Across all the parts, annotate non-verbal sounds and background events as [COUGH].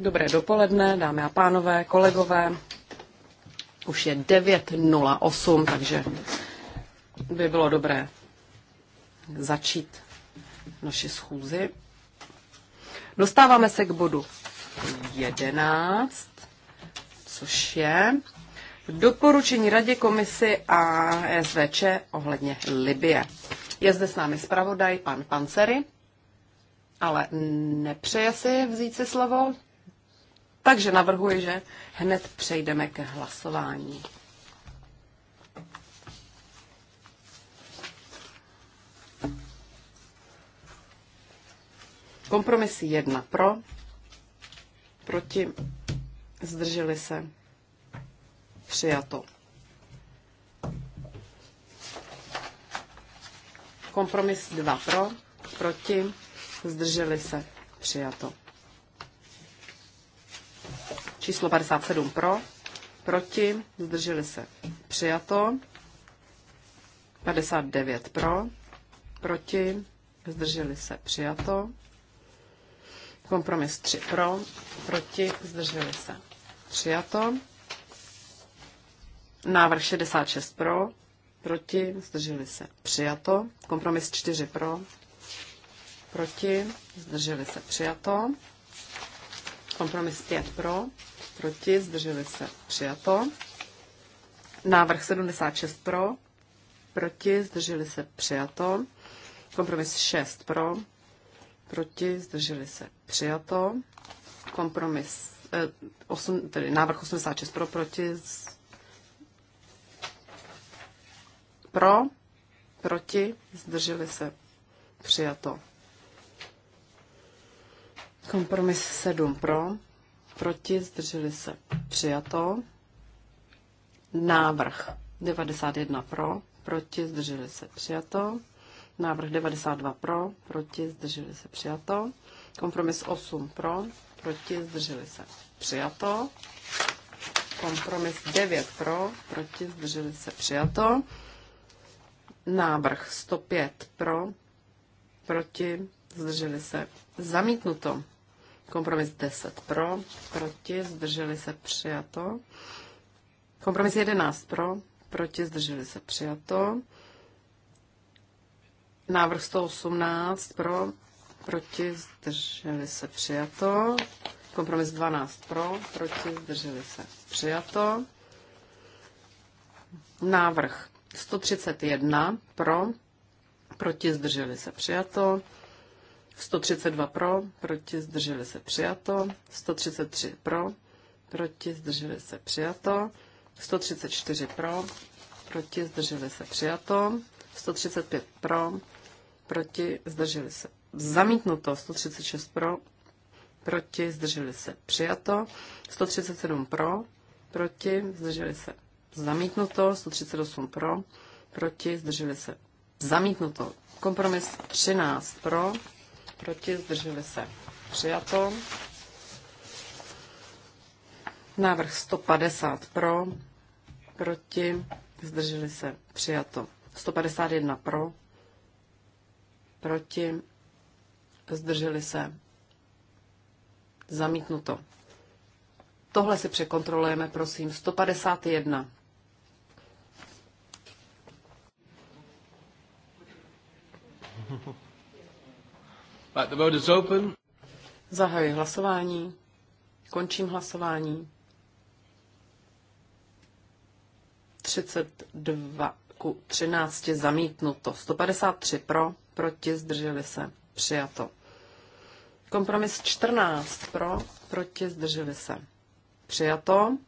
Dobré dopoledne, dámy a pánové, kolegové. Už je 9.08, takže by bylo dobré začít naši schůzi. Dostáváme se k bodu 11, což je doporučení Radě komisy a SVČ ohledně Libie. Je zde s námi zpravodaj pan Pancery ale nepřeje si vzít si slovo, takže navrhuji, že hned přejdeme ke hlasování. Kompromis jedna pro, proti, zdrželi se, přijato. Kompromis dva pro, proti, zdrželi se, přijato. Číslo 57 pro, proti, zdrželi se, přijato. 59 pro, proti, zdrželi se, přijato. Kompromis 3 pro, proti, zdrželi se, přijato. Návrh 66 pro, proti, zdrželi se, přijato. Kompromis 4 pro, proti, zdrželi se přijato. Kompromis 5 pro, proti, zdrželi se přijato. Návrh 76 pro, proti, zdrželi se přijato. Kompromis 6 pro, proti, zdrželi se přijato. Kompromis, eh, 8, tedy návrh 86 pro, proti, z, pro, proti, zdrželi se přijato. Kompromis 7 pro, proti, zdrželi se přijato. Návrh 91 pro, proti, zdrželi se přijato. Návrh 92 pro, proti, zdrželi se přijato. Kompromis 8 pro, proti, zdrželi se přijato. Kompromis 9 pro, proti, zdrželi se přijato. Návrh 105 pro, proti, zdrželi se zamítnuto. Kompromis 10 pro, proti, zdrželi se přijato. Kompromis 11 pro, proti, zdrželi se přijato. Návrh 118 pro, proti, zdrželi se přijato. Kompromis 12 pro, proti, zdrželi se přijato. Návrh 131 pro, proti, zdrželi se přijato. 132 pro, proti zdrželi se přijato, 133 pro, proti zdrželi se přijato, 134 pro, proti zdrželi se přijato, 135 pro, proti zdrželi se zamítnuto, 136 pro, proti zdrželi se přijato, 137 pro, proti zdrželi se zamítnuto, 138 pro, proti zdrželi se zamítnuto. Kompromis 13 pro, proti, zdrželi se. Přijato. Návrh 150 pro, proti, zdrželi se. Přijato. 151 pro, proti, zdrželi se. Zamítnuto. Tohle si překontrolujeme, prosím. 151. [LAUGHS] the vote is open. Zahajuji hlasování. Končím hlasování. 32 ku 13 zamítnuto. 153 pro, proti zdrželi se. Přijato. Kompromis 14 pro, proti zdrželi se. Přijato.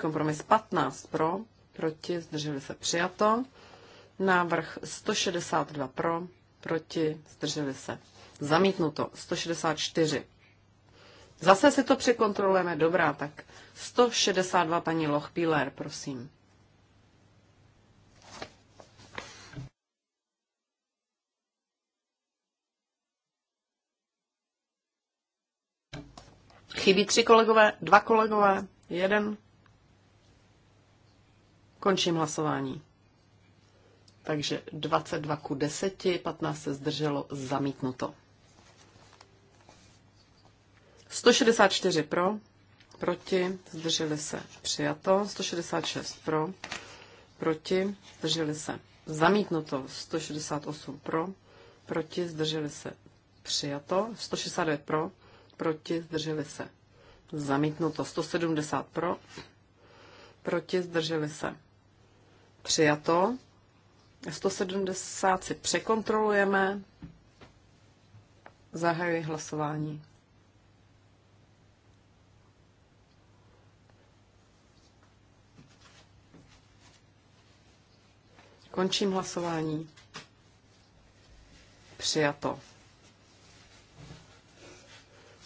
Kompromis 15 pro, proti zdrželi se. Přijato. Návrh 162 pro, proti zdrželi se. Zamítnuto. 164. Zase si to překontrolujeme. Dobrá, tak 162 paní Lochpíler, prosím. Chybí tři kolegové, dva kolegové, jeden. Končím hlasování. Takže 22 ku 10, 15 se zdrželo, zamítnuto. 164 pro, proti, zdrželi se, přijato. 166 pro, proti, zdrželi se, zamítnuto. 168 pro, proti, zdrželi se, přijato. 169 pro, proti, zdrželi se, zamítnuto. 170 pro, proti, zdrželi se, přijato. 170 si překontrolujeme. Zahajuji hlasování. Končím hlasování. Přijato.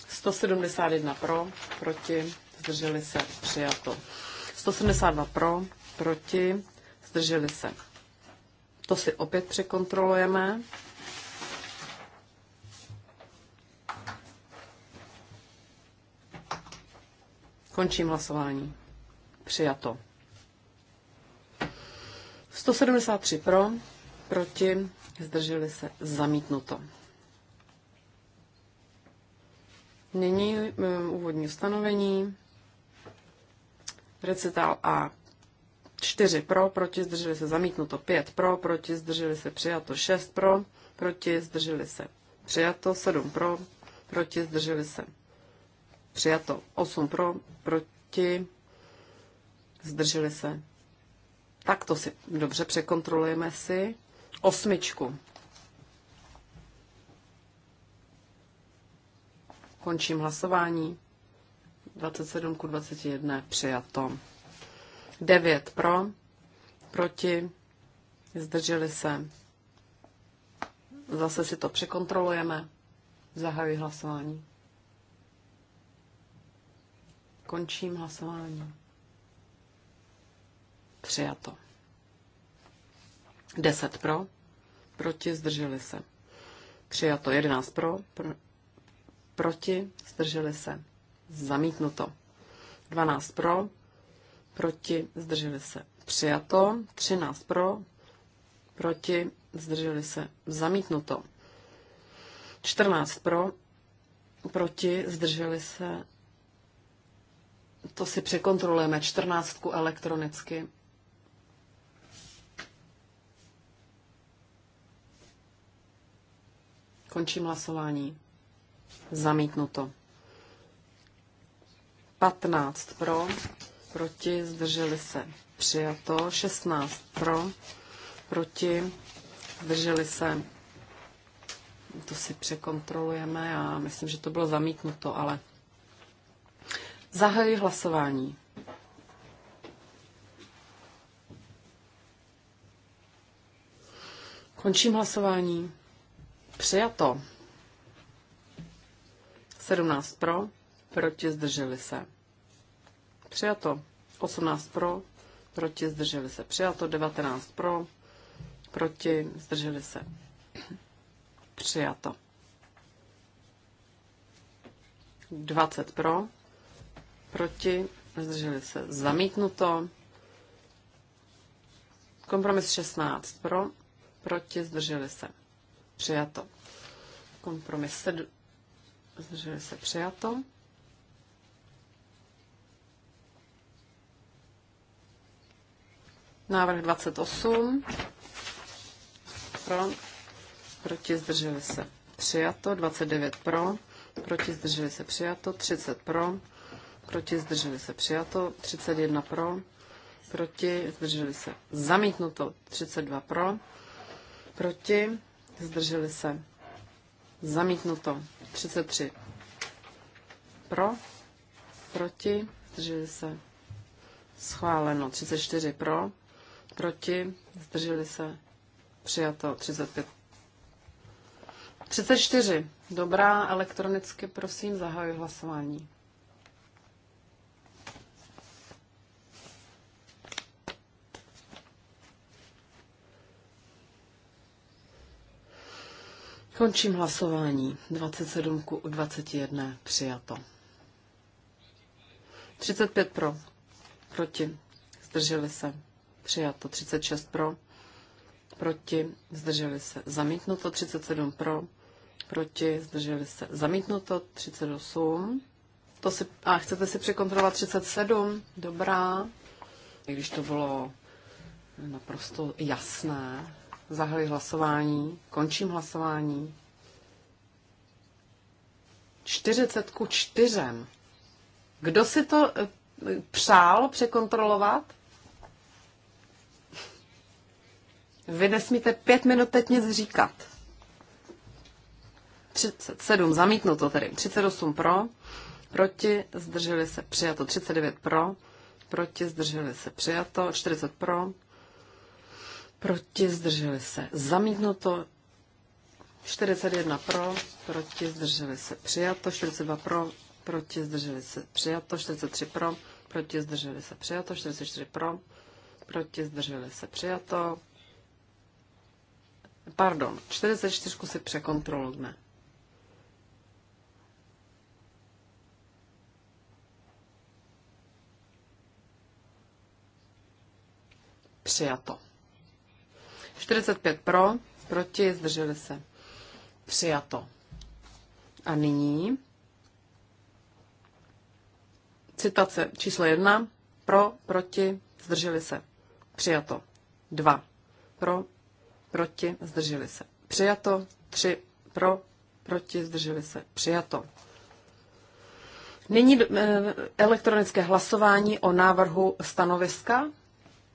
171 pro, proti, zdrželi se, přijato. 172 pro, proti, zdrželi se. To si opět překontrolujeme. Končím hlasování. Přijato. 173 pro, proti, zdrželi se, zamítnuto. Nyní eh, úvodní ustanovení. Recital A 4 pro, proti, zdrželi se, zamítnuto 5 pro, proti, zdrželi se, přijato 6 pro, proti, zdrželi se, přijato 7 pro, proti, zdrželi se, přijato 8 pro, proti, zdrželi se, tak to si dobře překontrolujeme si. Osmičku. Končím hlasování. 27 ku 21 přijato. 9 pro, proti, zdrželi se. Zase si to překontrolujeme. Zahajuji hlasování. Končím hlasování. Přijato. 10 pro, proti, zdrželi se. Přijato 11 pro, pr- proti, zdrželi se. Zamítnuto. 12 pro, proti, zdrželi se. Přijato. 13 pro, proti, zdrželi se. Zamítnuto. 14 pro, proti, zdrželi se. To si překontrolujeme. 14 elektronicky. Končím hlasování. Zamítnuto. 15 pro, proti, zdrželi se. Přijato. 16 pro, proti, zdrželi se. To si překontrolujeme a myslím, že to bylo zamítnuto, ale zahajuji hlasování. Končím hlasování. Přijato. 17 pro, proti zdrželi se. Přijato. 18 pro, proti zdrželi se. Přijato. 19 pro, proti zdrželi se. Přijato. 20 pro, proti zdrželi se. Zamítnuto. Kompromis 16 pro, proti zdrželi se přijato. Kompromis 7, zdrželi se přijato. Návrh 28. Pro. Proti zdrželi se. Přijato. 29 pro. Proti zdrželi se. Přijato. 30 pro. Proti zdrželi se. Přijato. 31 pro. Proti zdrželi se. Zamítnuto. 32 pro. Proti zdrželi se. Zamítnuto. 33. Pro, proti, zdrželi se. Schváleno. 34 pro, proti, zdrželi se. Přijato. 35. 34. Dobrá, elektronicky prosím zahajuji hlasování. Končím hlasování. 27 ku 21 přijato. 35 pro. Proti. Zdrželi se. Přijato. 36 pro. Proti. Zdrželi se. Zamítnuto. 37 pro. Proti. Zdrželi se. Zamítnuto. 38. To si, a chcete si překontrolovat 37? Dobrá. I když to bylo naprosto jasné, zahli hlasování, končím hlasování. 40 ku 4. Kdo si to eh, přál překontrolovat? Vy nesmíte pět minut teď nic říkat. 37 zamítnuto tedy, 38 pro, proti, zdrželi se přijato, 39 pro, proti, zdrželi se přijato, 40 pro, proti, zdrželi se. Zamítnuto 41 pro, proti, zdrželi se. Přijato 42 pro, proti, zdrželi se. Přijato 43 pro, proti, zdrželi se. Přijato 44 pro, proti, zdrželi se. Přijato. Pardon, 44 si překontrolujeme. Přijato. 45 pro, proti, zdrželi se. Přijato. A nyní citace číslo jedna Pro, proti, zdrželi se. Přijato. Dva Pro, proti, zdrželi se. Přijato. Tři Pro, proti, zdrželi se. Přijato. Nyní eh, elektronické hlasování o návrhu stanoviska.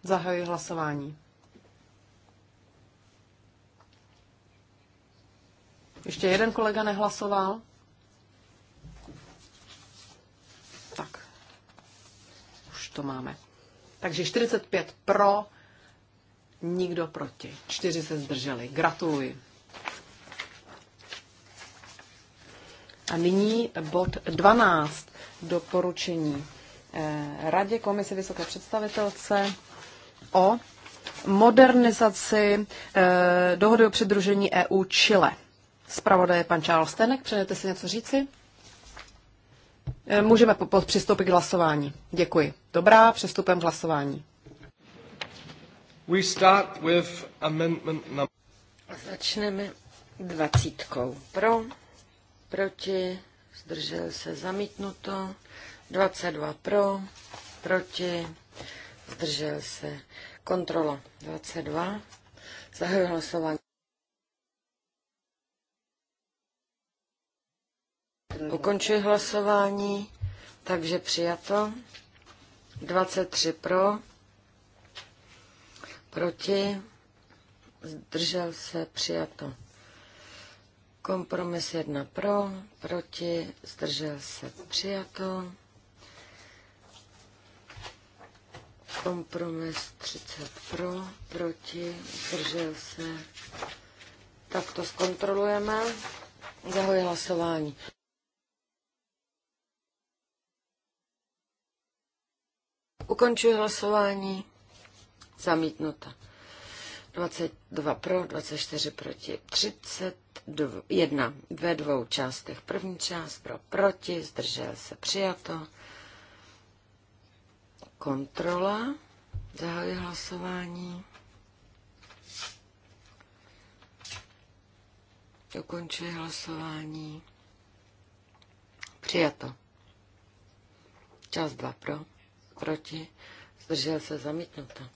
Zahajuji hlasování. Ještě jeden kolega nehlasoval. Tak. Už to máme. Takže 45 pro, nikdo proti. Čtyři se zdrželi. Gratuluji. A nyní bod 12. Doporučení eh, Radě Komise Vysoké představitelce o modernizaci eh, dohody o přidružení EU Chile. Zpravodaje pan Charles Stenek, přejete si něco říci? Eh, můžeme přistoupit k hlasování. Děkuji. Dobrá, přistupem k hlasování. We start with amendment number... Začneme dvacítkou. Pro, proti, zdržel se zamítnuto, 22 pro, proti, zdržel se kontrola 22. Zahajuji hlasování. Ukončuji hlasování, takže přijato. 23 pro, proti, zdržel se, přijato. Kompromis 1 pro, proti, zdržel se, přijato. Kompromis 30 pro, proti, zdržel se. Tak to zkontrolujeme. Zahoj hlasování. Ukončuji hlasování. Zamítnuta. 22 pro, 24 proti, 31 ve dvou částech. První část pro proti, zdržel se přijato. Kontrola, zahajuji hlasování. Ukončuji hlasování. Přijato. Část 2 pro proti, zdržel se zamítnuto.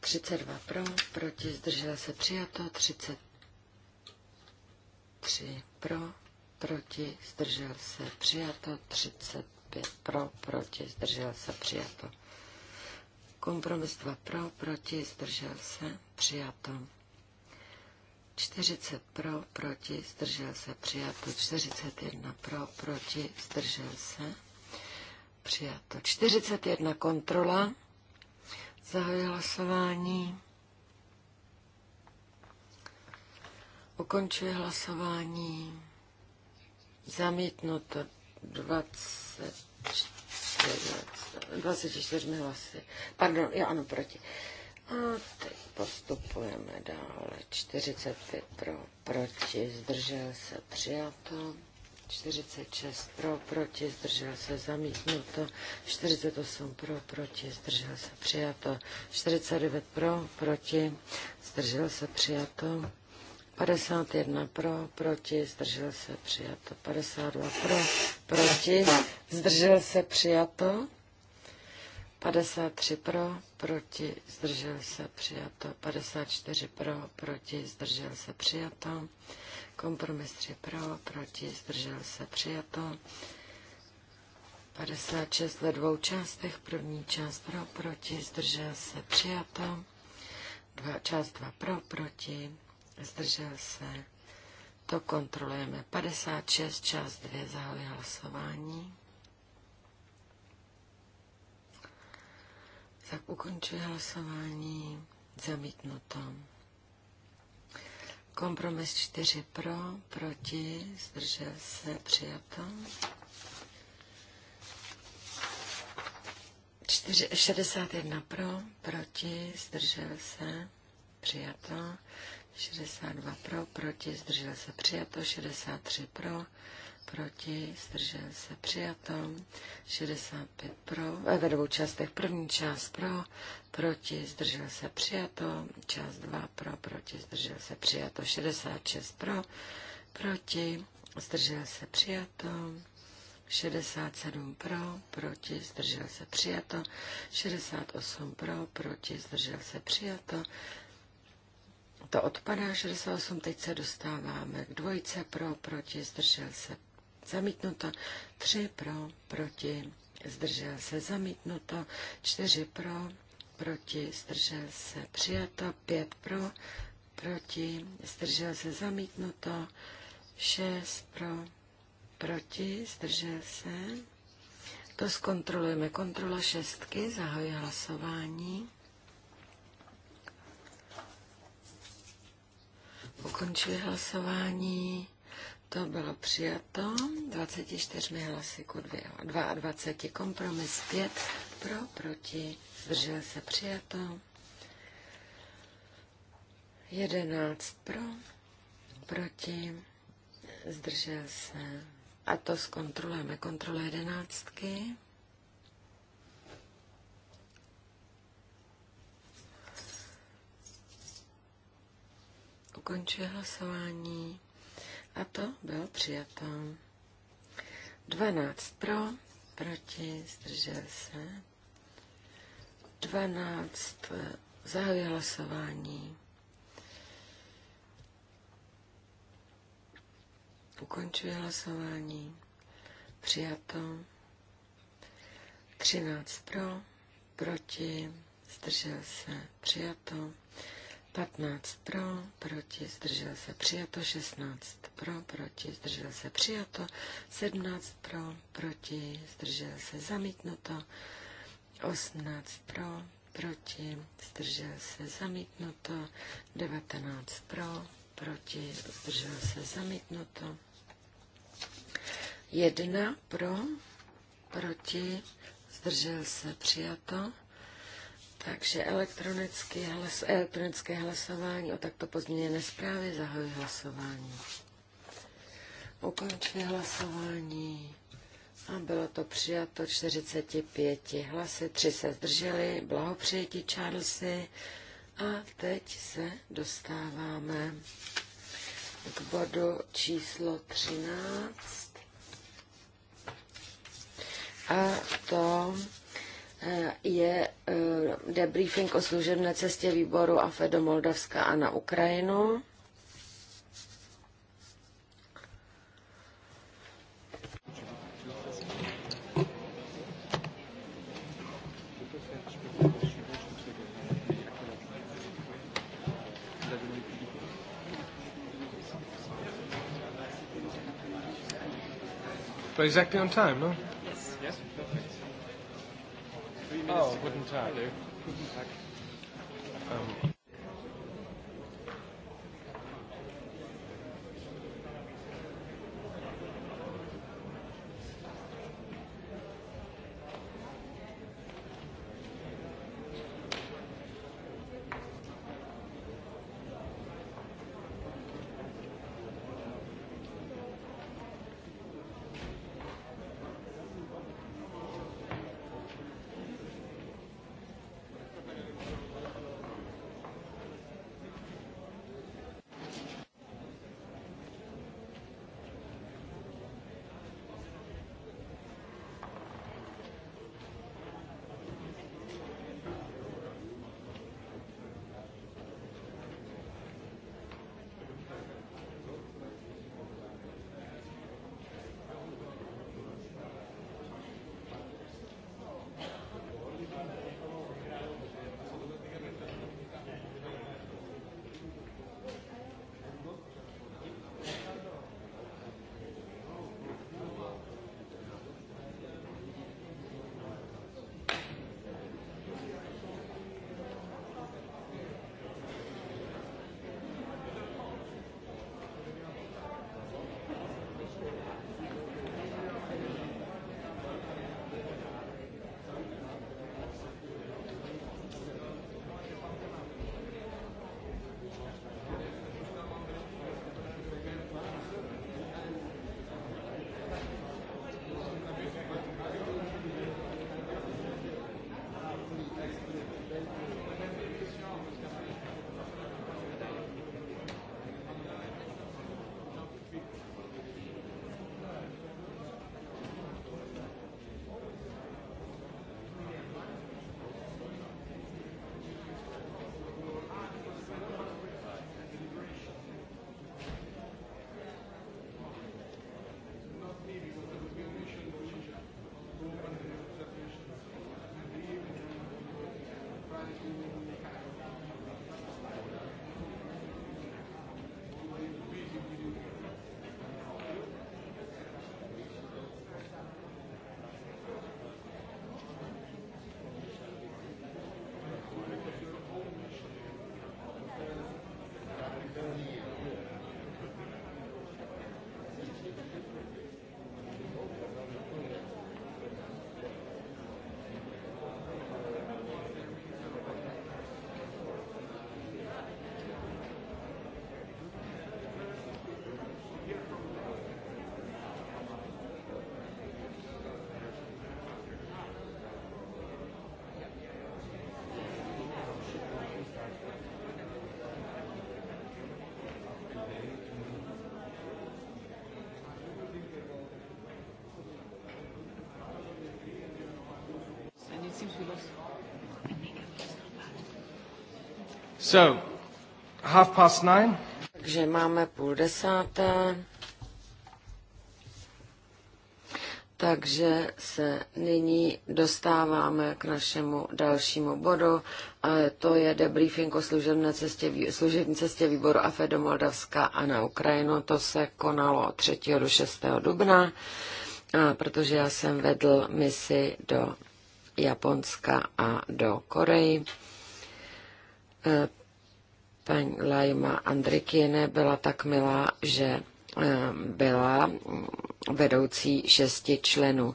32 pro, proti, zdržel se přijato, 33 pro, proti, zdržel se přijato, 35 pro, proti, zdržel se přijato. Kompromis 2 pro, proti, zdržel se přijato. 40 pro, proti, zdržel se přijato, 41 pro, proti, zdržel se Přijato. 41 kontrola. Zahajuji hlasování. Ukončuji hlasování. Zamítnuto 24, 24 hlasy. Pardon, jo, ano, proti. A teď postupujeme dále. 45 pro, proti, zdržel se, přijato. 46 pro, proti, zdržel se, zamítnuto. 48 pro, proti, zdržel se, přijato. 49 pro, proti, zdržel se, přijato. 51 pro, proti, zdržel se, přijato. 52 pro, proti, zdržel se, přijato. 53 pro, proti, zdržel se, přijato. 54 pro, proti, zdržel se, přijato. Kompromis 3 pro, proti, zdržel se, přijato. 56 ve dvou částech. První část pro, proti, zdržel se, přijato. Dva, část 2 pro, proti, zdržel se. To kontrolujeme. 56, část 2, zahajuji hlasování. Tak ukončuji hlasování. Zamítnuto. Kompromis 4 pro, proti, zdržel se, přijato. 4, 61 pro, proti, zdržel se, přijato. 62 pro, proti, zdržel se, přijato. 63 pro, proti, zdržel se přijato, 65 pro, eh, ve dvou částech, první část pro, proti, zdržel se přijato, část 2 pro, proti, zdržel se přijato, 66 pro, proti, zdržel se přijato, 67 pro, proti, zdržel se přijato, 68 pro, proti, zdržel se přijato, to odpadá 68, teď se dostáváme k dvojce pro, proti, zdržel se zamítnuto, 3 pro, proti, zdržel se, zamítnuto, 4 pro, proti, zdržel se, přijato, 5 pro, proti, zdržel se, zamítnuto, 6 pro, proti, zdržel se. To zkontrolujeme. Kontrola šestky, zahoj hlasování. Ukončuji hlasování. To bylo přijato 24 hlasy ku 22 kompromis 5 pro, proti, zdržel se přijato 11 pro, proti, zdržel se. A to zkontrolujeme. Kontrola jedenáctky. Ukončuje hlasování. A to bylo přijato. 12 pro, proti, zdržel se. 12 eh, zahajuje hlasování. Ukončuje hlasování. Přijato. 13 pro, proti, zdržel se. Přijato. 15 pro, proti, zdržel se přijato, 16 pro, proti, zdržel se přijato, 17 pro, proti, zdržel se zamítnuto, 18 pro, proti, zdržel se zamítnuto, 19 pro, proti, zdržel se zamítnuto, 1 pro, proti, zdržel se přijato, takže elektronické, hlas, elektronické hlasování o takto pozměněné zprávě zahojí hlasování. Ukončuji hlasování. A bylo to přijato 45 hlasy, 3 se zdrželi, blahopřijetí Charlesy. A teď se dostáváme k bodu číslo 13. A to je eh, debriefing o služebné cestě výboru AFE do Moldavska a na Ukrajinu. But exactly on time, no? Oh, guten Tag. Guten Tag. Um, So, half past nine. Takže máme půl desáté. Takže se nyní dostáváme k našemu dalšímu bodu, A to je debriefing o služebné cestě, služební cestě výboru AFE do Moldavska a na Ukrajinu. To se konalo 3. do 6. dubna, a protože já jsem vedl misi do Japonska a do Koreji. E, Paní Lajma Andrikine byla tak milá, že eh, byla mm, vedoucí šesti členů.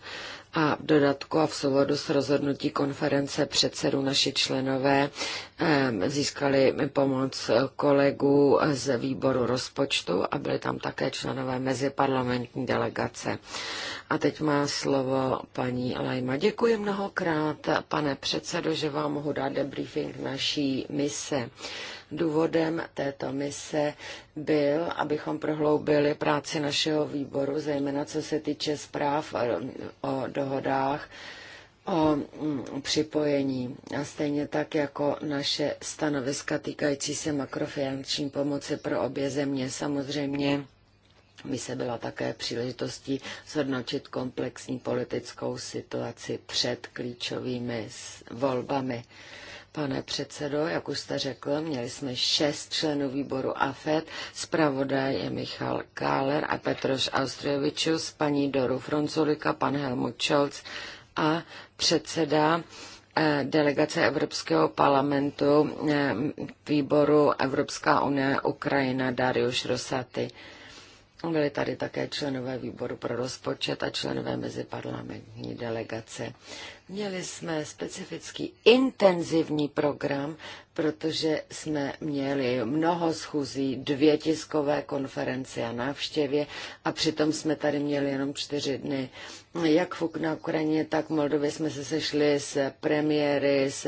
A v dodatku a v souladu s rozhodnutí konference předsedů naši členové získali pomoc kolegů z výboru rozpočtu a byli tam také členové meziparlamentní delegace. A teď má slovo paní Lajma. Děkuji mnohokrát, pane předsedo, že vám mohu dát debriefing naší mise. Důvodem této mise byl, abychom prohloubili práci našeho výboru, zejména co se týče zpráv eh, o dohodách o mm, připojení a stejně tak jako naše stanoviska týkající se makrofinanční pomoci pro obě země. Samozřejmě by se byla také příležitostí zhodnotit komplexní politickou situaci před klíčovými volbami. Pane předsedo, jak už jste řekl, měli jsme šest členů výboru AFED, zpravodaj je Michal Káler a Petroš Austrojevičus, paní Doru Fronculika, pan Helmut Scholz, a předseda eh, delegace Evropského parlamentu eh, výboru Evropská unie Ukrajina Darius Rosaty. Byli tady také členové výboru pro rozpočet a členové meziparlamentní delegace. Měli jsme specifický intenzivní program protože jsme měli mnoho schůzí, dvě tiskové konference a návštěvě a přitom jsme tady měli jenom čtyři dny. Jak fuk na Ukrajině, tak v Moldově jsme se sešli s premiéry, s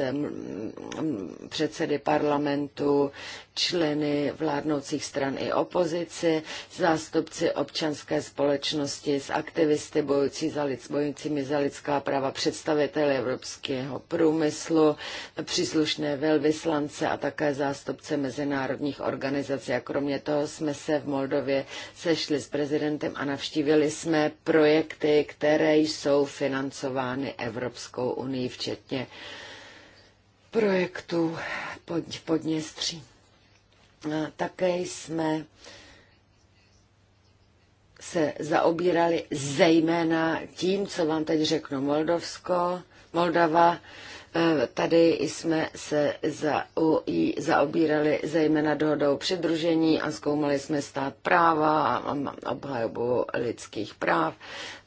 předsedy parlamentu, členy vládnoucích stran i opozici, zástupci občanské společnosti, s aktivisty bojující za lid, bojujícími za lidská práva, představiteli evropského průmyslu, příslušné velvyslanci poslance a také zástupce mezinárodních organizací. A kromě toho jsme se v Moldově sešli s prezidentem a navštívili jsme projekty, které jsou financovány Evropskou unii, včetně projektu pod, Podněstří. A také jsme se zaobírali zejména tím, co vám teď řeknu Moldovsko, Moldava, E, tady jsme se zaobírali zejména dohodou přidružení a zkoumali jsme stát práva a obhajobu lidských práv.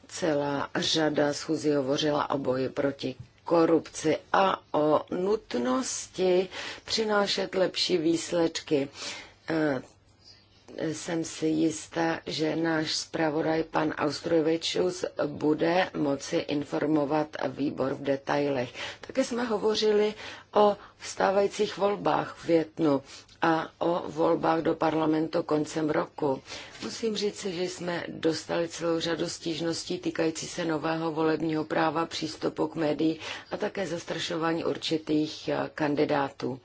Celá řada schůzí hovořila o boji proti korupci a o nutnosti přinášet lepší výsledky e, jsem si jistá, že náš zpravodaj pan Austrovičus bude moci informovat výbor v detailech. Také jsme hovořili o vstávajících volbách v Větnu a o volbách do parlamentu koncem roku. Musím říct, že jsme dostali celou řadu stížností týkající se nového volebního práva, přístupu k médií a také zastrašování určitých eh, kandidátů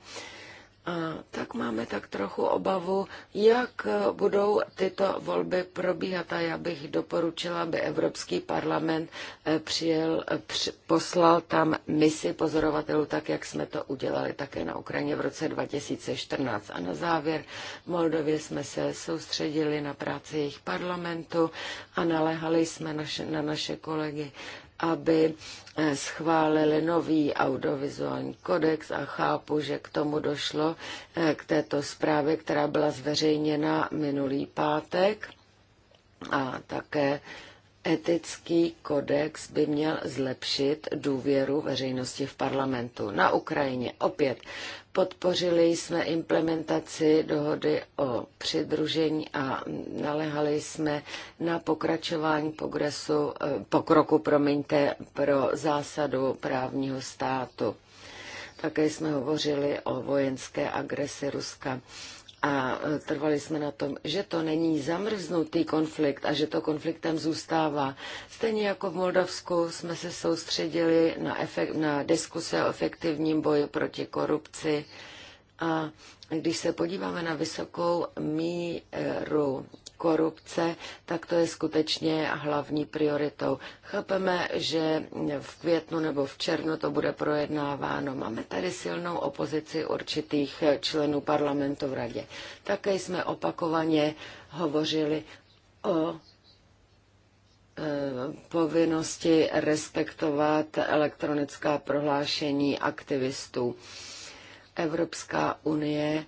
tak máme tak trochu obavu, jak budou tyto volby probíhat. A já bych doporučila, aby Evropský parlament eh, přijel, eh, při, poslal tam misi pozorovatelů, tak jak jsme to udělali také na Ukrajině v roce 2014. A na závěr v Moldově jsme se soustředili na práci jejich parlamentu a naléhali jsme naše, na naše kolegy aby eh, schválili nový audiovizuální kodex a chápu, že k tomu došlo eh, k této zprávě, která byla zveřejněna minulý pátek a také Etický kodex by měl zlepšit důvěru veřejnosti v parlamentu. Na Ukrajině opět Podpořili jsme implementaci dohody o přidružení a nalehali jsme na pokračování progresu, eh, pokroku promiňte, pro zásadu právního státu. Také jsme hovořili o vojenské agresi Ruska a e, trvali jsme na tom, že to není zamrznutý konflikt a že to konfliktem zůstává. Stejně jako v Moldavsku jsme se soustředili na, efekt, na diskuse o efektivním boji proti korupci a když se podíváme na vysokou míru korupce, tak to je skutečně hlavní prioritou. Chápeme, že v květnu nebo v červnu to bude projednáváno. Máme tady silnou opozici určitých členů parlamentu v radě. Také jsme opakovaně hovořili o e, povinnosti respektovat elektronická prohlášení aktivistů. Evropská unie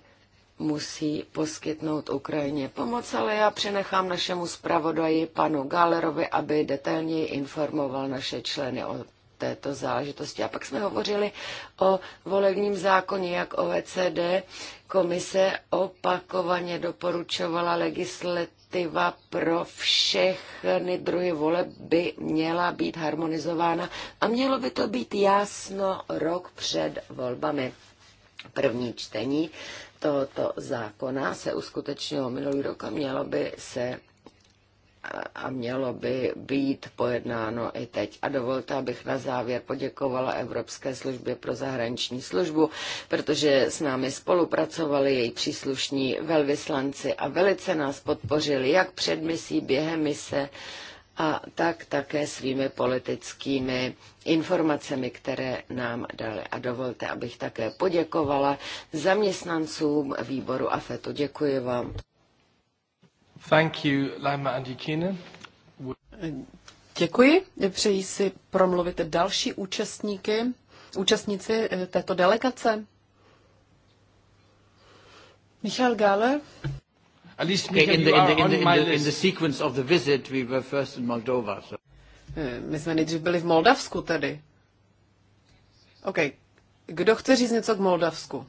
musí poskytnout Ukrajině pomoc, ale já přenechám našemu zpravodaji panu Galerovi, aby detailněji informoval naše členy o této záležitosti. A pak jsme hovořili o volebním zákoně, jak OECD komise opakovaně doporučovala legislativa pro všechny druhy voleb by měla být harmonizována a mělo by to být jasno rok před volbami. První čtení tohoto zákona se uskutečnilo minulý rok a mělo by se a mělo by být pojednáno i teď. A dovolte, abych na závěr poděkovala Evropské službě pro zahraniční službu, protože s námi spolupracovali její příslušní velvyslanci a velice nás podpořili jak před misí, během mise, a tak také svými politickými informacemi, které nám dali. A dovolte, abych také poděkovala zaměstnancům výboru AFETu. Děkuji vám. Thank you, Lama Andikine. Děkuji. Přeji si promluvit další účastníky, účastníci eh, této delegace. Michal Gáler. At least okay, in, the, in, the, in, the, in, the, in the sequence of the visit, we were first in Moldova. So. Eh, my jsme nejdřív byli v Moldavsku tedy. OK. Kdo chce říct něco k Moldavsku?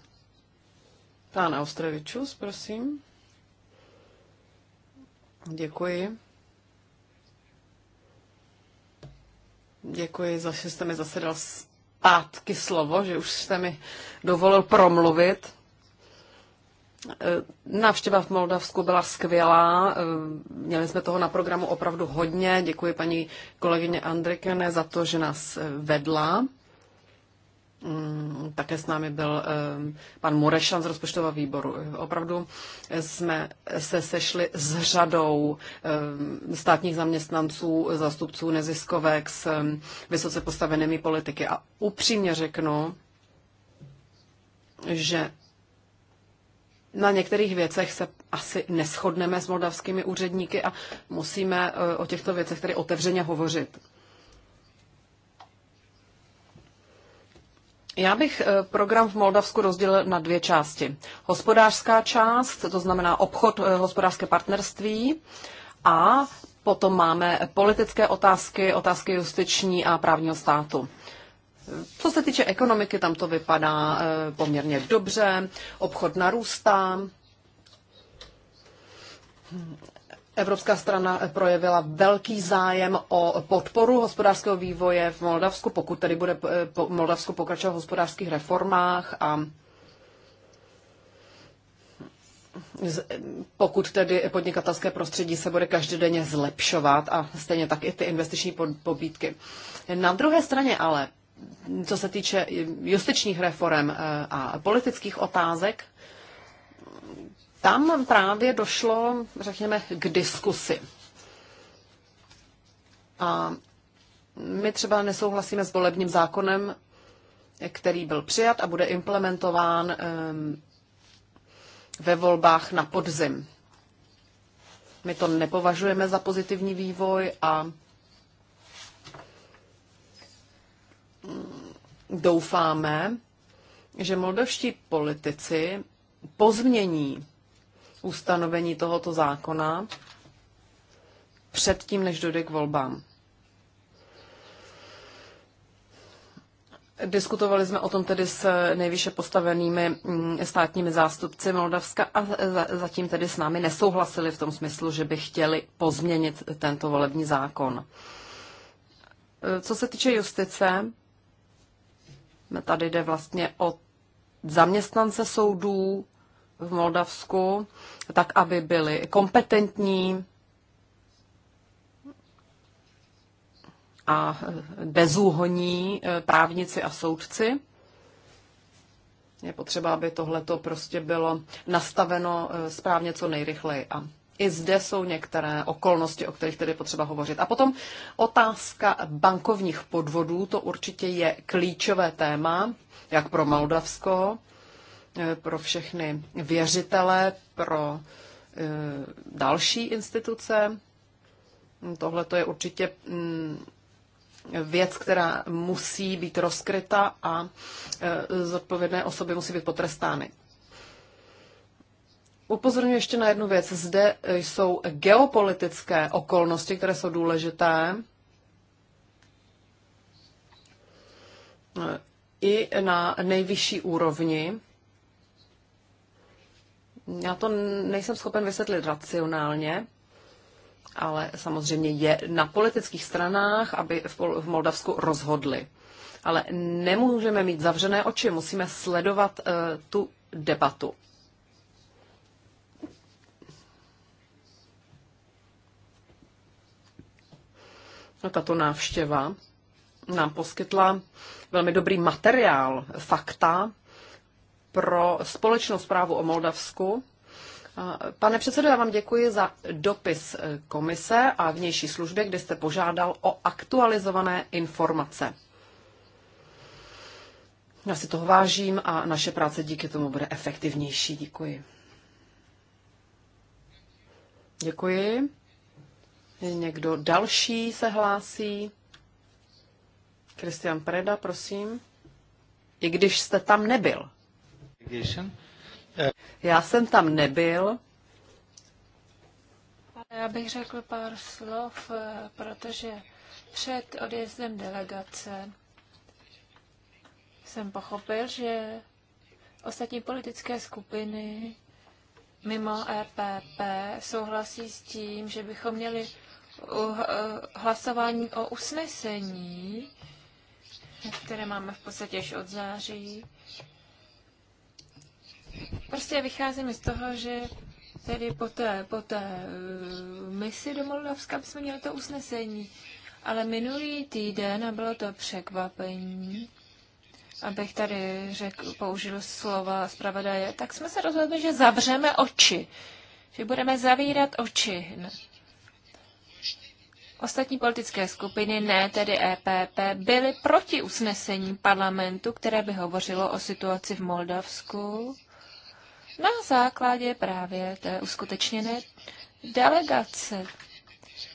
Pán Austrovičus, prosím. Děkuji. Děkuji, za, že jste mi zase dal zpátky slovo, že už jste mi dovolil promluvit. Eh, návštěva v Moldavsku byla skvělá, eh, měli jsme toho na programu opravdu hodně. Děkuji paní kolegyně Andrikene za to, že nás eh, vedla. Mm, také s námi byl pan Murešan z rozpočtového výboru. Opravdu jsme se sešli s řadou státních zaměstnanců, zástupců neziskovek s vysoce postavenými politiky. A upřímně řeknu, že na některých věcech se asi neschodneme s moldavskými úředníky a musíme eh, o těchto věcech tedy otevřeně hovořit. Já bych eh, program v Moldavsku rozdělil na dvě části. Hospodářská část, to znamená obchod, eh, hospodářské partnerství a potom máme politické otázky, otázky justiční a právního státu. Co se týče ekonomiky, tam to vypadá eh, poměrně dobře, obchod narůstá. Evropská strana projevila velký zájem o podporu hospodářského vývoje v Moldavsku, pokud tedy bude eh, Moldavsko pokračovat v hospodářských reformách a pokud tedy podnikatelské prostředí se bude každodenně zlepšovat a stejně tak i ty investiční pobídky. Na druhé straně ale co se týče justičních reform eh, a politických otázek, tam právě došlo, řekněme, k diskusi. A my třeba nesouhlasíme s volebním zákonem, který byl přijat a bude implementován ehm, ve volbách na podzim. My to nepovažujeme za pozitivní vývoj a doufáme, že moldavští politici pozmění ustanovení tohoto zákona předtím, než dojde k volbám. Diskutovali jsme o tom tedy s nejvyše postavenými mm, státními zástupci Moldavska a zatím tedy s námi nesouhlasili v tom smyslu, že by chtěli pozměnit tento volební zákon. E, co se týče justice, Tady jde vlastně o zaměstnance soudů v Moldavsku, tak aby byli kompetentní a bezúhoní eh, právníci a soudci. Je potřeba, aby tohleto prostě bylo nastaveno eh, správně co nejrychleji. A i zde jsou některé okolnosti, o kterých tedy je potřeba hovořit. A potom otázka bankovních podvodů, to určitě je klíčové téma, jak pro Moldavsko, eh, pro všechny věřitele, pro eh, další instituce. Tohle to je určitě mm, věc, která musí být rozkryta a eh, zodpovědné osoby musí být potrestány upozorňuji ještě na jednu věc. Zde jsou geopolitické okolnosti, které jsou důležité. I na nejvyšší úrovni. Já to nejsem schopen vysvětlit racionálně, ale samozřejmě je na politických stranách, aby v Moldavsku rozhodli. Ale nemůžeme mít zavřené oči, musíme sledovat eh, tu debatu. tato návštěva nám poskytla velmi dobrý materiál, fakta pro společnou zprávu o Moldavsku. Pane předsedo, já vám děkuji za dopis komise a vnější službě, kde jste požádal o aktualizované informace. Já si toho vážím a naše práce díky tomu bude efektivnější. Děkuji. Děkuji. Někdo další se hlásí? Kristian Preda, prosím. I když jste tam nebyl. Já jsem tam nebyl. Já bych řekl pár slov, eh, protože před odjezdem delegace jsem pochopil, že ostatní politické skupiny mimo EPP souhlasí s tím, že bychom měli E, hlasování o usnesení, které máme v podstatě až od září. Prostě vycházíme z toho, že tedy po té, po té e, misi do Moldavska jsme měli to usnesení. Ale minulý týden, a bylo to překvapení, abych tady řekl, použil slova zpravodaje, tak jsme se rozhodli, že zavřeme oči. Že budeme zavírat oči Ostatní politické skupiny, ne tedy EPP, byly proti usnesení parlamentu, které by hovořilo o situaci v Moldavsku na základě právě té uskutečněné delegace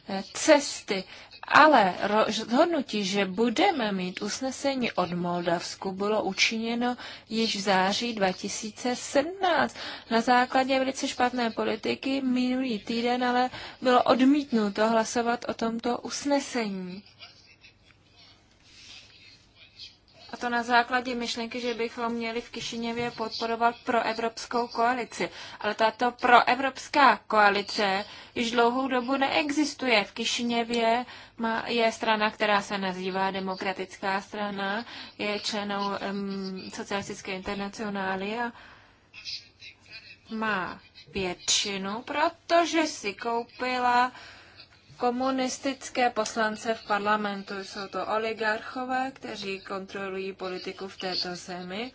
eh, cesty ale rozhodnutí, že budeme mít usnesení od Moldavsku, bylo učiněno již v září 2017 na základě velice špatné politiky. Minulý týden ale bylo odmítnuto hlasovat o tomto usnesení. A to na základě myšlenky, že bychom měli v Kišiněvě podporovat proevropskou koalici. Ale tato proevropská koalice již dlouhou dobu neexistuje. V Kišiněvě má, je strana, která se nazývá Demokratická strana, je členou um, socialistické internacionály a má většinu, protože si koupila uh, komunistické poslance v parlamentu. Jsou to oligarchové, kteří kontrolují politiku v této zemi.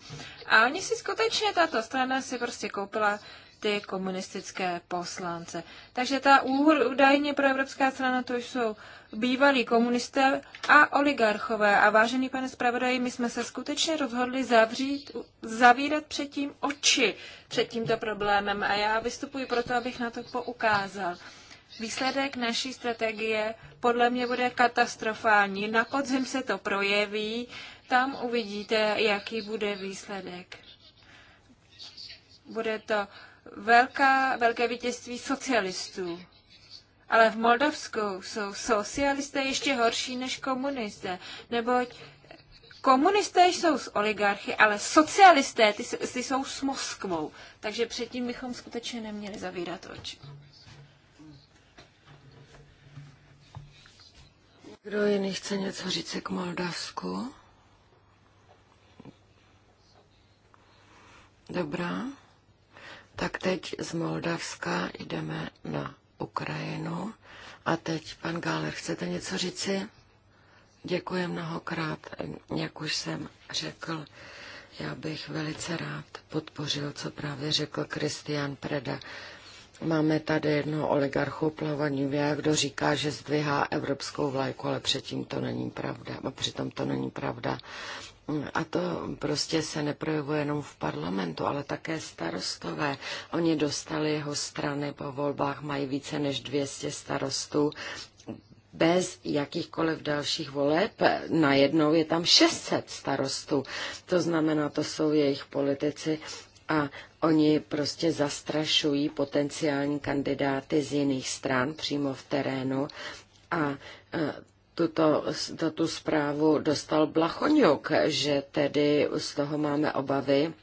A oni si skutečně, tato strana si prostě koupila ty komunistické poslance. Takže ta údajně pro evropská strana to jsou bývalí komunisté a oligarchové. A vážený pane zpravodaji, my jsme se skutečně rozhodli zavřít, zavírat předtím oči před tímto problémem. A já vystupuji proto, abych na to poukázal výsledek naší strategie podle mě bude katastrofální. Na podzim se to projeví, tam uvidíte, jaký bude výsledek. Bude to velká, velké vítězství socialistů. Ale v Moldavsku jsou socialisté ještě horší než komunisté, neboť komunisté jsou z oligarchy, ale socialisté ty, ty jsou s Moskvou. Takže předtím bychom skutečně neměli zavírat oči. Kdo jiný chce něco říct k Moldavsku? Dobrá. Tak teď z Moldavska jdeme na Ukrajinu. A teď, pan Gáler, chcete něco říci? Děkuji mnohokrát. Jak už jsem řekl, já bych velice rád podpořil, co právě řekl Kristian Preda. Máme tady jednoho oligarchu věk, kdo říká, že zdvihá evropskou vlajku, ale předtím to není pravda. A přitom to není pravda. A to prostě se neprojevuje jenom v parlamentu, ale také starostové. Oni dostali jeho strany po volbách, mají více než 200 starostů. Bez jakýchkoliv dalších voleb najednou je tam 600 starostů. To znamená, to jsou jejich politici, a oni prostě zastrašují potenciální kandidáty z jiných stran přímo v terénu a e, tuto, tu zprávu dostal Blachoňuk, že tedy z toho máme obavy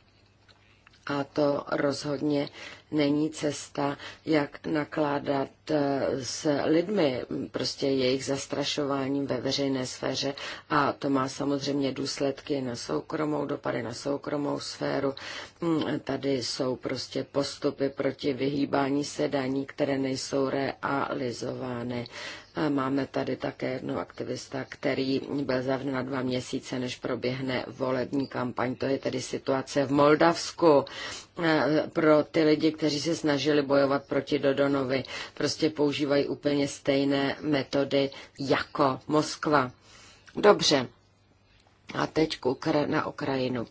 a to rozhodně není cesta, jak nakládat eh, s lidmi, prostě jejich zastrašováním ve veřejné sféře a to má samozřejmě důsledky na soukromou, dopady na soukromou sféru. Mm, tady jsou prostě postupy proti vyhýbání se daní, které nejsou realizovány. Máme tady také jednou aktivista, který byl zavřen na dva měsíce, než proběhne volební kampaň. To je tedy situace v Moldavsku pro ty lidi, kteří se snažili bojovat proti Dodonovi. Prostě používají úplně stejné metody jako Moskva. Dobře. A teď na Ukrajinu.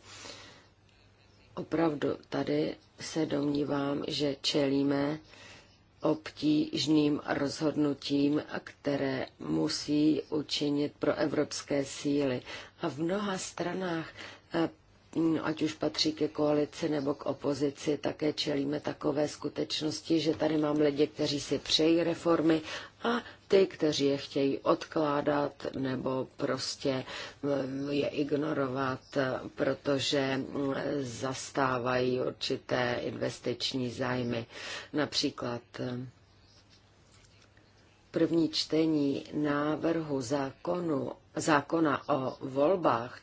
Opravdu tady se domnívám, že čelíme obtížným rozhodnutím, které musí učinit pro evropské síly. A v mnoha stranách eh, No, ať už patří ke koalici nebo k opozici, také čelíme takové skutečnosti, že tady mám lidi, kteří si přejí reformy a ty, kteří je chtějí odkládat nebo prostě eh, je ignorovat, protože eh, zastávají určité investiční zájmy. Například eh, první čtení návrhu zákonu, zákona o volbách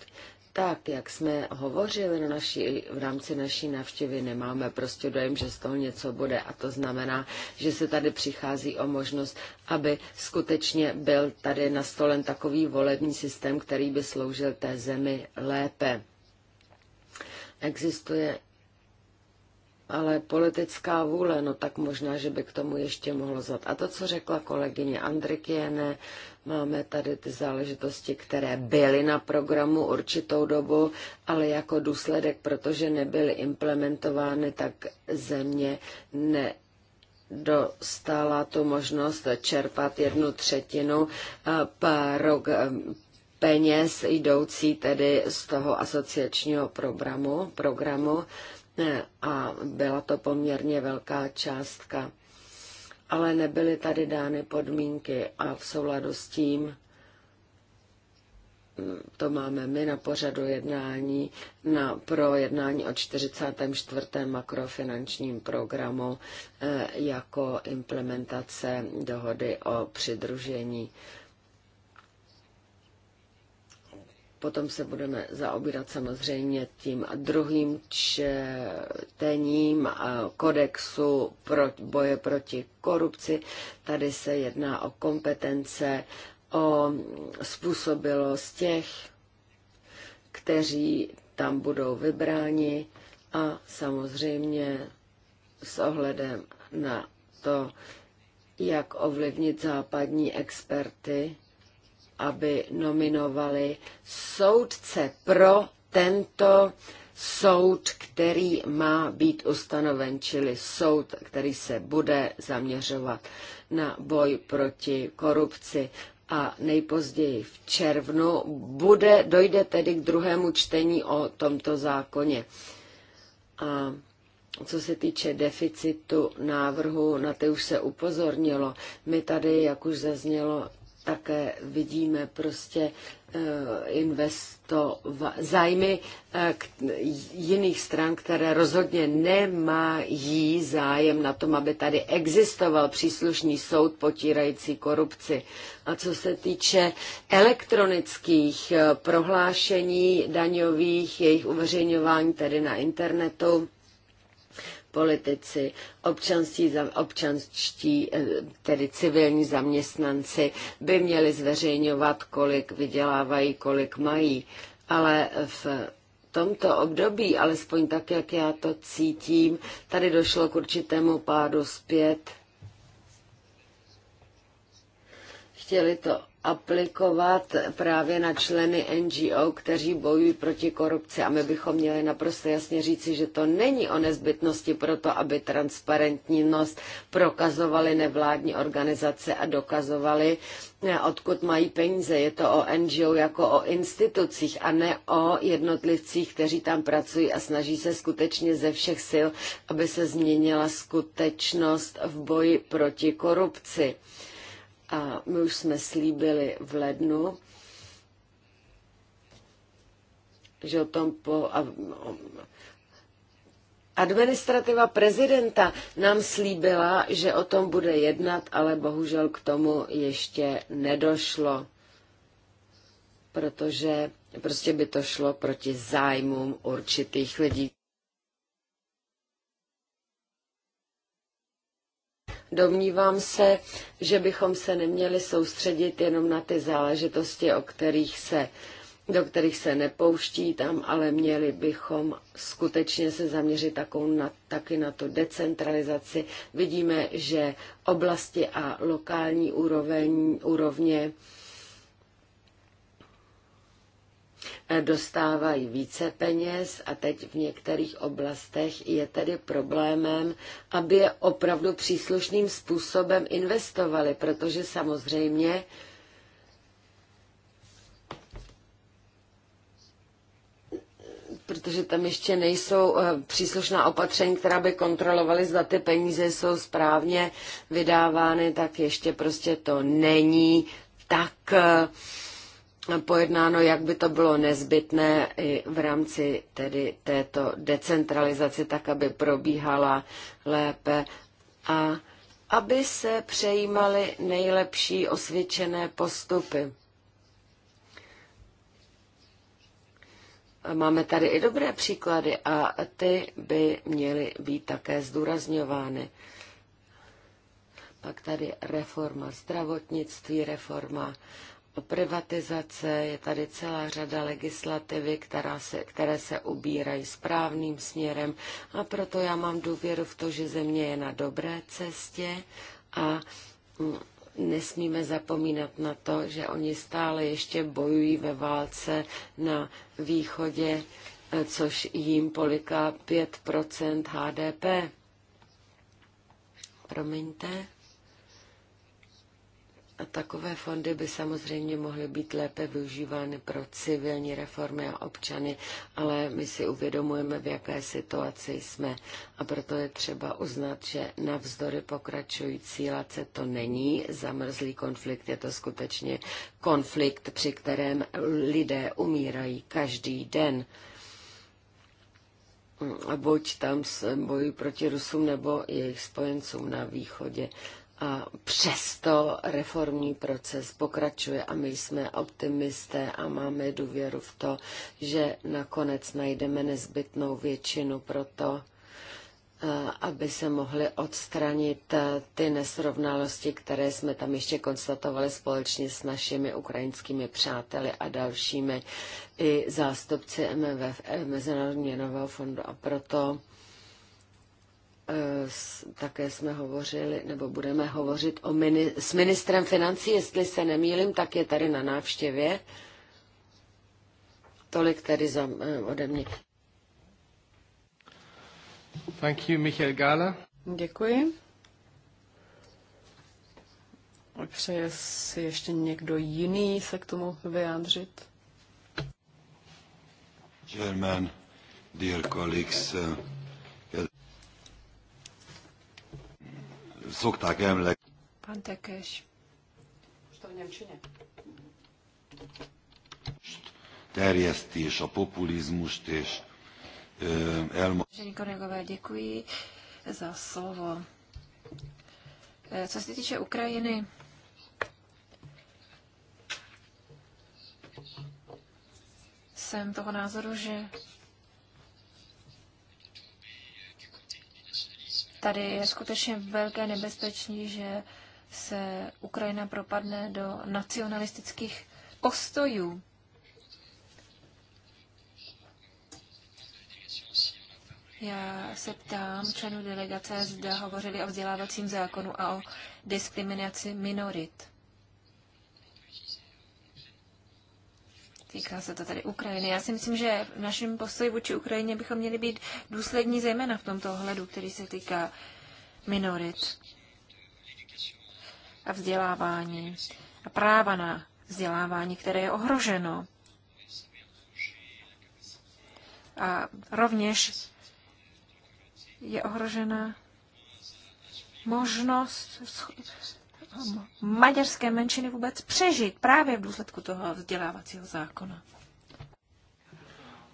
tak, jak jsme hovořili na naší, v rámci naší návštěvy, nemáme prostě dojem, že z toho něco bude. A to znamená, že se tady přichází o možnost, aby skutečně byl tady nastolen takový volební systém, který by sloužil té zemi lépe. Existuje ale politická vůle, no tak možná, že by k tomu ještě mohlo zat. A to, co řekla kolegyně Andrikiene, Máme tady ty záležitosti, které byly na programu určitou dobu, ale jako důsledek, protože nebyly implementovány, tak země ne, dostala tu možnost čerpat jednu třetinu prog- peněz jdoucí tedy z toho asociačního programu, programu a byla to poměrně velká částka ale nebyly tady dány podmínky a v souladu s tím mm, to máme my na pořadu jednání na, pro jednání o 44. makrofinančním programu eh, jako implementace dohody o přidružení. Potom se budeme zaobírat samozřejmě tím druhým čtením kodexu pro boje proti korupci. Tady se jedná o kompetence, o způsobilost těch, kteří tam budou vybráni a samozřejmě s ohledem na to, jak ovlivnit západní experty, aby nominovali soudce pro tento soud, který má být ustanoven, čili soud, který se bude zaměřovat na boj proti korupci a nejpozději v červnu bude, dojde tedy k druhému čtení o tomto zákoně. A co se týče deficitu návrhu, na ty už se upozornilo. My tady, jak už zaznělo, také vidíme prostě eh, investova, zájmy eh, k jiných stran, které rozhodně nemají zájem na tom, aby tady existoval příslušný soud potírající korupci. A co se týče elektronických eh, prohlášení daňových, jejich uveřejňování tedy na internetu, politici, občanství, občanští, eh, tedy civilní zaměstnanci by měli zveřejňovat, kolik vydělávají, kolik mají. Ale v tomto období, alespoň tak, jak já to cítím, tady došlo k určitému pádu zpět. Chtěli to aplikovat právě na členy NGO, kteří bojují proti korupci. A my bychom měli naprosto jasně říci, že to není o nezbytnosti pro to, aby transparentnost prokazovaly nevládní organizace a dokazovaly, odkud mají peníze. Je to o NGO jako o institucích a ne o jednotlivcích, kteří tam pracují a snaží se skutečně ze všech sil, aby se změnila skutečnost v boji proti korupci a my už jsme slíbili v lednu, že o tom po... A, Administrativa prezidenta nám slíbila, že o tom bude jednat, ale bohužel k tomu ještě nedošlo, protože prostě by to šlo proti zájmům určitých lidí. Domnívám se, že bychom se neměli soustředit jenom na ty záležitosti, o kterých se, do kterých se nepouští tam, ale měli bychom skutečně se zaměřit takovou na, taky na tu decentralizaci. Vidíme, že oblasti a lokální úroveň, úrovně dostávají více peněz a teď v některých oblastech je tedy problémem, aby je opravdu příslušným způsobem investovali, protože samozřejmě protože tam ještě nejsou eh, příslušná opatření, která by kontrolovaly, zda ty peníze jsou správně vydávány, tak ještě prostě to není tak eh, pojednáno, jak by to bylo nezbytné i v rámci tedy této decentralizace, tak aby probíhala lépe a aby se přejímaly nejlepší osvědčené postupy. Máme tady i dobré příklady a ty by měly být také zdůrazňovány. Pak tady reforma zdravotnictví, reforma privatizace, je tady celá řada legislativy, která se, které se ubírají správným směrem a proto já mám důvěru v to, že země je na dobré cestě a mm, nesmíme zapomínat na to, že oni stále ještě bojují ve válce na východě, e, což jim poliká 5 HDP. Promiňte. A takové fondy by samozřejmě mohly být lépe využívány pro civilní reformy a občany, ale my si uvědomujeme, v jaké situaci jsme. A proto je třeba uznat, že navzdory pokračující lace to není zamrzlý konflikt, je to skutečně konflikt, při kterém lidé umírají každý den a buď tam bojují proti Rusům nebo jejich spojencům na východě. A přesto reformní proces pokračuje a my jsme optimisté a máme důvěru v to, že nakonec najdeme nezbytnou většinu pro to, eh, aby se mohly odstranit eh, ty nesrovnalosti, které jsme tam ještě konstatovali společně s našimi ukrajinskými přáteli a dalšími i zástupci MMF, eh, Mezinárodního měnového fondu. A proto Eh, také jsme hovořili, nebo budeme hovořit o mini, s ministrem financí, jestli se nemýlim, tak je tady na návštěvě. Tolik tedy za, eh, ode mě. Thank you, Michael Gala. Děkuji. Přeje si ještě někdo jiný se k tomu vyjádřit? Chairman, dear colleagues, uh... szokták emlegetni. Pantekes. Most a nyelvcsinál. Terjesztés, a populizmust és elma... Kolegové, děkuji za slovo. E, co se týče Ukrajiny, jsem toho názoru, že Tady je skutečně velké nebezpečí, že se Ukrajina propadne do nacionalistických postojů. Já se ptám členů delegace, zda hovořili o vzdělávacím zákonu a o diskriminaci minorit. Týká se to tady Ukrajiny. Já si myslím, že v našem postoji vůči Ukrajině bychom měli být důslední zejména v tomto ohledu, který se týká minorit a vzdělávání a práva na vzdělávání, které je ohroženo. A rovněž je ohrožena možnost maďarské menšiny vůbec přežít právě v důsledku toho vzdělávacího zákona.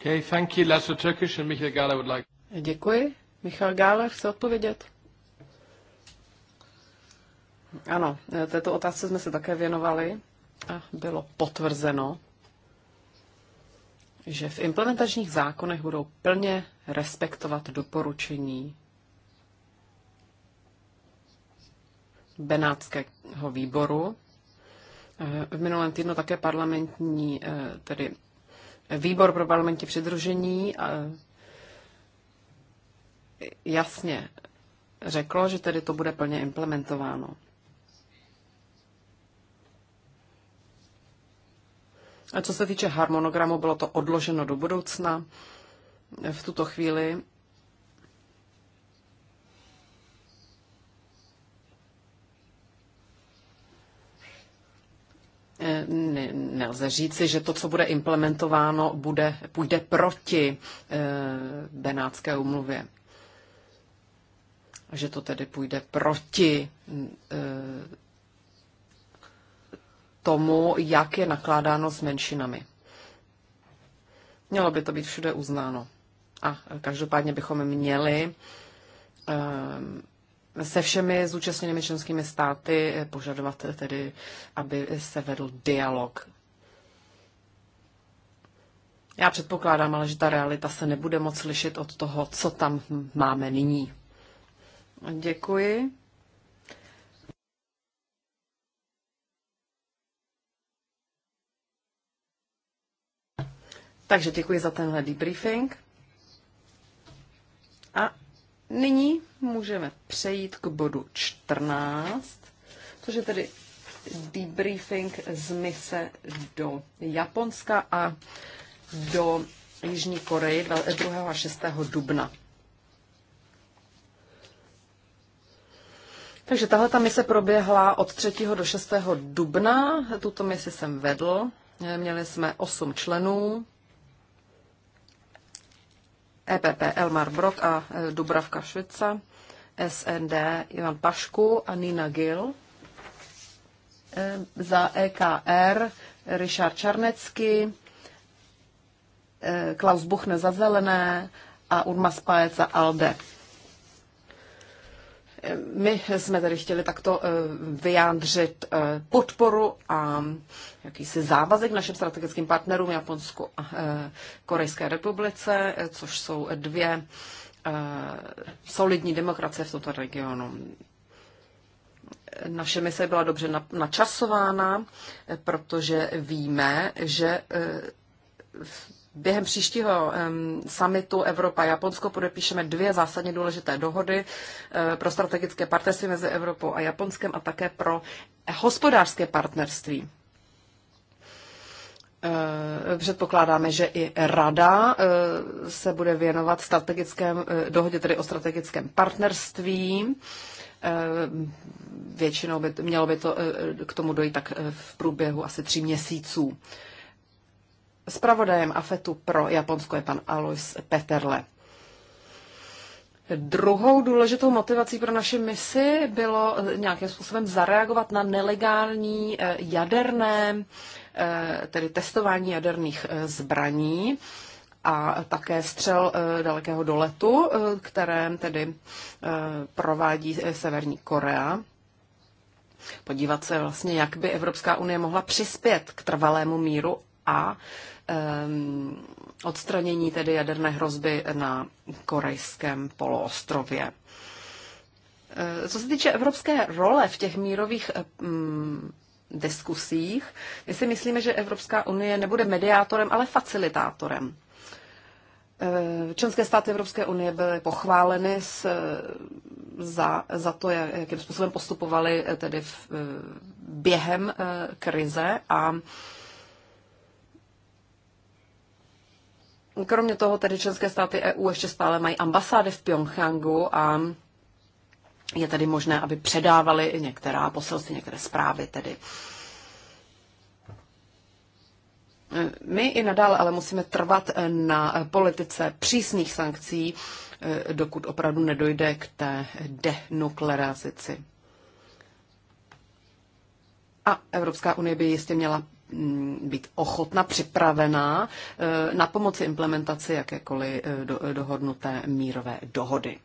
Okay, thank you, Lasso Turkish and Michael Gala would like... Děkuji. Michal Gáler chce odpovědět. Ano, této otázce jsme se také věnovali a bylo potvrzeno, že v implementačních zákonech budou plně respektovat doporučení Benátského výboru. Eh, v minulém týdnu také parlamentní, eh, tedy výbor pro parlamentní předružení eh, jasně řeklo, že tedy to bude plně implementováno. A co se týče harmonogramu, bylo to odloženo do budoucna. V tuto chvíli Eh, nelze říci, že to, co bude implementováno, bude, půjde proti eh, Benátské umluvě. Že to tedy půjde proti eh, tomu, jak je nakládáno s menšinami. Mělo by to být všude uznáno. A každopádně bychom měli se všemi zúčastněnými členskými státy požadovat tedy, aby se vedl dialog. Já předpokládám ale, že ta realita se nebude moc lišit od toho, co tam máme nyní. Děkuji. Takže děkuji za tenhle debriefing. A Nyní můžeme přejít k bodu 14, což je tedy debriefing z mise do Japonska a do Jižní Koreji 2. a 6. dubna. Takže tahle ta mise proběhla od 3. do 6. dubna. Tuto misi jsem vedl. Měli jsme 8 členů. EPP Elmar Brok a e, Dubravka Švica, SND Ivan Pašku a Nina Gil, e, za EKR Richard Čarnecky, e, Klaus Buchne za Zelené a Urma Spájec za ALDE. My jsme tady chtěli takto eh, vyjádřit eh, podporu a jakýsi závazek našim strategickým partnerům Japonsku a eh, Korejské republice, což jsou dvě solidní demokracie v tomto regionu. Naše mise byla dobře načasována, protože víme, že Během příštího um, summitu Evropa-Japonsko podepíšeme dvě zásadně důležité dohody uh, pro strategické partnerství mezi Evropou a Japonskem a také pro hospodářské partnerství. Eh, předpokládáme, že i Rada eh, se bude věnovat strategickém dohodě, tedy o strategickém partnerství. Většinou by, mělo by to k tomu dojít tak v průběhu asi tří měsíců. Spravodajem AFETu pro Japonsko je pan Alois Peterle. Druhou důležitou motivací pro naši misi bylo eh, nějakým způsobem zareagovat na nelegální eh, jaderné, eh, tedy testování jaderných zbraní a také střel dalekého doletu, kterém tedy provádí Severní Korea. Podívat se vlastně, jak by Evropská unie mohla přispět k trvalému míru a um, odstranění tedy jaderné hrozby na korejském poloostrově. Eh, co se týče evropské role v těch mírových um, diskusích, my si myslíme, že Evropská unie nebude mediátorem, ale facilitátorem. Eh, členské státy Evropské unie byly pochváleny s, eh, za, za to, jak, jakým způsobem postupovali tedy v, během krize a Kromě toho tedy členské státy EU ještě stále mají ambasády v Pyongyangu a je tedy možné, aby předávali některá poselství, některé zprávy tedy. My i nadále ale musíme trvat na politice přísných sankcí, dokud opravdu nedojde k té denuklerazici. A Evropská unie by jistě měla Mm, být ochotna, připravená eh, na pomoci implementaci jakékoliv eh, dohodnuté mírové dohody.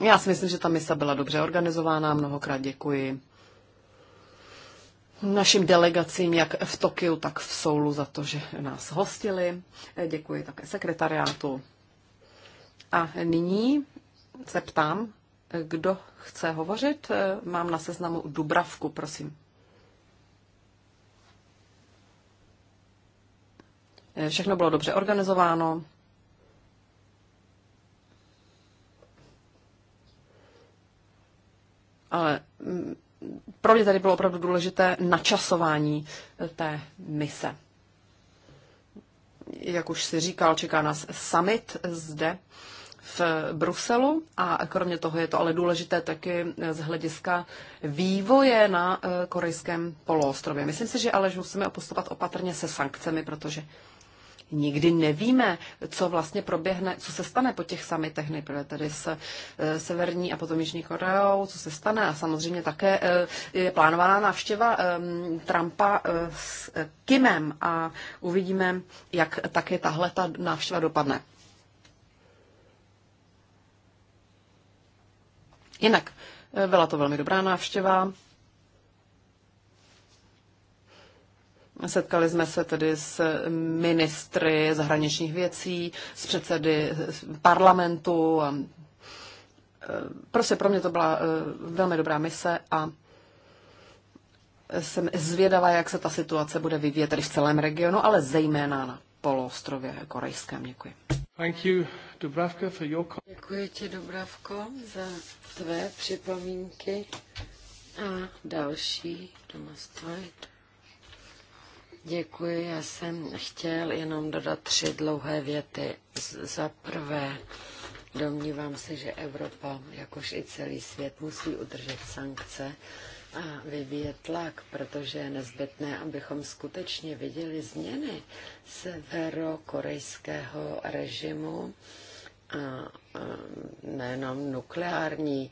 Já si myslím, že ta misa byla dobře organizována, mnohokrát děkuji našim delegacím, jak v Tokiu, tak v Soulu, za to, že nás hostili. Eh, děkuji také sekretariátu. A nyní se ptám, kdo chce hovořit? Eh, mám na seznamu Dubravku, prosím. Eh, všechno bylo dobře organizováno. Ale mm, pro mě tady bylo opravdu důležité načasování eh, té mise. Jak už si říkal, čeká nás summit zde v Bruselu a kromě toho je to ale důležité taky z hlediska vývoje na eh, korejském poloostrově. Myslím si, že ale že musíme postupovat opatrně se sankcemi, protože nikdy nevíme, co vlastně proběhne, co se stane po těch samitech, nejprve tedy s eh, Severní a potom Jižní Koreou, co se stane a samozřejmě také eh, je plánovaná návštěva ehm, Trumpa s Kimem a uvidíme, jak také tahle ta návštěva dopadne. Jinak eh, byla to velmi dobrá návštěva. Setkali jsme se tedy s ministry zahraničních věcí, s předsedy parlamentu. Eh, prostě pro mě to byla eh, velmi dobrá mise a jsem zvědavá, jak se ta situace bude vyvíjet tady v celém regionu, ale zejména na poloostrově korejském. Děkuji. Thank you, Dubravka, for your... Děkuji ti, Dubravko, za tvé připomínky a další domastvoit. Děkuji, já jsem chtěl jenom dodat tři dlouhé věty. Za prvé, domnívám se, že Evropa, jakož i celý svět, musí udržet sankce a vyvíjet tlak, protože je nezbytné, abychom skutečně viděli změny severokorejského režimu a nejenom nukleární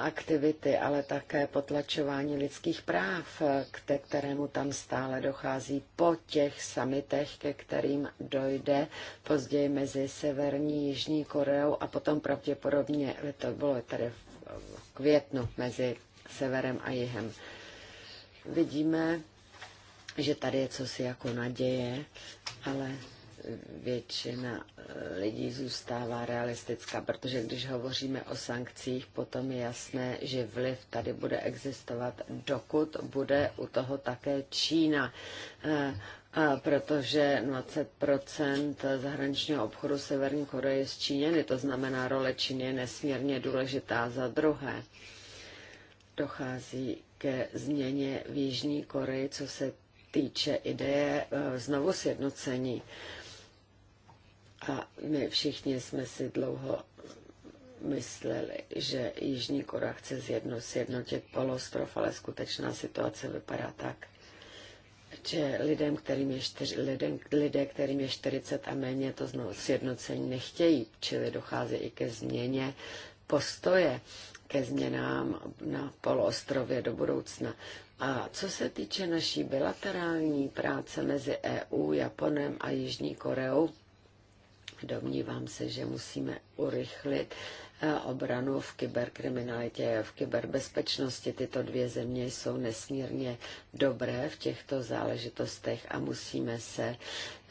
aktivity, ale také potlačování lidských práv, ke kterému tam stále dochází po těch samitech, ke kterým dojde později mezi Severní Jižní Koreou a potom pravděpodobně, to bylo tady v květnu mezi severem a jihem. Vidíme, že tady je cosi jako naděje, ale většina eh, lidí zůstává realistická, protože když hovoříme o sankcích, potom je jasné, že vliv tady bude existovat, dokud bude u toho také Čína. Eh, a protože 20 zahraničního obchodu Severní Koreje je z Číněny, to znamená, role Číny je nesmírně důležitá za druhé dochází ke změně v Jižní Koreji, co se týče ideje e, znovu sjednocení. A my všichni jsme si dlouho mysleli, že Jižní Korea chce zjedno, sjednotit polostrov, ale skutečná situace vypadá tak, že lidem, kterým je čtyři, lidem, lidé, kterým je 40 a méně, to znovu sjednocení nechtějí, čili dochází i ke změně postoje ke změnám na poloostrově do budoucna. A co se týče naší bilaterální práce mezi EU, Japonem a Jižní Koreou, domnívám se, že musíme urychlit obranu v kyberkriminalitě, v kyberbezpečnosti. Tyto dvě země jsou nesmírně dobré v těchto záležitostech a musíme se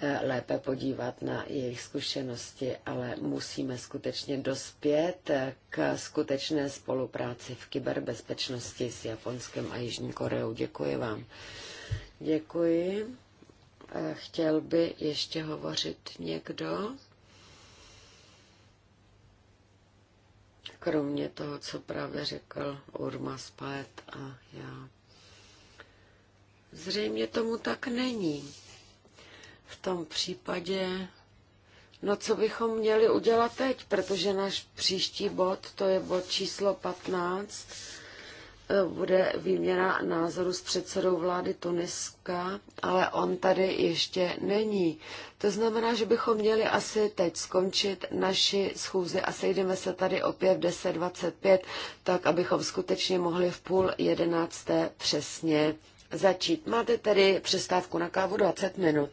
eh, lépe podívat na jejich zkušenosti, ale musíme skutečně dospět eh, k skutečné spolupráci v kyberbezpečnosti s Japonskem a Jižní Koreou. Děkuji vám. Děkuji. Eh, Chtěl by ještě hovořit někdo? kromě toho, co právě řekl Urma Spaet a já. Zřejmě tomu tak není. V tom případě, no co bychom měli udělat teď, protože náš příští bod, to je bod číslo 15, Eh, bude výměna názoru s předsedou vlády Tuniska, ale on tady ještě není. To znamená, že bychom měli asi teď skončit naši schůzi a sejdeme se tady opět v 10.25, tak abychom skutečně mohli v půl jedenácté přesně začít. Máte tedy přestávku na kávu 20 minut.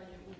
Ukrajině.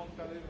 conta del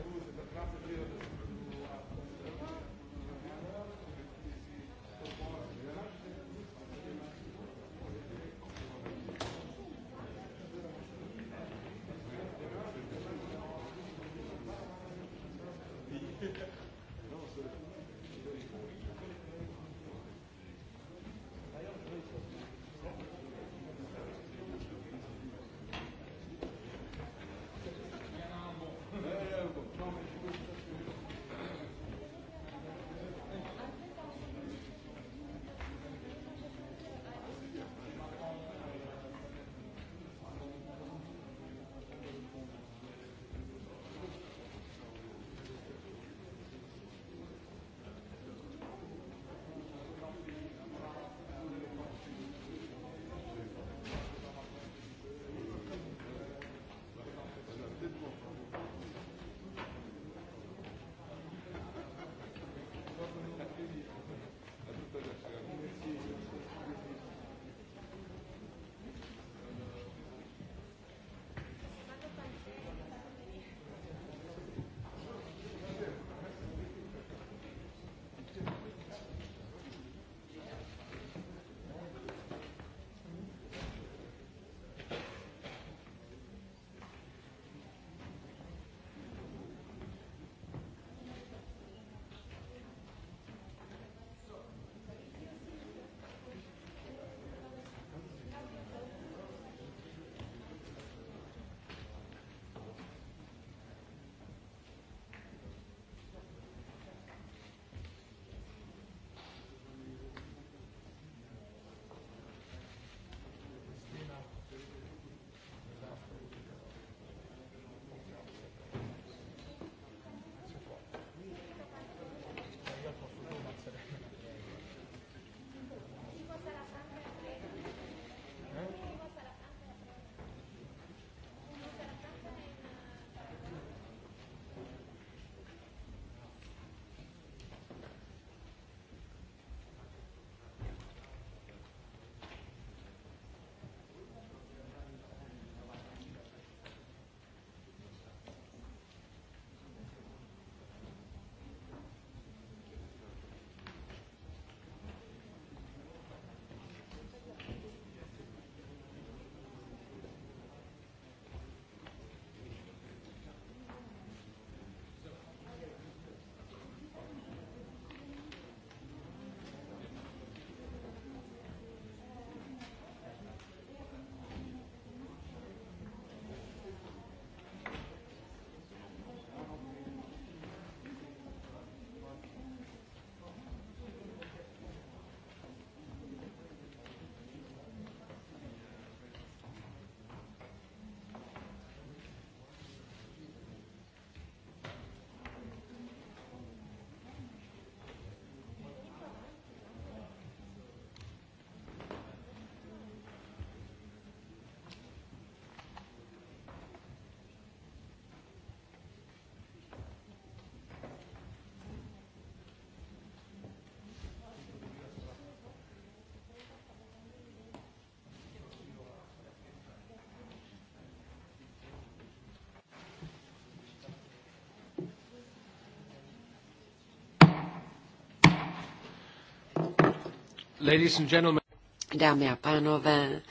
Dámy a pánové,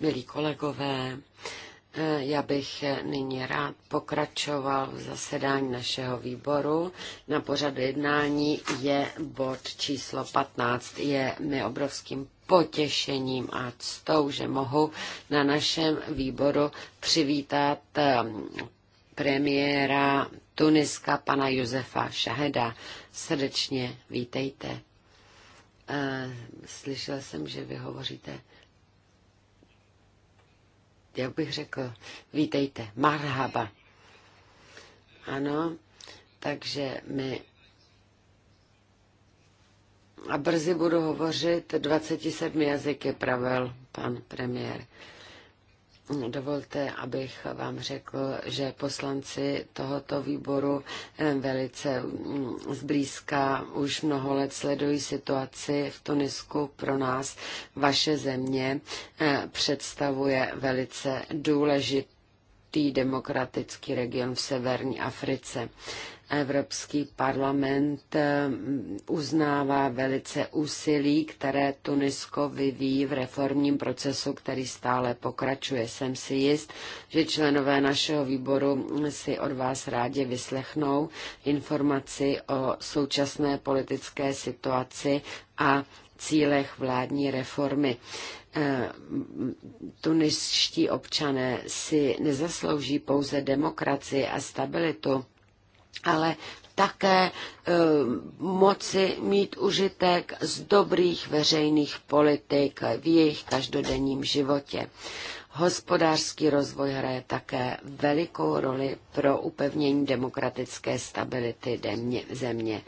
milí kolegové, eh, já bych nyní rád pokračoval v zasedání našeho výboru. Na pořadu jednání je bod číslo 15. Je mi obrovským potěšením a ctou, že mohu na našem výboru přivítat ehm, premiéra Tuniska, pana Josefa Šaheda. Srdečně vítejte slyšel jsem, že vy hovoříte, jak bych řekl, vítejte, marhaba. Ano, takže my a brzy budu hovořit 27 jazyky, pravil pan premiér. Dovolte, abych vám řekl, že poslanci tohoto výboru eh, velice mm, zblízka už mnoho let sledují situaci v Tunisku. Pro nás vaše země eh, představuje velice důležitý demokratický region v severní Africe. Evropský parlament eh, uznává velice úsilí, které Tunisko vyvíjí v reformním procesu, který stále pokračuje. Jsem si jist, že členové našeho výboru si od vás rádi vyslechnou informaci o současné politické situaci a cílech vládní reformy. Eh, tuniští občané si nezaslouží pouze demokracii a stabilitu, ale také eh, moci mít užitek z dobrých veřejných politik v jejich každodenním životě. Hospodářský rozvoj hraje také velikou roli pro upevnění demokratické stability země.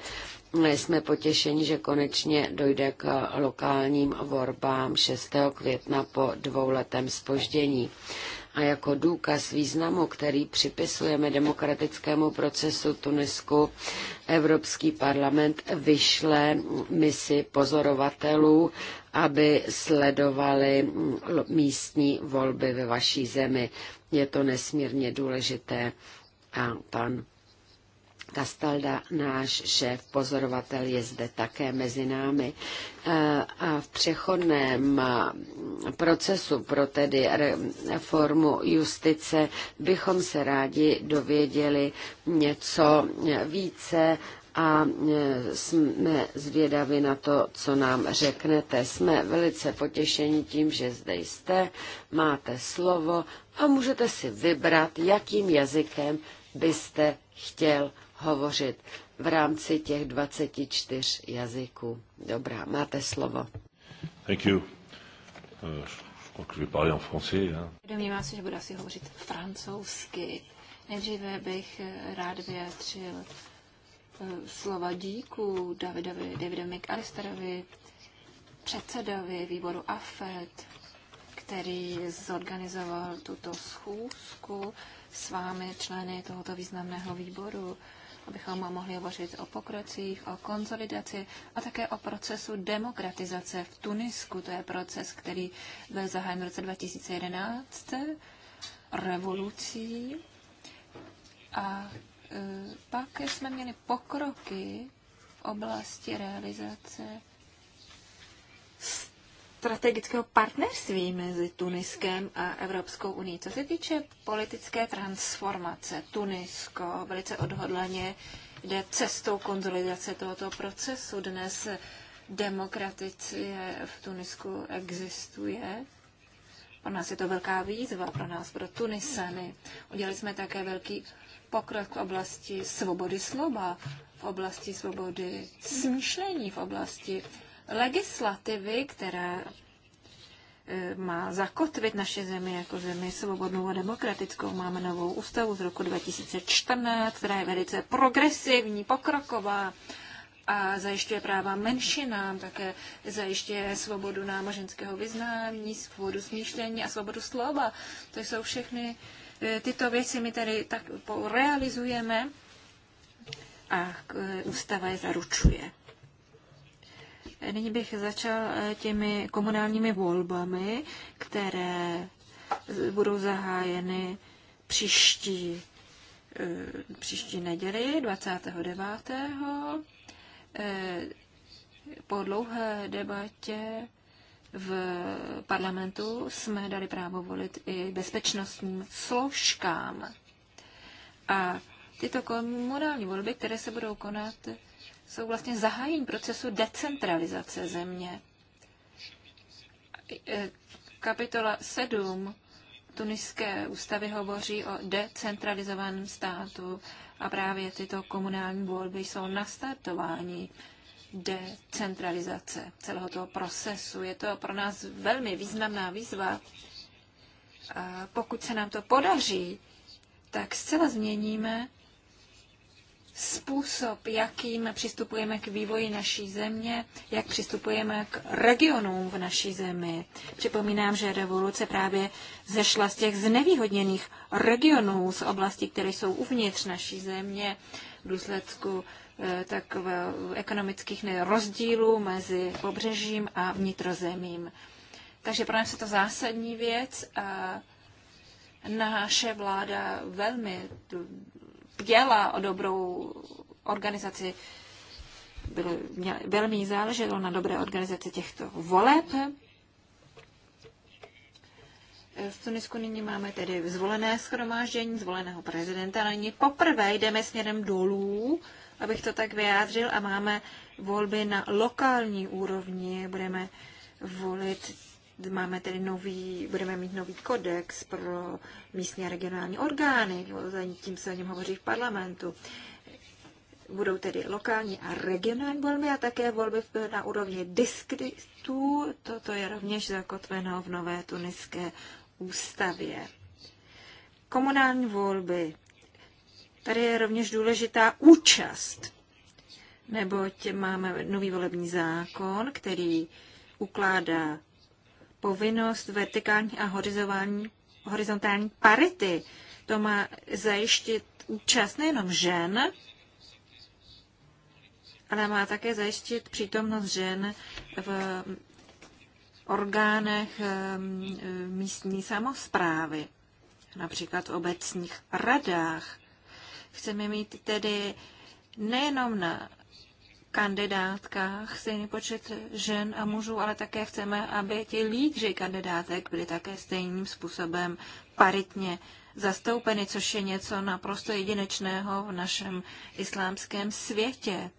Jsme potěšeni, že konečně dojde k lokálním vorbám 6. května po dvouletém spoždění. A jako důkaz významu, který připisujeme demokratickému procesu Tunisku, Evropský parlament vyšle misi pozorovatelů, aby sledovali místní volby ve vaší zemi. Je to nesmírně důležité. A pan Castalda, náš šéf, pozorovatel, je zde také mezi námi. Eh, a v přechodném mm, procesu pro tedy reformu justice bychom se rádi dověděli něco více a eh, jsme zvědavi na to, co nám řeknete. Jsme velice potěšeni tím, že zde jste, máte slovo a můžete si vybrat, jakým jazykem byste chtěl hovořit v rámci těch 24 jazyků. Dobrá, máte slovo. Thank you. Uh, Hein. Domnívám se, že budu asi hovořit francouzsky. Nejdříve bych eh, rád vyjádřil eh, slova díku Davidovi, Davidu McAllisterovi, předsedovi výboru AFED, který zorganizoval tuto schůzku s vámi, členy tohoto významného výboru abychom mohli hovořit o pokrocích, o konsolidaci a také o procesu demokratizace v Tunisku. To je proces, který byl zahájen v roce 2011 revolucí. A e, pak jsme měli pokroky v oblasti realizace strategického partnerství mezi Tuniskem a Evropskou unii. Co se týče politické transformace, Tunisko velice odhodlaně jde cestou konzolidace tohoto procesu. Dnes demokraticie v Tunisku existuje. Pro nás je to velká výzva, pro nás, pro Tunisany. Udělali jsme také velký pokrok v oblasti svobody slova, v oblasti svobody smýšlení, v oblasti legislativy, která e, má zakotvit naše zemi jako zemi svobodnou a demokratickou. Máme novou ústavu z roku 2014, která je velice progresivní, pokroková a zajišťuje práva menšinám, také zajišťuje svobodu námoženského vyznání, svobodu smýšlení a svobodu slova. To jsou všechny e, tyto věci, my tady tak realizujeme a ústava je zaručuje. Nyní bych začal eh, těmi komunálními volbami, které budou zahájeny příští, eh, příští neděli 29. Eh, po dlouhé debatě v parlamentu jsme dali právo volit i bezpečnostním složkám. A tyto komunální volby, které se budou konat jsou vlastně zahájení procesu decentralizace země. E, kapitola 7 tuniské ústavy hovoří o decentralizovaném státu a právě tyto komunální volby jsou nastartování decentralizace celého toho procesu. Je to pro nás velmi významná výzva. A pokud se nám to podaří, tak zcela změníme způsob, jakým přistupujeme k vývoji naší země, jak přistupujeme k regionům v naší zemi. Připomínám, že revoluce právě zešla z těch znevýhodněných regionů, z oblastí, které jsou uvnitř naší země v důsledku eh, v ekonomických rozdílů mezi pobřežím a vnitrozemím. Takže pro nás je to zásadní věc a naše vláda velmi bděla o dobrou organizaci, bylo, měl, velmi jí záleželo na dobré organizaci těchto voleb. V Tunisku nyní máme tedy zvolené schromáždění, zvoleného prezidenta. Nyní poprvé jdeme směrem dolů, abych to tak vyjádřil, a máme volby na lokální úrovni. Budeme volit Máme tedy nový, budeme mít nový kodex pro místní a regionální orgány, tím se o něm hovoří v parlamentu. Budou tedy lokální a regionální volby a také volby na úrovni diskritů. Toto je rovněž zakotveno v nové tuniské ústavě. Komunální volby. Tady je rovněž důležitá účast, neboť máme nový volební zákon, který ukládá povinnost vertikální a horizontální, horizontální parity. To má zajištit účast nejenom žen, ale má také zajištit přítomnost žen v orgánech ehm, ehm, místní samozprávy, například v obecních radách. Chceme mít tedy nejenom na kandidátkách stejný počet žen a mužů, ale také chceme, aby ti lídři kandidátek byli také stejným způsobem paritně zastoupeny, což je něco naprosto jedinečného v našem islámském světě.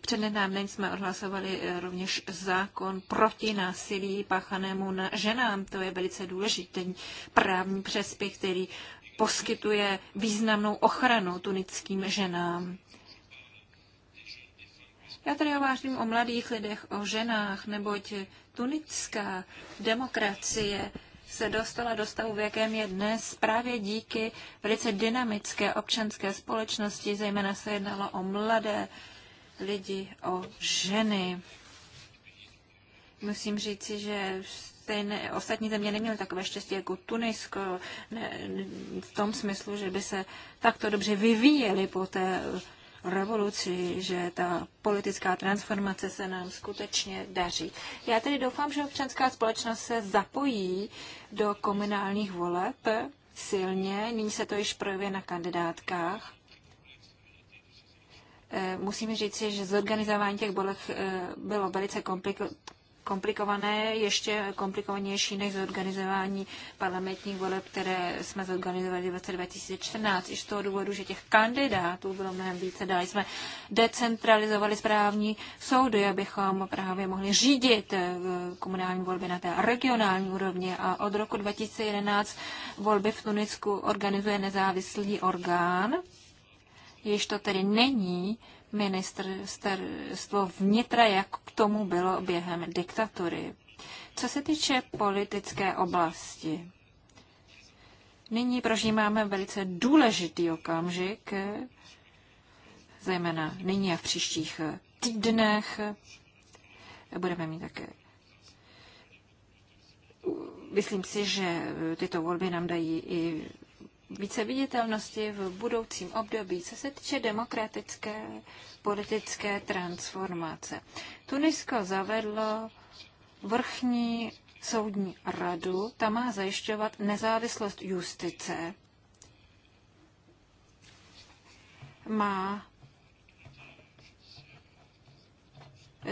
Přednedávnem jsme odhlasovali rovněž zákon proti násilí páchanému na ženám. To je velice důležitý právní přespěch, který poskytuje významnou ochranu tunickým ženám. Já tady hovářím o mladých lidech, o ženách, neboť tunická demokracie se dostala do stavu, v jakém je dnes právě díky velice dynamické občanské společnosti, zejména se jednalo o mladé lidi, o ženy. Musím říci, že stejné, ostatní země neměly takové štěstí jako Tunisko, ne, v tom smyslu, že by se takto dobře vyvíjeli po té revoluci, že ta politická transformace se nám skutečně daří. Já tedy doufám, že občanská společnost se zapojí do komunálních voleb silně, nyní se to již projevuje na kandidátkách. Eh, Musím říci, že zorganizování těch bolech eh, bylo velice komplikované, ještě komplikovanější než zorganizování parlamentních voleb, které jsme zorganizovali v roce 2014. I z toho důvodu, že těch kandidátů bylo mnohem více, dali jsme decentralizovali správní soudy, abychom právě mohli řídit eh, komunální volby na té regionální úrovni. A od roku 2011 volby v Tunisku organizuje nezávislý orgán, jež to tedy není ministerstvo vnitra, jak k tomu bylo během diktatury. Co se týče politické oblasti, nyní prožíváme velice důležitý okamžik, zejména nyní a v příštích týdnech. Budeme mít také myslím si, že tyto volby nám dají i více viditelnosti v budoucím období, co se týče demokratické politické transformace. Tunisko zavedlo vrchní soudní radu, ta má zajišťovat nezávislost justice, má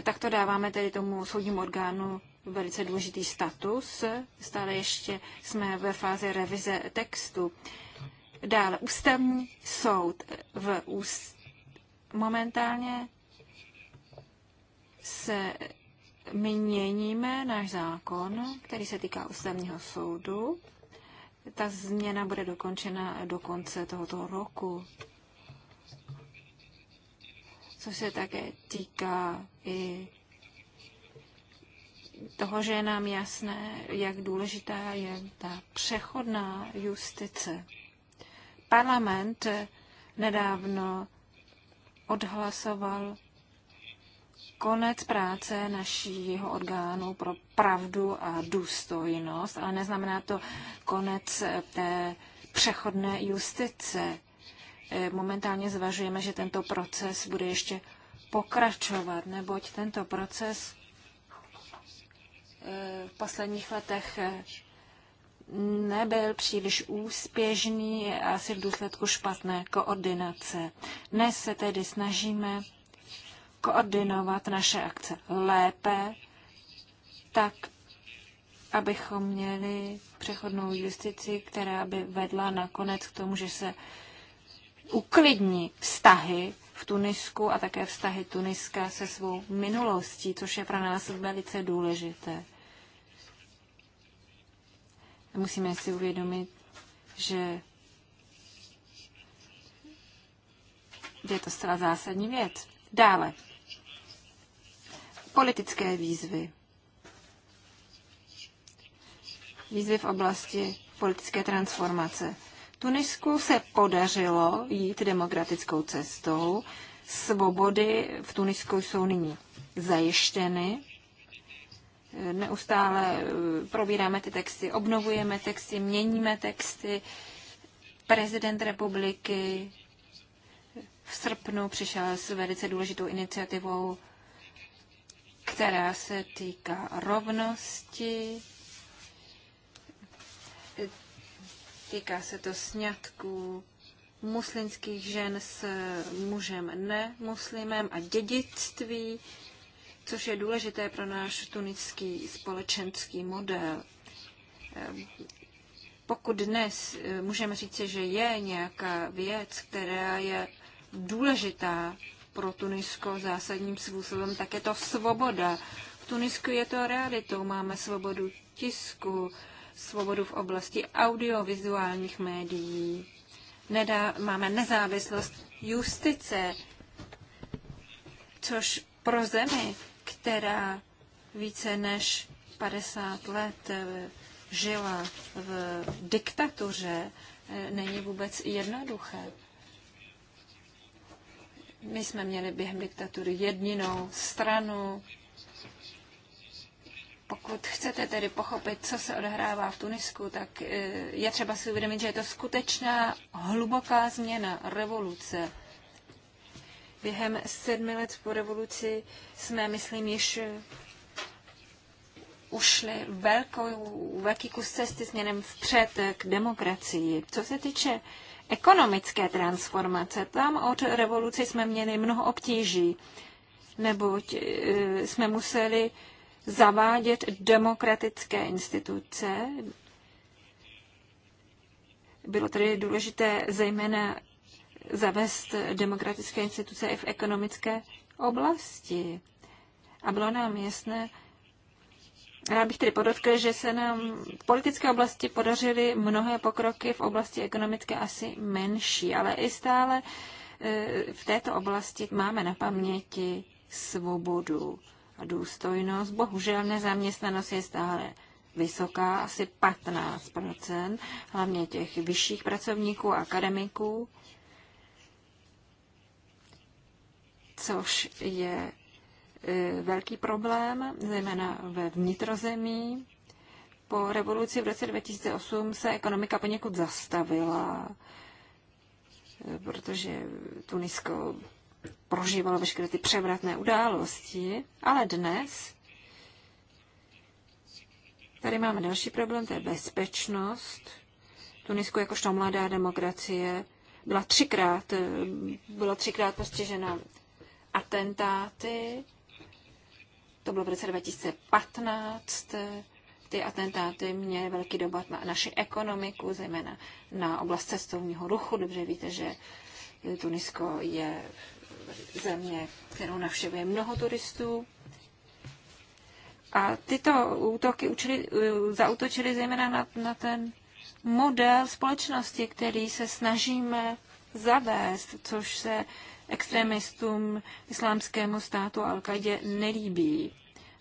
tak to dáváme tedy tomu soudnímu orgánu velice důležitý status. Stále ještě jsme ve fázi revize textu. Dále ústavní soud v úst... momentálně se měníme náš zákon, který se týká ústavního soudu. Ta změna bude dokončena do konce tohoto roku. Co se také týká i toho, že je nám jasné, jak důležitá je ta přechodná justice. Parlament nedávno odhlasoval konec práce našího orgánu pro pravdu a důstojnost, ale neznamená to konec eh, té přechodné justice. Eh, momentálně zvažujeme, že tento proces bude ještě pokračovat, neboť tento proces eh, v posledních letech nebyl příliš úspěšný asi v důsledku špatné koordinace. Dnes se tedy snažíme koordinovat naše akce lépe, tak abychom měli přechodnou justici, která by vedla nakonec k tomu, že se uklidní vztahy v Tunisku a také vztahy Tuniska se svou minulostí, což je pro nás velice důležité. Musíme si uvědomit, že je to zcela zásadní věc. Dále. Politické výzvy. Výzvy v oblasti politické transformace. Tunisku se podařilo jít demokratickou cestou. Svobody v Tunisku jsou nyní zajištěny. Neustále eh, probíráme ty texty, obnovujeme texty, měníme texty. Prezident republiky v srpnu přišel s velice důležitou iniciativou, která se týká rovnosti. Týká se to sňatků muslimských žen s mužem nemuslimem a dědictví což je důležité pro náš tunický společenský model. Eh, pokud dnes eh, můžeme říci, že je nějaká věc, která je důležitá pro Tunisko zásadním způsobem, tak je to svoboda. V Tunisku je to realitou. Máme svobodu tisku, svobodu v oblasti audiovizuálních médií, Nedá, máme nezávislost justice, což pro zemi, která více než 50 let eh, žila v diktatuře, eh, není vůbec jednoduché. My jsme měli během diktatury jedinou stranu. Pokud chcete tedy pochopit, co se odehrává v Tunisku, tak eh, je třeba si uvědomit, že je to skutečná hluboká změna, revoluce. Během sedmi let po revoluci jsme, myslím, již ušli velkou, velký kus cesty směrem vpřed k demokracii. Co se týče ekonomické transformace, tam od revoluce jsme měli mnoho obtíží, neboť e, jsme museli zavádět demokratické instituce. Bylo tedy důležité zejména zavést demokratické instituce i v ekonomické oblasti. A bylo nám jasné, Rád bych tedy podotkl, že se nám v politické oblasti podařily mnohé pokroky, v oblasti ekonomické asi menší, ale i stále e, v této oblasti máme na paměti svobodu a důstojnost. Bohužel nezaměstnanost je stále vysoká, asi 15 hlavně těch vyšších pracovníků, akademiků. což je e, velký problém, zejména ve vnitrozemí. Po revoluci v roce 2008 se ekonomika poněkud zastavila, e, protože Tunisko prožívalo veškeré ty převratné události, ale dnes tady máme další problém, to je bezpečnost. Tunisko jakožto mladá demokracie byla třikrát, e, byla třikrát postižena atentáty. To bylo v roce 2015. Ty atentáty měly velký dopad na naši ekonomiku, zejména na oblast cestovního ruchu. Dobře víte, že Tunisko je země, kterou navštěvuje mnoho turistů. A tyto útoky učili, zautočili zejména na, na ten model společnosti, který se snažíme zavést, což se extremistům islámskému státu al kaidě nelíbí.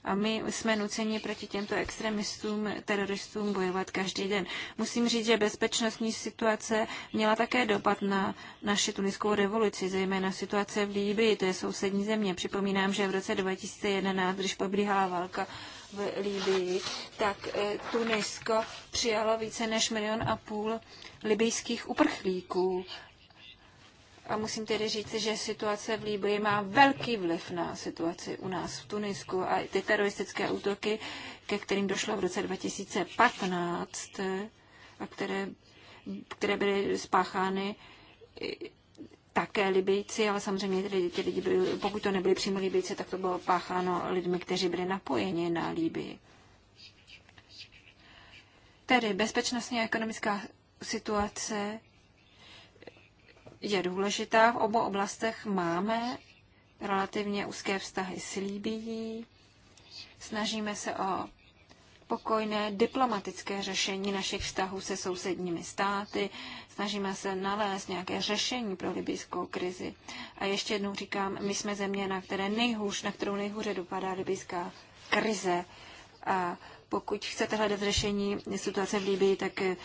A my jsme nuceni proti těmto extremistům, teroristům bojovat každý den. Musím říct, že bezpečnostní situace měla také dopad na naši tuniskou revoluci, zejména situace v Líbii, to je sousední země. Připomínám, že v roce 2011, když probíhala válka v Líbii, tak eh, Tunisko přijalo více než milion a půl libijských uprchlíků. A musím tedy říct, že situace v Líbě má velký vliv na situaci u nás v Tunisku a ty teroristické útoky, ke kterým došlo v roce 2015 a které, které byly spáchány také Libijci, ale samozřejmě ty, ty lidi byli, pokud to nebyli přímo Libijci, tak to bylo pácháno lidmi, kteří byli napojeni na Libii. Tedy bezpečnostní a ekonomická situace je důležitá. V obou oblastech máme relativně úzké vztahy s Líbí. Snažíme se o pokojné diplomatické řešení našich vztahů se sousedními státy. Snažíme se nalézt nějaké řešení pro libijskou krizi. A ještě jednou říkám, my jsme země, na, které nejhůř, na kterou nejhůře dopadá libijská krize. A pokud chcete hledat řešení situace v Libii, tak eh,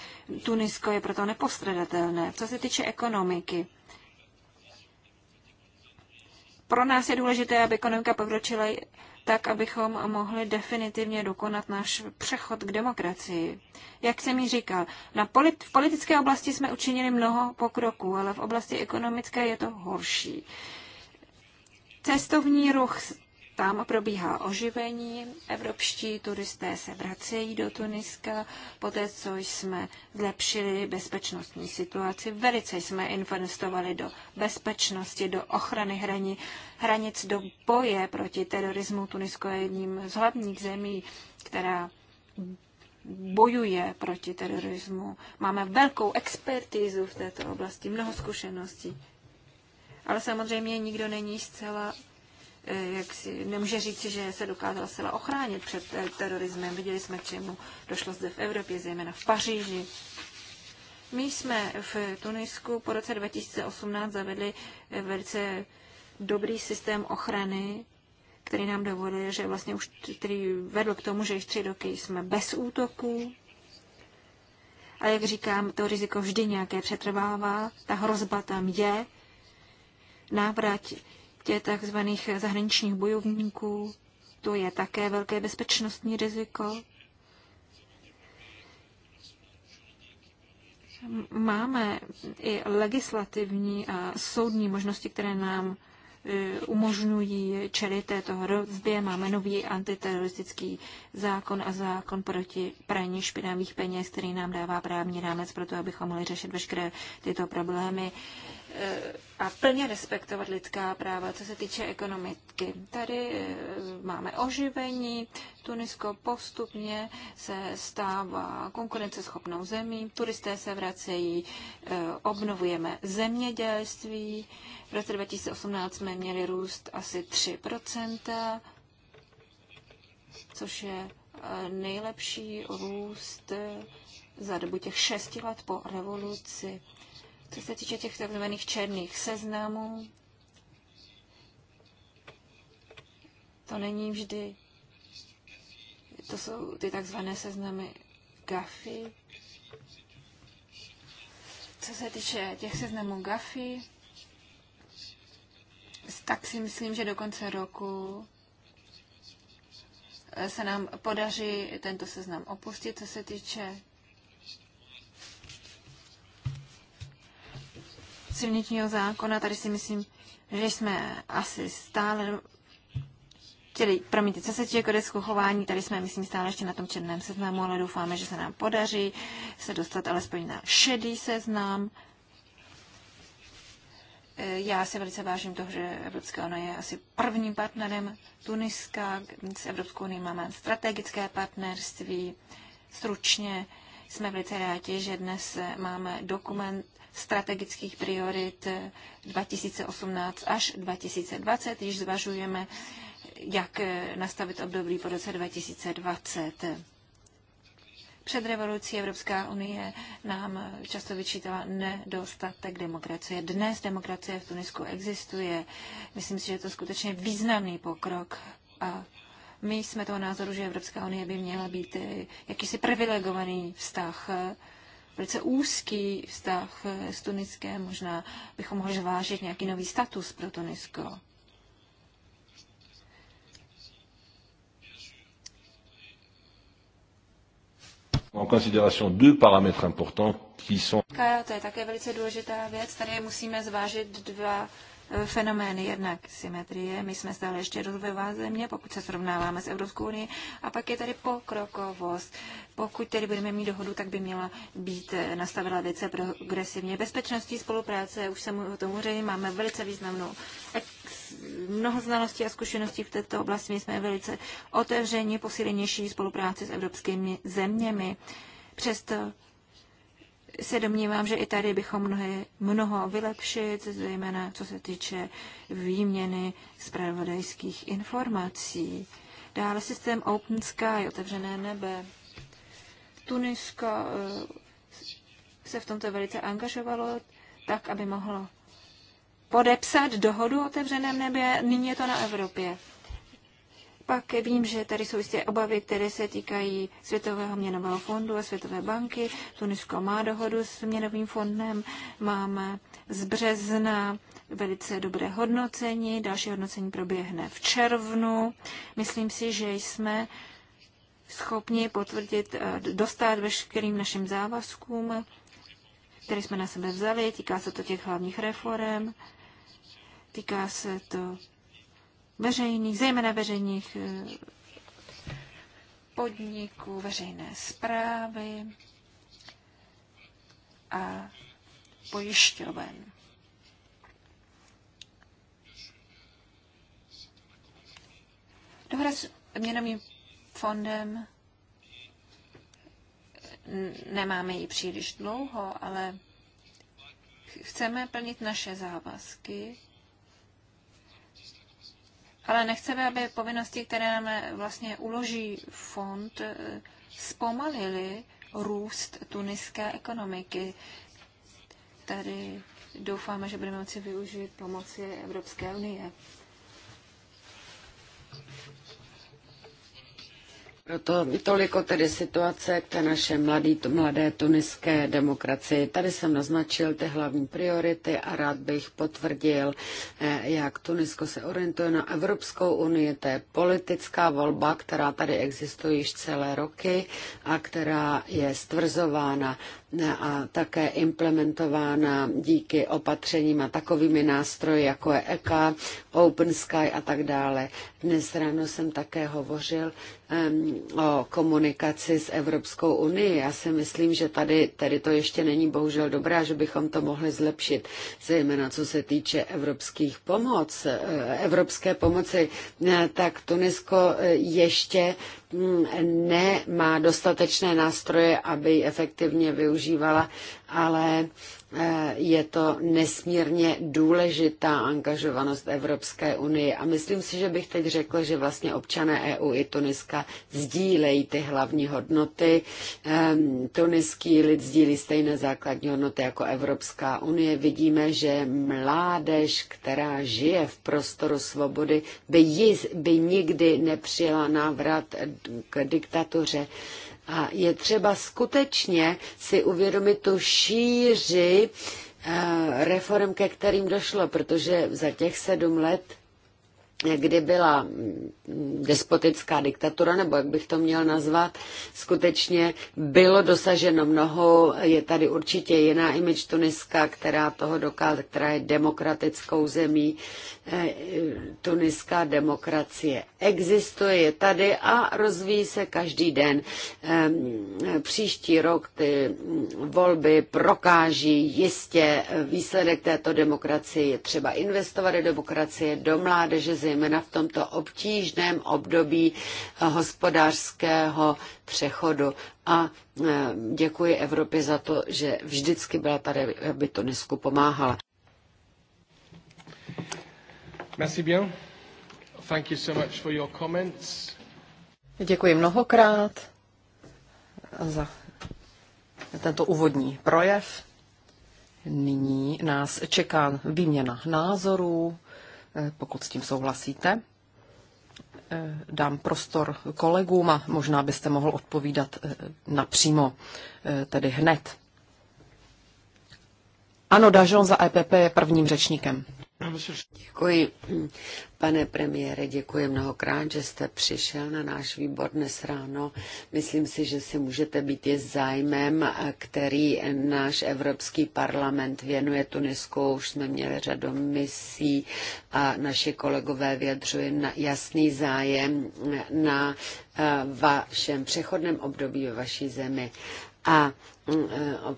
Tunisko je proto nepostradatelné. Co se týče ekonomiky, pro nás je důležité, aby ekonomika pokročila tak, abychom mohli definitivně dokonat náš přechod k demokracii. Jak jsem ji říkal, na polit- v politické oblasti jsme učinili mnoho pokroků, ale v oblasti ekonomické je to horší. Cestovní ruch tam probíhá oživení, evropští turisté se vracejí do Tuniska, poté co jsme zlepšili bezpečnostní situaci, velice jsme investovali do bezpečnosti, do ochrany hraní, hranic, do boje proti terorismu. Tunisko je jedním z hlavních zemí, která bojuje proti terorismu. Máme velkou expertízu v této oblasti, mnoho zkušeností. Ale samozřejmě nikdo není zcela jak si, nemůže říct, že se dokázala sila ochránit před eh, terorismem. Viděli jsme, k čemu došlo zde v Evropě, zejména v Paříži. My jsme v Tunisku po roce 2018 zavedli eh, velice dobrý systém ochrany, který nám dovolil, že vlastně už, který vedl k tomu, že již tři roky jsme bez útoků. A jak říkám, to riziko vždy nějaké přetrvává, ta hrozba tam je. Návrat tě tzv. zahraničních bojovníků. To je také velké bezpečnostní riziko. Máme i legislativní a soudní možnosti, které nám e, umožňují čelit této hrozbě. Máme nový antiteroristický zákon a zákon proti praní špinavých peněz, který nám dává právní rámec pro to, abychom mohli řešit veškeré tyto problémy. Eh, a plně respektovat lidská práva, co se týče ekonomiky. Tady eh, máme oživení, Tunisko postupně se stává konkurenceschopnou zemí, turisté se vracejí, eh, obnovujeme zemědělství. V roce 2018 jsme měli růst asi 3%, což je nejlepší růst za dobu těch šesti let po revoluci. Co se týče těch takzvaných černých seznamů, to není vždy, to jsou ty takzvané seznamy GAFI. Co se týče těch seznamů GAFI, tak si myslím, že do konce roku se nám podaří tento seznam opustit, co se týče silničního zákona. Tady si myslím, že jsme asi stále chtěli, promiňte, co se týče kodexku chování, tady jsme, myslím, stále ještě na tom černém seznamu, ale doufáme, že se nám podaří se dostat alespoň na šedý seznam. Eh, já se velice vážím toho, že Evropská unie je asi prvním partnerem Tuniska. S Evropskou unii máme strategické partnerství. Stručně jsme velice rádi, že dnes eh, máme dokument strategických priorit 2018 eh, až 2020, když zvažujeme, jak eh, nastavit období po roce 2020. Před revolucí Evropská unie nám eh, často vyčítala nedostatek demokracie. Dnes demokracie v Tunisku existuje. Myslím si, že je to skutečně významný pokrok a my jsme toho názoru, že Evropská unie by měla být jakýsi privilegovaný vztah velice úzký vztah s Tuniskem. Možná bychom mohli zvážit nějaký nový status pro Tunisko. en considération deux paramètres importants qui sont... To je také velice důležitá věc. Tady musíme zvážit dva Eh, fenomény. Jednak symetrie, my jsme stále ještě rozvojová země, pokud se srovnáváme s Evropskou unii, a pak je tady pokrokovost. Pokud tedy budeme mít dohodu, tak by měla být eh, nastavila věce progresivně. Bezpečnostní spolupráce, už jsem o tom hovořil, máme velice významnou ex, mnoho znalostí a zkušeností v této oblasti. My jsme velice otevření, posílenější spolupráci s evropskými zeměmi. Přesto se domnívám, že i tady bychom mnohé, mnoho vylepšit, zejména co se týče výměny zpravodajských informací. Dále systém Open Sky, otevřené nebe. Tunisko eh, se v tomto velice angažovalo tak, aby mohlo podepsat dohodu o otevřeném nebě. Nyní je to na Evropě. Pak vím, že tady jsou jistě obavy, které se týkají Světového měnového fondu a Světové banky. Tunisko má dohodu s měnovým fondem. Máme z března velice dobré hodnocení. Další hodnocení proběhne v červnu. Myslím si, že jsme schopni potvrdit, eh, dostat veškerým našim závazkům, které jsme na sebe vzali. Týká se to těch hlavních reform, týká se to veřejných, zejména veřejných eh, podniků, veřejné zprávy a pojišťoven. Dohra s měnovým fondem nemáme ji příliš dlouho, ale chceme plnit naše závazky ale nechceme, aby povinnosti, které nám vlastně uloží fond, eh, zpomalily růst tuniské ekonomiky. Tady doufáme, že budeme moci využít pomoci Evropské unie. Proto toliko tedy situace k té naše mladý, mladé tuniské demokracii. Tady jsem naznačil ty hlavní priority a rád bych potvrdil, eh, jak Tunisko se orientuje na Evropskou unii. To je politická volba, která tady existuje již celé roky a která je stvrzována a také implementována díky opatřením a takovými nástroji, jako je ECA, Open Sky a tak dále. Dnes ráno jsem také hovořil um, o komunikaci s Evropskou unii. Já si myslím, že tady, tady to ještě není bohužel dobrá, že bychom to mohli zlepšit, zejména co se týče evropských pomoc, eh, evropské pomoci, tak Tunisko eh, ještě Mm, nemá dostatečné nástroje, aby ji efektivně využívala ale eh, je to nesmírně důležitá angažovanost Evropské unie. A myslím si, že bych teď řekla, že vlastně občané EU i Tuniska sdílejí ty hlavní hodnoty. Ehm, tuniský lid sdílí stejné základní hodnoty jako Evropská unie. Vidíme, že mládež, která žije v prostoru svobody, by, jiz, by nikdy nepřijela návrat k diktatuře. A je třeba skutečně si uvědomit tu šíři eh, reform, ke kterým došlo, protože za těch sedm let kdy byla mm, despotická diktatura, nebo jak bych to měl nazvat, skutečně bylo dosaženo mnoho. Je tady určitě jiná imič Tuniska, která, toho dokáže, která je demokratickou zemí, tuniská demokracie existuje, je tady a rozvíjí se každý den. Příští rok ty volby prokáží jistě výsledek této demokracie. Je třeba investovat do demokracie, do mládeže, zejména v tomto obtížném období hospodářského přechodu. A děkuji Evropě za to, že vždycky byla tady, aby Tunisku pomáhala. Merci bien. Thank you so much for your comments. Děkuji mnohokrát za tento úvodní projev. Nyní nás čeká výměna názorů, eh, pokud s tím souhlasíte. Eh, dám prostor kolegům a možná byste mohl odpovídat eh, napřímo, tedy hned. Ano, Dažon za EPP je prvním řečníkem. Děkuji, pane premiére, děkuji mnohokrát, že jste přišel na náš výbor dnes ráno. Myslím si, že si můžete být je zájmem, který náš Evropský parlament věnuje Tunisku. Už jsme měli řadu misí a naši kolegové vyjadřují jasný zájem na eh, vašem přechodném období ve vaší zemi. A mm, eh,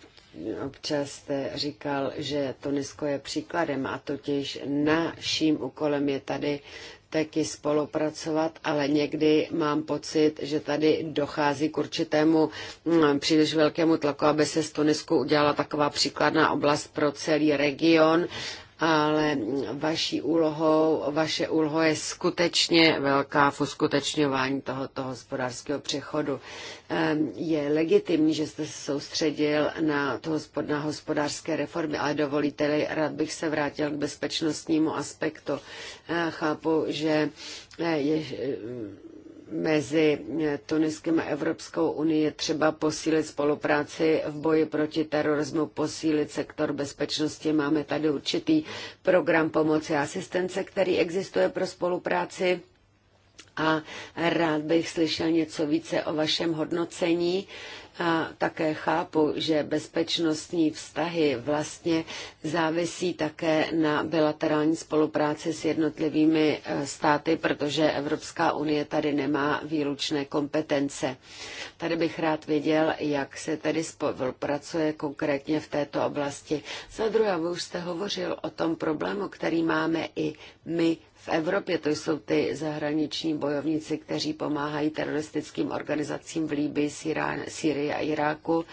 občas jste říkal, že Tunisko je příkladem a totiž naším úkolem je tady taky spolupracovat, ale někdy mám pocit, že tady dochází k určitému mm, příliš velkému tlaku, aby se z Tunisku udělala taková příkladná oblast pro celý region ale vaší úlohou, vaše úloha je skutečně velká v uskutečňování tohoto hospodářského přechodu. Ehm, je legitimní, že jste se soustředil na, to, na hospodářské reformy, ale dovolíte-li, rád bych se vrátil k bezpečnostnímu aspektu. Eh, chápu, že eh, je, mezi Tuniskem a Evropskou unii je třeba posílit spolupráci v boji proti terorismu, posílit sektor bezpečnosti. Máme tady určitý program pomoci a asistence, který existuje pro spolupráci. A rád bych slyšel něco více o vašem hodnocení a také chápu, že bezpečnostní vztahy vlastně závisí také na bilaterální spolupráci s jednotlivými eh, státy, protože Evropská unie tady nemá výlučné kompetence. Tady bych rád věděl, jak se tedy spolupracuje konkrétně v této oblasti. Za druhé, vy už jste hovořil o tom problému, který máme i my Evropě. To jsou ty zahraniční bojovníci, kteří pomáhají teroristickým organizacím v Líbii, Syrii a Iráku.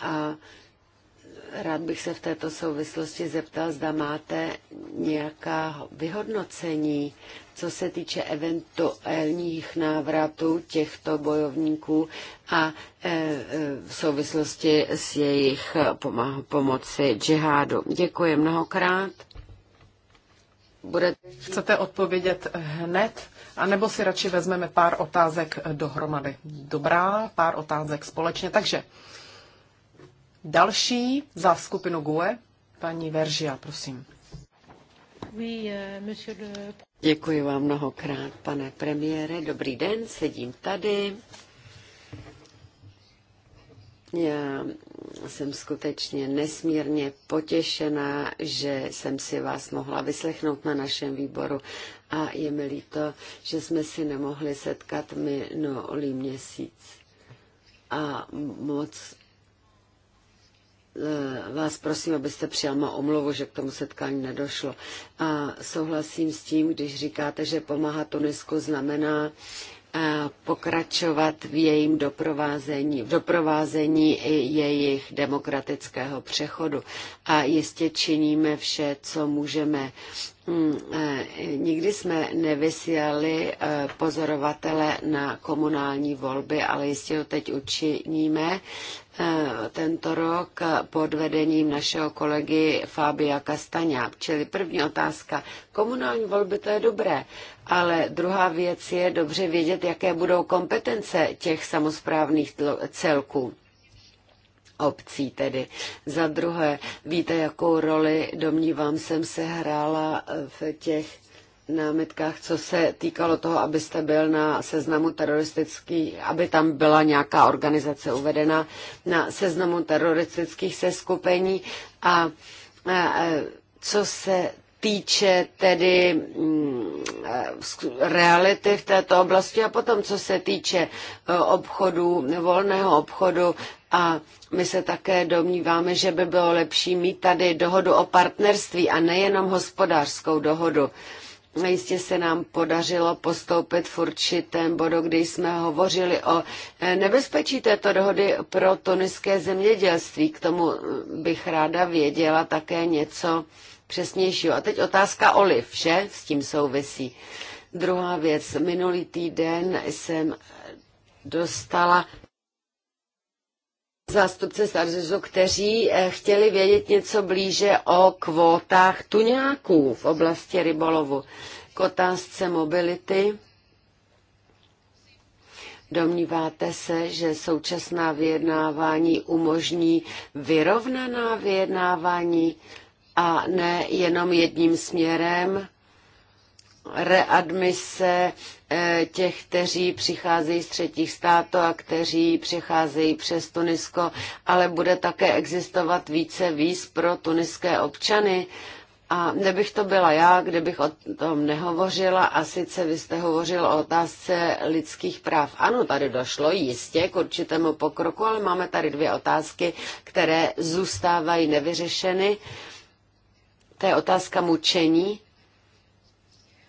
A rád bych se v této souvislosti zeptal, zda máte nějaká vyhodnocení, co se týče eventuálních návratů těchto bojovníků a e, e, v souvislosti s jejich pomoci džihádu. Děkuji mnohokrát. Bude... Chcete odpovědět hned, anebo si radši vezmeme pár otázek dohromady? Dobrá, pár otázek společně. Takže další za skupinu GUE, paní Veržia, prosím. Euh, Děkuji vám mnohokrát, pane premiére. Dobrý den, sedím tady. Já jsem skutečně nesmírně potěšená, že jsem si vás mohla vyslechnout na našem výboru a je mi líto, že jsme si nemohli setkat minulý měsíc. A moc eh, vás prosím, abyste přijal mou omluvu, že k tomu setkání nedošlo. A souhlasím s tím, když říkáte, že pomáhat Tunisku znamená pokračovat v jejím doprovázení, v doprovázení i jejich demokratického přechodu. A jistě činíme vše, co můžeme Mm, eh, nikdy jsme nevysílali eh, pozorovatele na komunální volby, ale jistě ho teď učiníme eh, tento rok pod vedením našeho kolegy Fábia Kastaňa. Čili první otázka. Komunální volby to je dobré, ale druhá věc je dobře vědět, jaké budou kompetence těch samozprávných celků obcí tedy. Za druhé, víte, jakou roli, domnívám, jsem se hrála eh, v těch námitkách, co se týkalo toho, abyste byl na seznamu teroristický, aby tam byla nějaká organizace uvedena na seznamu teroristických seskupení a, a eh, eh, co se týče tedy mm, reality v této oblasti a potom, co se týče obchodu, volného obchodu, a my se také domníváme, že by bylo lepší mít tady dohodu o partnerství a nejenom hospodářskou dohodu. Jistě se nám podařilo postoupit v určitém bodu, kdy jsme hovořili o eh, nebezpečí této dohody pro tuniské zemědělství. K tomu bych ráda věděla také něco přesnějšího. A teď otázka oliv, že s tím souvisí. Druhá věc. Minulý týden jsem dostala zástupce Starzuzu, kteří eh, chtěli vědět něco blíže o kvótách tuňáků v oblasti rybolovu. K otázce mobility. Domníváte se, že současná vyjednávání umožní vyrovnaná vyjednávání a ne jenom jedním směrem readmise Eh, těch, kteří přicházejí z třetích států a kteří přicházejí přes Tunisko, ale bude také existovat více víz pro tuniské občany. A nebych to byla já, kdybych o tom nehovořila a sice vy jste hovořil o otázce lidských práv. Ano, tady došlo jistě k určitému pokroku, ale máme tady dvě otázky, které zůstávají nevyřešeny. To je otázka mučení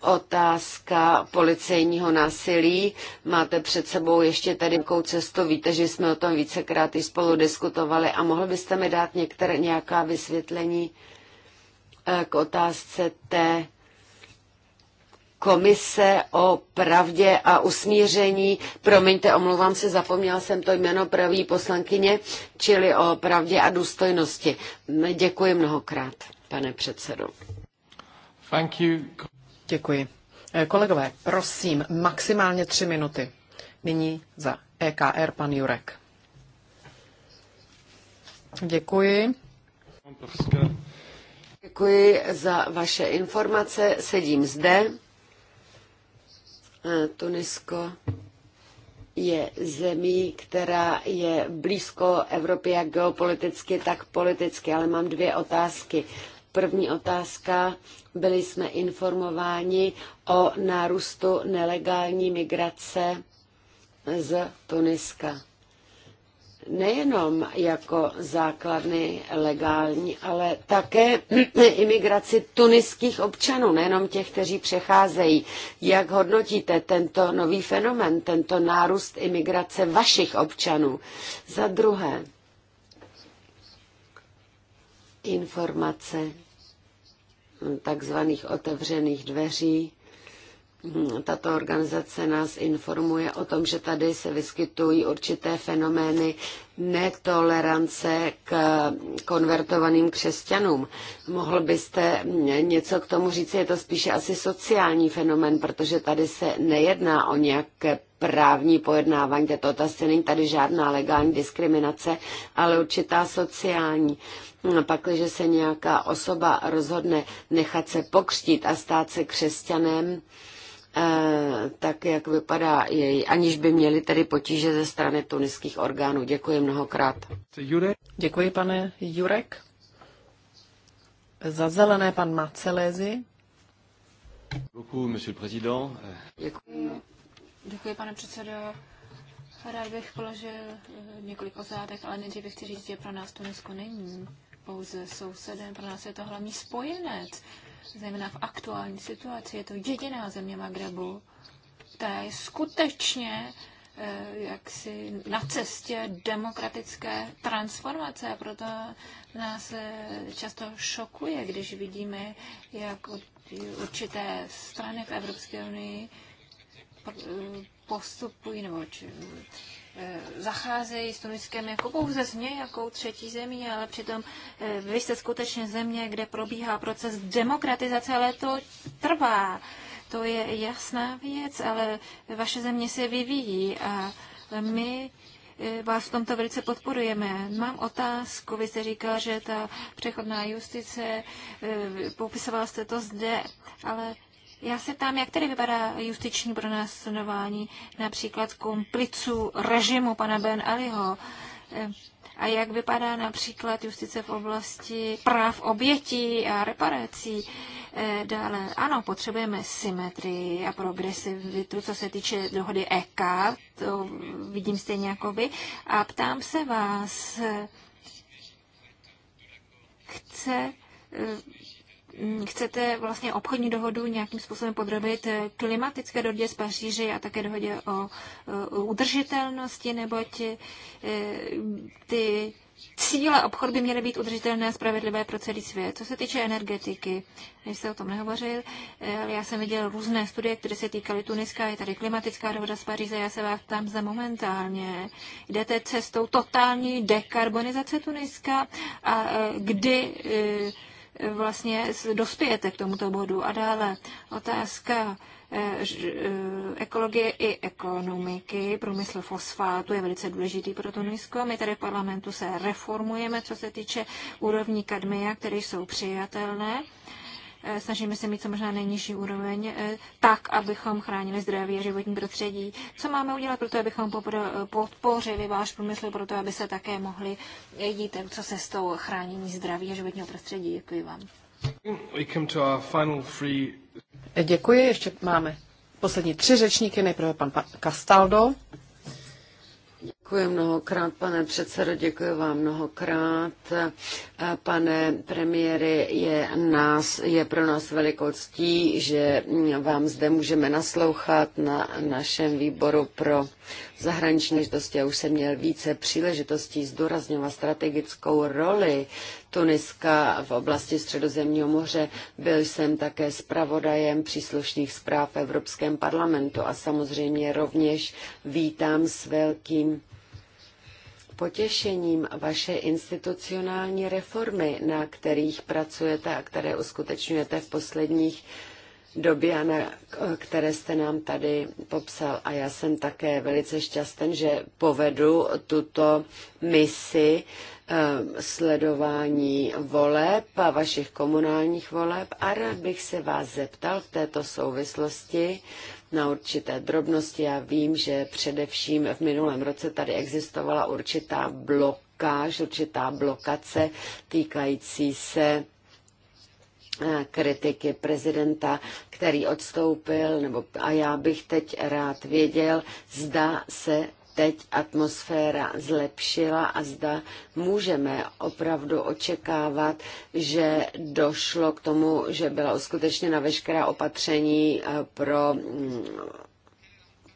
Otázka policejního násilí. Máte před sebou ještě tady nějakou cestu. Víte, že jsme o tom vícekrát i spolu diskutovali. A mohl byste mi dát některé, nějaká vysvětlení eh, k otázce té komise o pravdě a usmíření, promiňte, omlouvám se, zapomněla jsem to jméno pravý poslankyně, čili o pravdě a důstojnosti. Děkuji mnohokrát, pane předsedo. Thank you. Děkuji. Eh, kolegové, prosím, maximálně tři minuty. Nyní za EKR pan Jurek. Děkuji. Děkuji za vaše informace. Sedím zde. Eh, Tunisko je zemí, která je blízko Evropě jak geopoliticky, tak politicky, ale mám dvě otázky. První otázka. Byli jsme informováni o nárůstu nelegální migrace z Tuniska. Nejenom jako základny legální, ale také [CLEARS THROAT] imigraci tuniských občanů, nejenom těch, kteří přecházejí. Jak hodnotíte tento nový fenomen, tento nárůst imigrace vašich občanů? Za druhé, informace takzvaných otevřených dveří. Tato organizace nás informuje o tom, že tady se vyskytují určité fenomény netolerance k konvertovaným křesťanům. Mohl byste něco k tomu říct? Je to spíše asi sociální fenomén, protože tady se nejedná o nějaké právní pojednávání této otázky. Není tady žádná legální diskriminace, ale určitá sociální. No, pakliže se nějaká osoba rozhodne nechat se pokřtít a stát se křesťanem, eh, tak jak vypadá její, aniž by měli tedy potíže ze strany tuniských orgánů. Děkuji mnohokrát. Děkuji, pane Jurek. Za zelené pan Macelézy. Děkuji. Děkuji, pane předsedo. Rád bych položil eh, několik otázek, ale nejdřív bych chci říct, že pro nás Tunisko není pouze sousedem, pro nás je to hlavní spojenec, zejména v aktuální situaci. Je to jediná země Magrebu, která je skutečně eh, jaksi na cestě demokratické transformace a proto nás eh, často šokuje, když vidíme, jak určité strany v Evropské unii postupují nebo či, eh, zacházejí s Tuniskem jako pouze země jako třetí zemí, ale přitom eh, vy jste skutečně země, kde probíhá proces demokratizace, ale to trvá. To je jasná věc, ale vaše země se vyvíjí a my eh, vás v tomto velice podporujeme. Mám otázku, vy jste říkal, že ta přechodná justice, popisoval jste to zde, ale já se tam, jak tedy vypadá justiční pronásledování například komplicu režimu pana Ben Aliho eh, a jak vypadá například justice v oblasti práv obětí a reparací. Eh, dále, ano, potřebujeme symetrii a progresivitu, co se týče dohody EK, to vidím stejně jako vy. A ptám se vás, eh, chce chcete vlastně obchodní dohodu nějakým způsobem podrobit klimatické dohodě z Paříže a také dohodě o udržitelnosti, neboť e, ty cíle obchod by měly být udržitelné a spravedlivé pro celý svět. Co se týče energetiky, než jste o tom nehovořil, e, ale já jsem viděl různé studie, které se týkaly Tuniska, je tady klimatická dohoda z Paříze, já se vás tam za momentálně. Jdete cestou totální dekarbonizace Tuniska a e, kdy vlastně dospějete k tomuto bodu. A dále otázka eh, eh, ekologie i ekonomiky. Průmysl fosfátu je velice důležitý pro Tunisko. My tady v parlamentu se reformujeme, co se týče úrovní kadmia, které jsou přijatelné. Eh, snažíme se mít co možná nejnižší úroveň, eh, tak, abychom chránili zdraví a životní prostředí. Co máme udělat pro to, abychom podpořili váš průmysl, pro to, aby se také mohli jít eh, co se s tou chránění zdraví a životního prostředí. Děkuji vám. Děkuji, ještě máme poslední tři řečníky, nejprve pan Castaldo. Děkuji mnohokrát, pane předsedo, děkuji vám mnohokrát. Pane premiére, je, nás, je pro nás velikou ctí, že vám zde můžeme naslouchat na našem výboru pro zahraniční ležitosti. Já už jsem měl více příležitostí zdůrazňovat strategickou roli Tuniska v oblasti Středozemního moře. Byl jsem také zpravodajem příslušných zpráv v Evropském parlamentu a samozřejmě rovněž vítám s velkým potěšením vaše institucionální reformy, na kterých pracujete a které uskutečňujete v posledních době a na, které jste nám tady popsal. A já jsem také velice šťastný, že povedu tuto misi eh, sledování voleb a vašich komunálních voleb a rád bych se vás zeptal v této souvislosti na určité drobnosti. Já vím, že především v minulém roce tady existovala určitá blokáž, určitá blokace týkající se eh, kritiky prezidenta, který odstoupil, nebo a já bych teď rád věděl, zda se teď atmosféra zlepšila a zda můžeme opravdu očekávat, že došlo k tomu, že byla uskutečněna veškerá opatření eh, pro mm,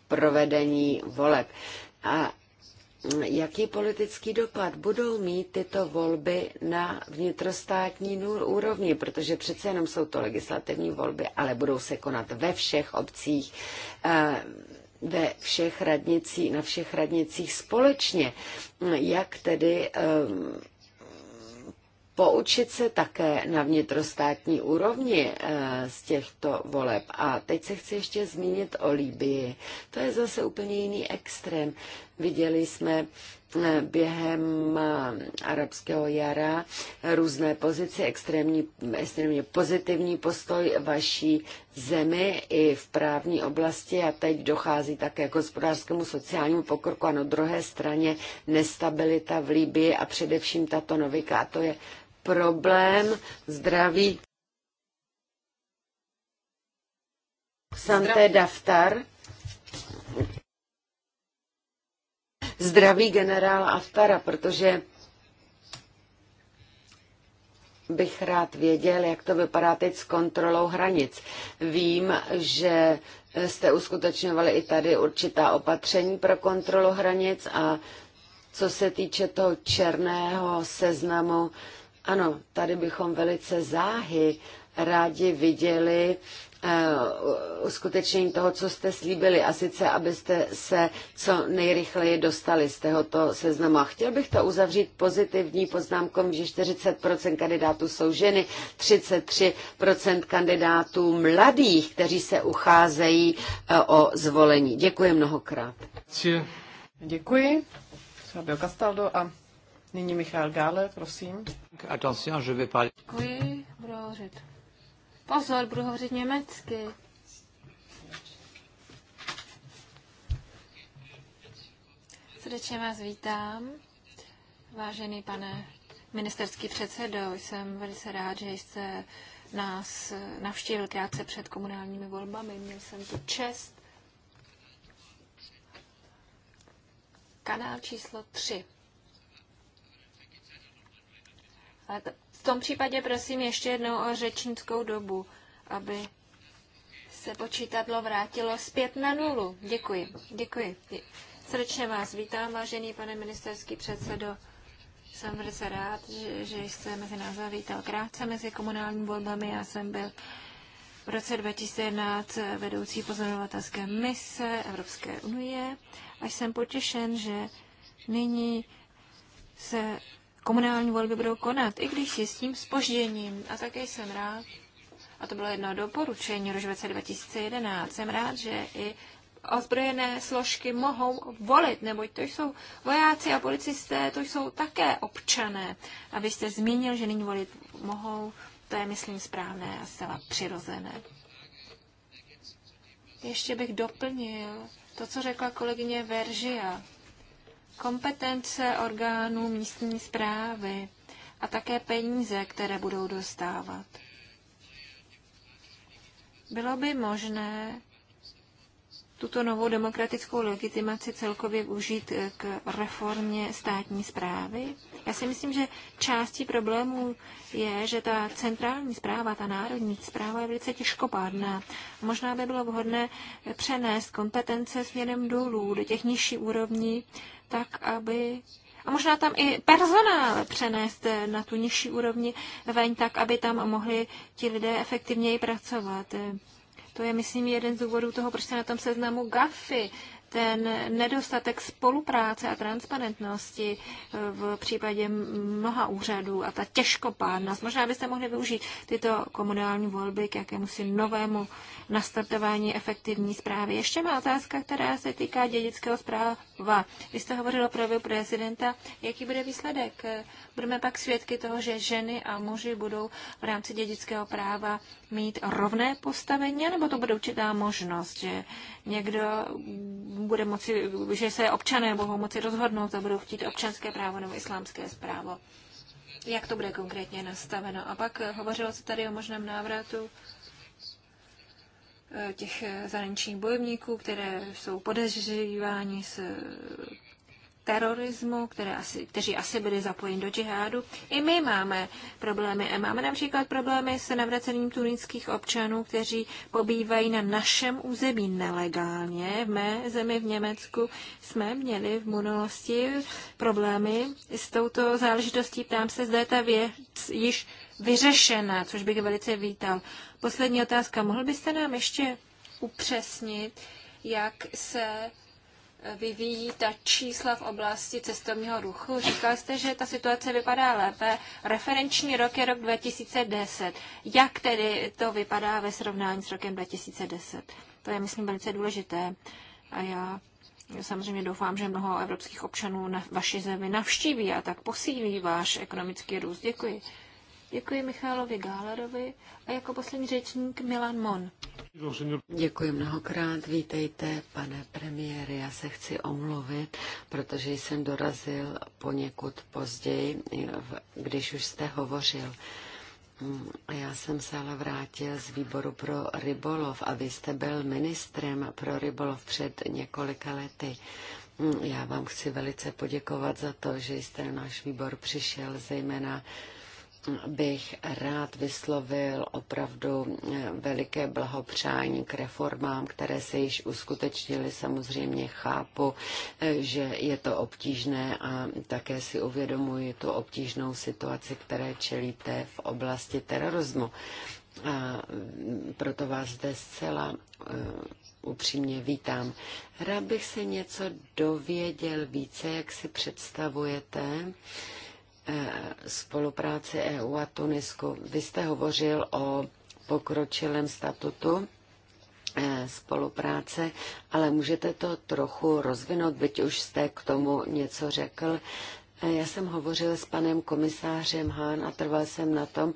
provedení voleb. A jaký politický dopad budou mít tyto volby na vnitrostátní úrovni, protože přece jenom jsou to legislativní volby, ale budou se konat ve všech obcích eh, ve všech radnicí, na všech radnicích společně. Jak tedy ehm, poučit se také na vnitrostátní úrovni eh, z těchto voleb. A teď se chci ještě zmínit o Líbii. To je zase úplně jiný extrém. Viděli jsme během eh, arabského jara různé pozice, extrémní, extrémně pozitivní postoj vaší zemi i v právní oblasti a teď dochází také k hospodářskému sociálnímu pokroku a na druhé straně nestabilita v Líbii a především tato novika a to je problém zdraví Santé Daftar, zdraví generála Aftara, protože bych rád věděl, jak to vypadá teď s kontrolou hranic. Vím, že jste uskutečňovali i tady určitá opatření pro kontrolu hranic a co se týče toho černého seznamu, ano, tady bychom velice záhy rádi viděli eh, uskutečnění toho, co jste slíbili, a sice, abyste se co nejrychleji dostali z tohoto seznamu. A chtěl bych to uzavřít pozitivní poznámkou, že 40% kandidátů jsou ženy, 33% kandidátů mladých, kteří se ucházejí eh, o zvolení. Děkuji mnohokrát. Děkuji. Fabio Castaldo a nyní Michal Gále, prosím. Attention, je vais parler. Děkuji, budu hovořit Pozor, budu hovořit německy. Srdečně vás vítám, vážený pane ministerský předsedo. Jsem velice rád, že jste nás navštívil krátce před komunálními volbami. Měl jsem tu čest. Kanál číslo 3. to tom případě prosím ještě jednou o řečnickou dobu, aby se počítadlo vrátilo zpět na nulu. Děkuji, děkuji. Srdečně vás vítám, vážený pane ministerský předsedo. Jsem velice rád, že, že jste mezi nás zavítal krátce mezi komunálními volbami. Já jsem byl v roce 2011 vedoucí pozorovatelské mise Evropské unie a jsem potěšen, že nyní se komunální volby budou konat, i když je s tím spožděním. A také jsem rád, a to bylo jedno doporučení rožvece 2011, jsem rád, že i ozbrojené složky mohou volit, neboť to jsou vojáci a policisté, to jsou také občané. A vy jste zmínil, že nyní volit mohou, to je, myslím, správné a zcela přirozené. Ještě bych doplnil to, co řekla kolegyně Veržia kompetence orgánů místní zprávy a také peníze, které budou dostávat. Bylo by možné tuto novou demokratickou legitimaci celkově užít eh, k reformě státní zprávy? Já si myslím, že částí problémů je, že ta centrální zpráva, ta národní zpráva je velice těžkopádná. Možná by bylo vhodné přenést kompetence směrem dolů do těch nižší úrovní, tak aby a možná tam i personál přenést na tu nižší úrovni veň, tak aby tam mohli ti lidé efektivněji pracovat. To je, myslím, jeden z důvodů toho, proč se na tom seznamu GAFI ten nedostatek spolupráce a transparentnosti eh, v případě mnoha úřadů a ta těžkopádnost. Možná byste mohli využít tyto komunální volby k jakémusi novému nastartování efektivní zprávy. Ještě má otázka, která se týká dědického zpráva. Vy jste hovořil o projevu prezidenta. Jaký bude výsledek? Budeme pak svědky toho, že ženy a muži budou v rámci dědického práva mít rovné postavení, nebo to bude určitá možnost, že někdo bude moci, že se občané budou moci rozhodnout a budou chtít občanské právo nebo islámské právo. Jak to bude konkrétně nastaveno? A pak eh, hovořilo se tady o možném návratu eh, těch eh, zahraničních bojovníků, které jsou podezříváni z terorismu, které asi, kteří asi byli zapojeni do džihádu. I my máme problémy. Máme například problémy se navracením tunických občanů, kteří pobývají na našem území nelegálně. V mé zemi v Německu jsme měli v minulosti problémy s touto záležitostí. Ptám se, zda je ta věc již vyřešena, což bych velice vítal. Poslední otázka. Mohl byste nám ještě upřesnit, jak se vyvíjí ta čísla v oblasti cestovního ruchu. Říkal jste, že ta situace vypadá lépe. Referenční rok je rok 2010. Jak tedy to vypadá ve srovnání s rokem 2010? To je, myslím, velice důležité. A já samozřejmě doufám, že mnoho evropských občanů na vaši zemi navštíví a tak posílí váš ekonomický růst. Děkuji. Děkuji Michálovi Gálerovi a jako poslední řečník Milan Mon. Děkuji mnohokrát, vítejte, pane premiére. Já se chci omluvit, protože jsem dorazil poněkud později, když už jste hovořil. Hmm, já jsem se ale vrátil z výboru pro rybolov a vy jste byl ministrem pro rybolov před několika lety. Hmm, já vám chci velice poděkovat za to, že jste na náš výbor přišel, zejména bych rád vyslovil opravdu eh, veliké blahopřání k reformám, které se již uskutečnily. Samozřejmě chápu, eh, že je to obtížné a také si uvědomuji tu obtížnou situaci, které čelíte v oblasti terorismu. A mm, proto vás zde zcela eh, upřímně vítám. Rád bych se něco dověděl více, jak si představujete Eh, spolupráci EU a Tunisku. Vy jste hovořil o pokročilém statutu eh, spolupráce, ale můžete to trochu rozvinout, byť už jste k tomu něco řekl. Eh, já jsem hovořil s panem komisářem Hán a trval jsem na tom,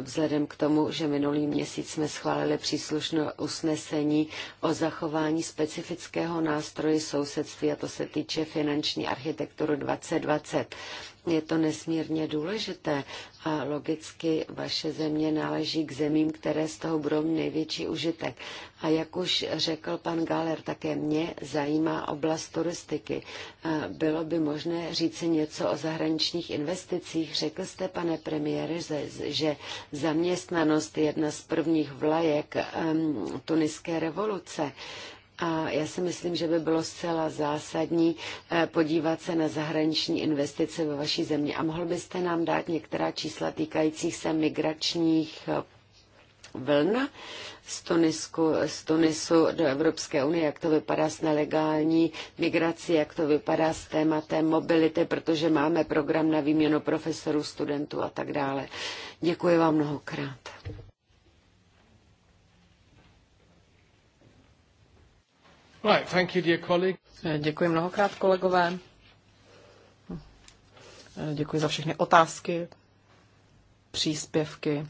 vzhledem k tomu, že minulý měsíc jsme schválili příslušné usnesení o zachování specifického nástroje sousedství, a to se týče finanční architekturu 2020. Je to nesmírně důležité a logicky vaše země náleží k zemím, které z toho budou největší užitek. A jak už řekl pan Galer, také mě zajímá oblast turistiky. Bylo by možné říci něco o zahraničních investicích. Řekl jste, pane premiére, že zaměstnanost je jedna z prvních vlajek ehm, tuniské revoluce. A já si myslím, že by bylo zcela zásadní eh, podívat se na zahraniční investice ve vaší země. A mohl byste nám dát některá čísla týkajících se migračních eh, vln z, Tunisku, z Tunisu do Evropské unie, jak to vypadá s nelegální migrací, jak to vypadá s tématem mobility, protože máme program na výměnu profesorů, studentů a tak dále. Děkuji vám mnohokrát. Right, thank you, dear Děkuji mnohokrát, kolegové. Děkuji za všechny otázky, příspěvky.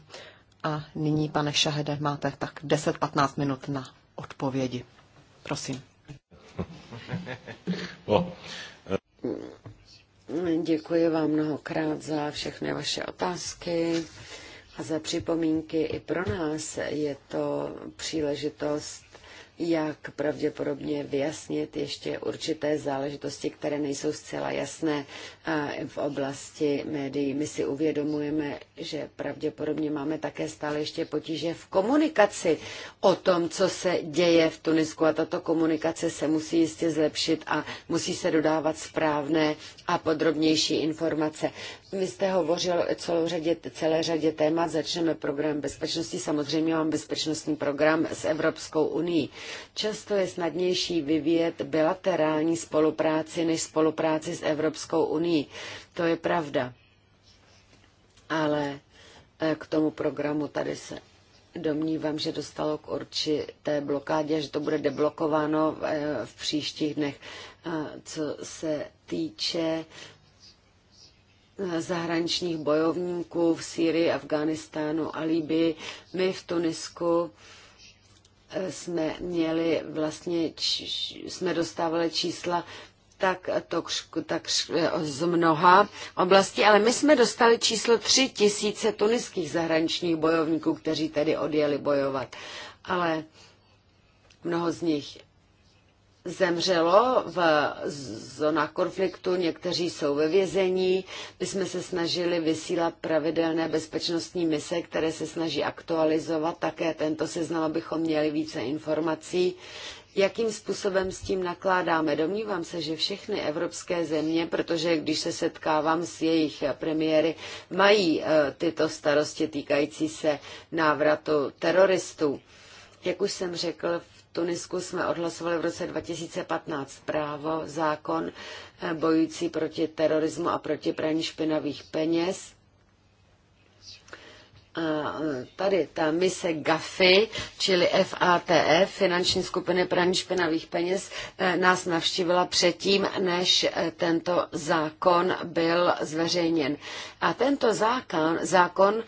A nyní, pane Šahede, máte tak 10-15 minut na odpovědi. Prosím. [LAUGHS] Eh, děkuji vám mnohokrát za všechny vaše otázky a za připomínky. I pro nás je to příležitost jak pravděpodobně vyjasnit ještě určité záležitosti, které nejsou zcela jasné v oblasti médií. My si uvědomujeme, že pravděpodobně máme také stále ještě potíže v komunikaci o tom, co se děje v Tunisku a tato komunikace se musí jistě zlepšit a musí se dodávat správné a podrobnější informace. Vy jste hovořil celou řadě, celé řadě témat, začneme program bezpečnosti, samozřejmě mám bezpečnostní program s Evropskou unii. Často je snadnější vyvíjet bilaterální spolupráci než spolupráci s Evropskou unii. To je pravda. Ale eh, k tomu programu tady se domnívám, že dostalo k určité blokádě, že to bude deblokováno eh, v příštích dnech. Co se týče zahraničních bojovníků v Sýrii, Afghánistánu a Libii. My v Tunisku eh, jsme měli vlastně, jsme dostávali čísla tak, to, tak eh, z mnoha oblastí, ale my jsme dostali číslo tři tisíce tuniských zahraničních bojovníků, kteří tedy odjeli bojovat. Ale mnoho z nich zemřelo v zóna konfliktu, někteří jsou ve vězení. My jsme se snažili vysílat pravidelné bezpečnostní mise, které se snaží aktualizovat také tento seznam, abychom měli více informací. Jakým způsobem s tím nakládáme? Domnívám se, že všechny evropské země, protože když se setkávám s jejich premiéry, mají eh, tyto starosti týkající se návratu teroristů. Jak už jsem řekl, v Tunisku jsme odhlasovali v roce 2015 právo, zákon eh, bojující proti terorismu a proti praní špinavých peněz E, tady ta mise GAFI, čili FATF, e, finanční skupiny praní špinavých peněz, e, nás navštívila předtím, než tento zákon byl zveřejněn. A tento zákon, zákon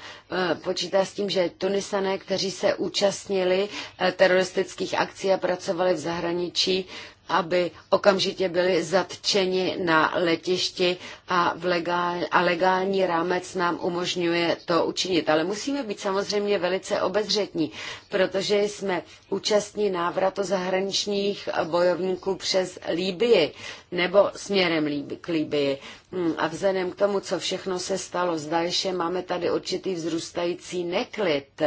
počítá s tím, že tunisané, kteří se účastnili teroristických akcí a pracovali v zahraničí, aby okamžitě byli zatčeni na letišti a, v legál, a legální rámec nám umožňuje to učinit. Ale musíme být samozřejmě velice obezřetní, protože jsme účastní návratu zahraničních bojovníků přes Líbii nebo směrem k Líbii. Hmm, a vzhledem k tomu, co všechno se stalo s Daješem, máme tady určitý vzrůstající neklid.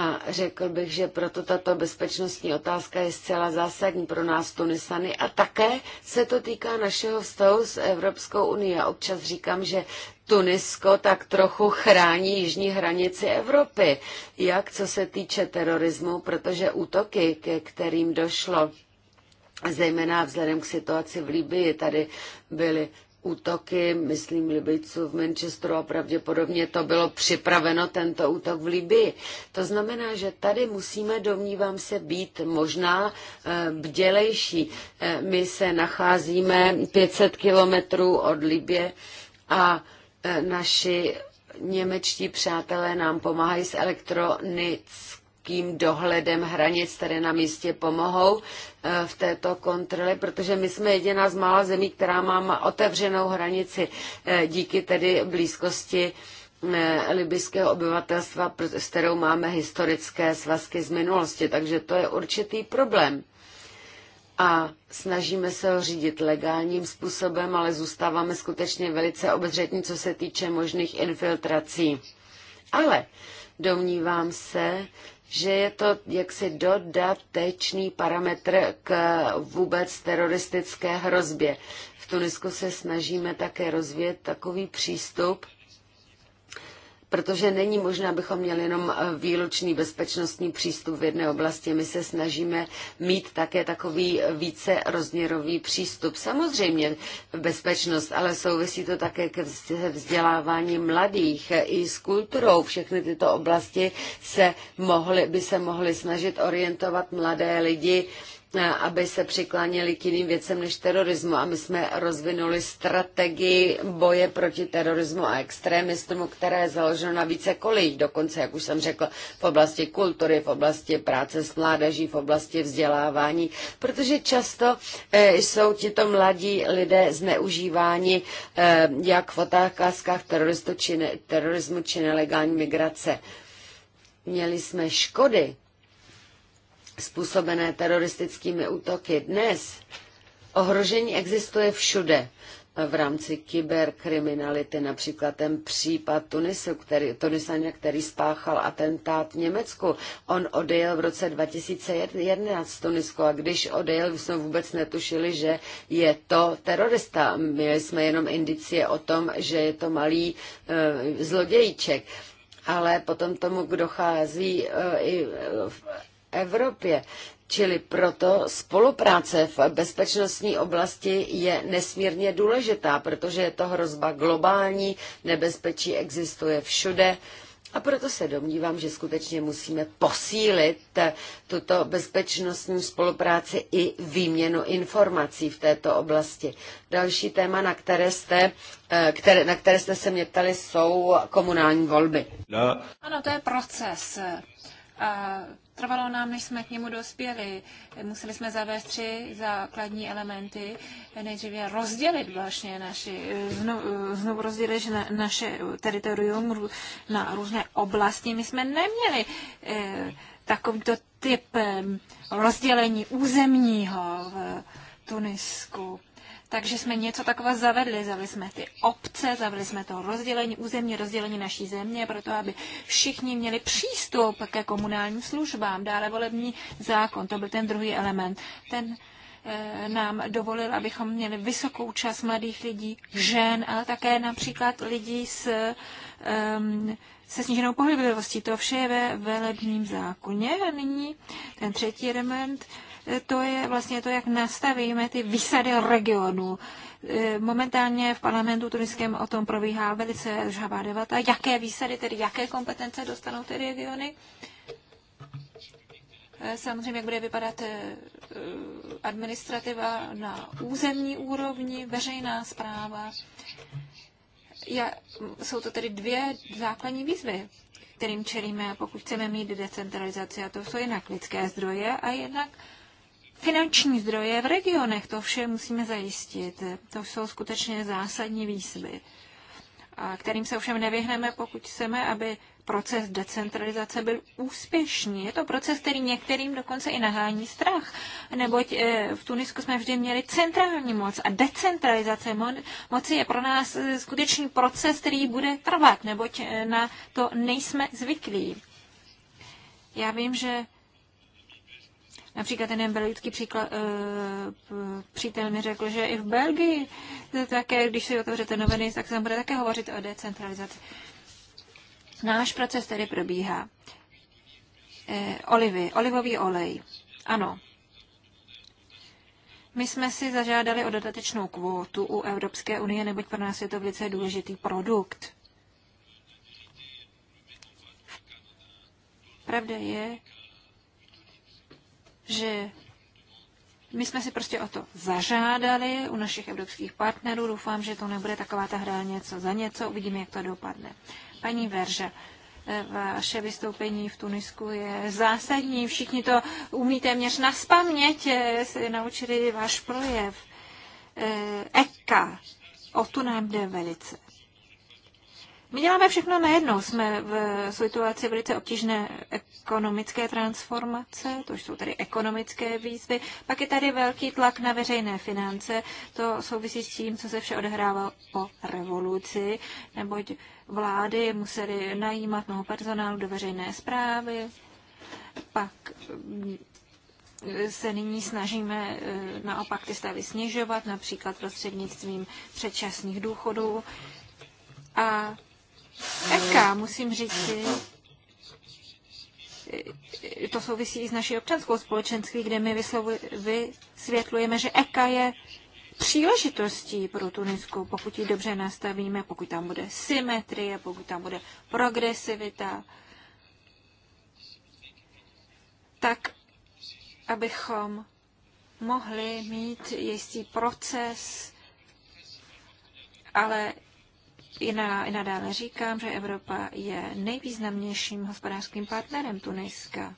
A řekl bych, že proto tato bezpečnostní otázka je zcela zásadní pro nás Tunisany a také se to týká našeho vztahu s Evropskou unii. Já občas říkám, že Tunisko tak trochu chrání jižní hranici Evropy, jak co se týče terorismu, protože útoky, ke kterým došlo, zejména vzhledem k situaci v Libii, tady byly útoky, myslím, Libyjců v Manchesteru a pravděpodobně to bylo připraveno, tento útok v Libii. To znamená, že tady musíme, domnívám se, být možná eh, bdělejší. Eh, my se nacházíme 500 kilometrů od Libie a eh, naši němečtí přátelé nám pomáhají s elektronickým dohledem hranic, které na místě pomohou. Eh, v této kontrole, protože my jsme jediná z mála zemí, která má otevřenou hranici eh, díky tedy blízkosti eh, libyského obyvatelstva, s kterou máme historické svazky z minulosti, takže to je určitý problém. A snažíme se ho řídit legálním způsobem, ale zůstáváme skutečně velice obezřetní, co se týče možných infiltrací. Ale domnívám se, že je to jaksi dodatečný parametr k vůbec teroristické hrozbě. V Tunisku se snažíme také rozvíjet takový přístup, protože není možné, abychom měli jenom eh, výlučný bezpečnostní přístup v jedné oblasti. My se snažíme mít také takový eh, více rozměrový přístup. Samozřejmě bezpečnost, ale souvisí to také ke vzdělávání mladých eh, i s kulturou. Všechny tyto oblasti se mohly, by se mohly snažit orientovat mladé lidi aby se přikláněli k jiným věcem než terorismu. A my jsme rozvinuli strategii boje proti terorismu a extremismu, které je založeno na více kolích, dokonce, jak už jsem řekl, v oblasti kultury, v oblasti práce s mládeží, v oblasti vzdělávání, protože často eh, jsou tito mladí lidé zneužíváni eh, jak v otázkách či ne, terorismu či nelegální migrace. Měli jsme škody způsobené teroristickými útoky. Dnes ohrožení existuje všude v rámci kyberkriminality, například ten případ Tunisu, který, Tunisania, který spáchal atentát v Německu. On odejel v roce 2011 z Tunisku a když odejel, jsme vůbec netušili, že je to terorista. Měli jsme jenom indicie o tom, že je to malý e, eh, zlodějíček. Ale potom tomu dochází e, i v, Evropě. Čili proto spolupráce v bezpečnostní oblasti je nesmírně důležitá, protože je to hrozba globální, nebezpečí existuje všude. A proto se domnívám, že skutečně musíme posílit tuto bezpečnostní spolupráci i výměnu informací v této oblasti. Další téma, na které jste, eh, které, na které jste se mě ptali, jsou komunální volby. No. Ano, to je proces. A eh, Trvalo nám, než jsme k němu dospěli. Museli jsme zavést tři základní elementy. Nejdříve rozdělit vlastně naši, znovu, znovu rozdělit na, naše teritorium na různé oblasti. My jsme neměli eh, takovýto typ eh, rozdělení územního v Tunisku. Takže jsme něco takové zavedli. Zavedli jsme ty obce, zavedli jsme to rozdělení, územní rozdělení naší země, proto aby všichni měli přístup ke komunálním službám. Dále volební zákon, to byl ten druhý element. Ten eh, nám dovolil, abychom měli vysokou část mladých lidí, žen, ale také například lidí s, um, se sníženou pohyblivostí. To vše je ve velebním zákoně. A nyní ten třetí element, uh, to je vlastně to, jak nastavíme ty výsady regionů. E, momentálně v parlamentu tuniském o tom probíhá velice žhavá debata, jaké výsady, tedy jaké kompetence dostanou ty regiony. E, samozřejmě, jak bude vypadat e, administrativa na územní úrovni, veřejná zpráva. Ja, jsou to tedy dvě základní výzvy, kterým čelíme, pokud chceme mít decentralizaci, a to jsou jednak lidské zdroje a jednak finanční zdroje v regionech. To vše musíme zajistit. To jsou skutečně zásadní výzvy, kterým se ovšem nevyhneme, pokud chceme, aby proces decentralizace byl úspěšný. Je to proces, který některým dokonce i nahání strach, neboť eh, v Tunisku jsme vždy měli centrální moc a decentralizace mo moci je pro nás eh, skutečný proces, který bude trvat, neboť eh, na to nejsme zvyklí. Já vím, že Například jeden belgický příklad, eh, přítel mi řekl, že i v Belgii také, když si otevřete noviny, tak se tam bude také hovořit o decentralizaci. Náš proces tedy probíhá. Eh, olivy, olivový olej. Ano, my jsme si zažádali o dodatečnou kvótu u Evropské unie, neboť pro nás je to velice důležitý produkt. Pravda je, že my jsme si prostě o to zažádali u našich evropských partnerů. Doufám, že to nebude taková ta hra něco za něco. Uvidíme, jak to dopadne. Paní Verže, eh, vaše vystoupení v Tunisku je zásadní. Všichni to umí téměř na spaměť, eh, se naučili váš projev. Eh, Eka, o tu nám jde velice. My děláme všechno najednou. Jsme v situaci velice obtížné ekonomické transformace, to jsou tady ekonomické výzvy. Pak je tady velký tlak na veřejné finance. To souvisí s tím, co se vše odehrávalo po revoluci, neboť vlády musely najímat mnoho personálu do veřejné zprávy. Pak se nyní snažíme eh, naopak ty stavy snižovat, například prostřednictvím předčasných důchodů. A EKA, musím si, to souvisí i s naší občanskou společenství, kde my vysvětlujeme, že EKA je příležitostí pro Tunisko, pokud ji dobře nastavíme, pokud tam bude symetrie, pokud tam bude progresivita, tak abychom mohli mít jistý proces, ale i, na, i nadále říkám, že Evropa je nejvýznamnějším hospodářským partnerem Tuniska.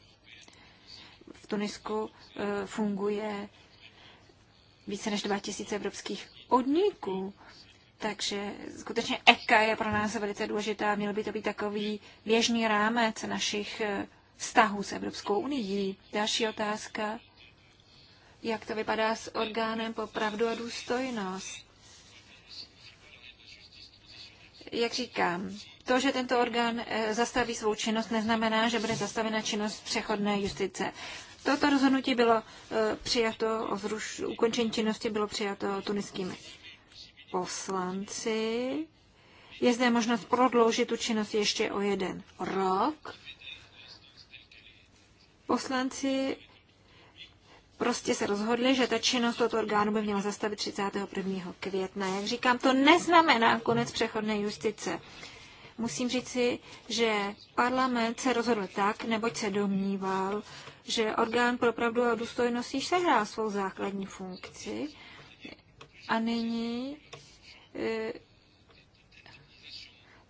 V Tunisku uh, funguje více než 2000 evropských podniků, takže skutečně EKA je pro nás velice důležitá. Měl by to být takový běžný rámec našich e, vztahů s Evropskou unii. Další otázka. Jak to vypadá s orgánem po pravdu a důstojnost? jak říkám, to, že tento orgán eh, zastaví svou činnost, neznamená, že bude zastavena činnost přechodné justice. Toto rozhodnutí bylo eh, přijato, o zruš, ukončení činnosti bylo přijato tuniskými poslanci. Je zde možnost prodloužit tu činnost ještě o jeden rok. Poslanci prostě se rozhodli, že ta činnost tohoto orgánu by měla zastavit 31. května. Jak říkám, to neznamená konec přechodné justice. Musím říci, že parlament se rozhodl tak, neboť se domníval, že orgán pro pravdu a důstojnost již sehrál svou základní funkci a nyní eh,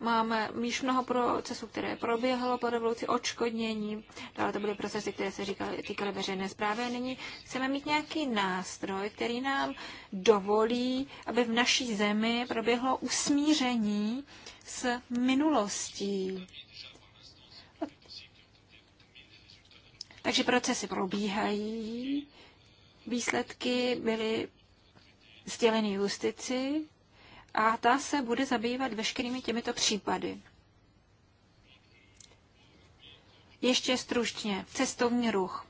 Máme již mnoho procesů, které proběhlo po revoluci, odškodnění, dále to byly procesy, které se říkaly, týkaly veřejné zprávy a nyní chceme mít nějaký nástroj, který nám dovolí, aby v naší zemi proběhlo usmíření s minulostí. Takže procesy probíhají, výsledky byly sděleny justici a ta se bude zabývat veškerými těmito případy. Ještě stručně, cestovní ruch.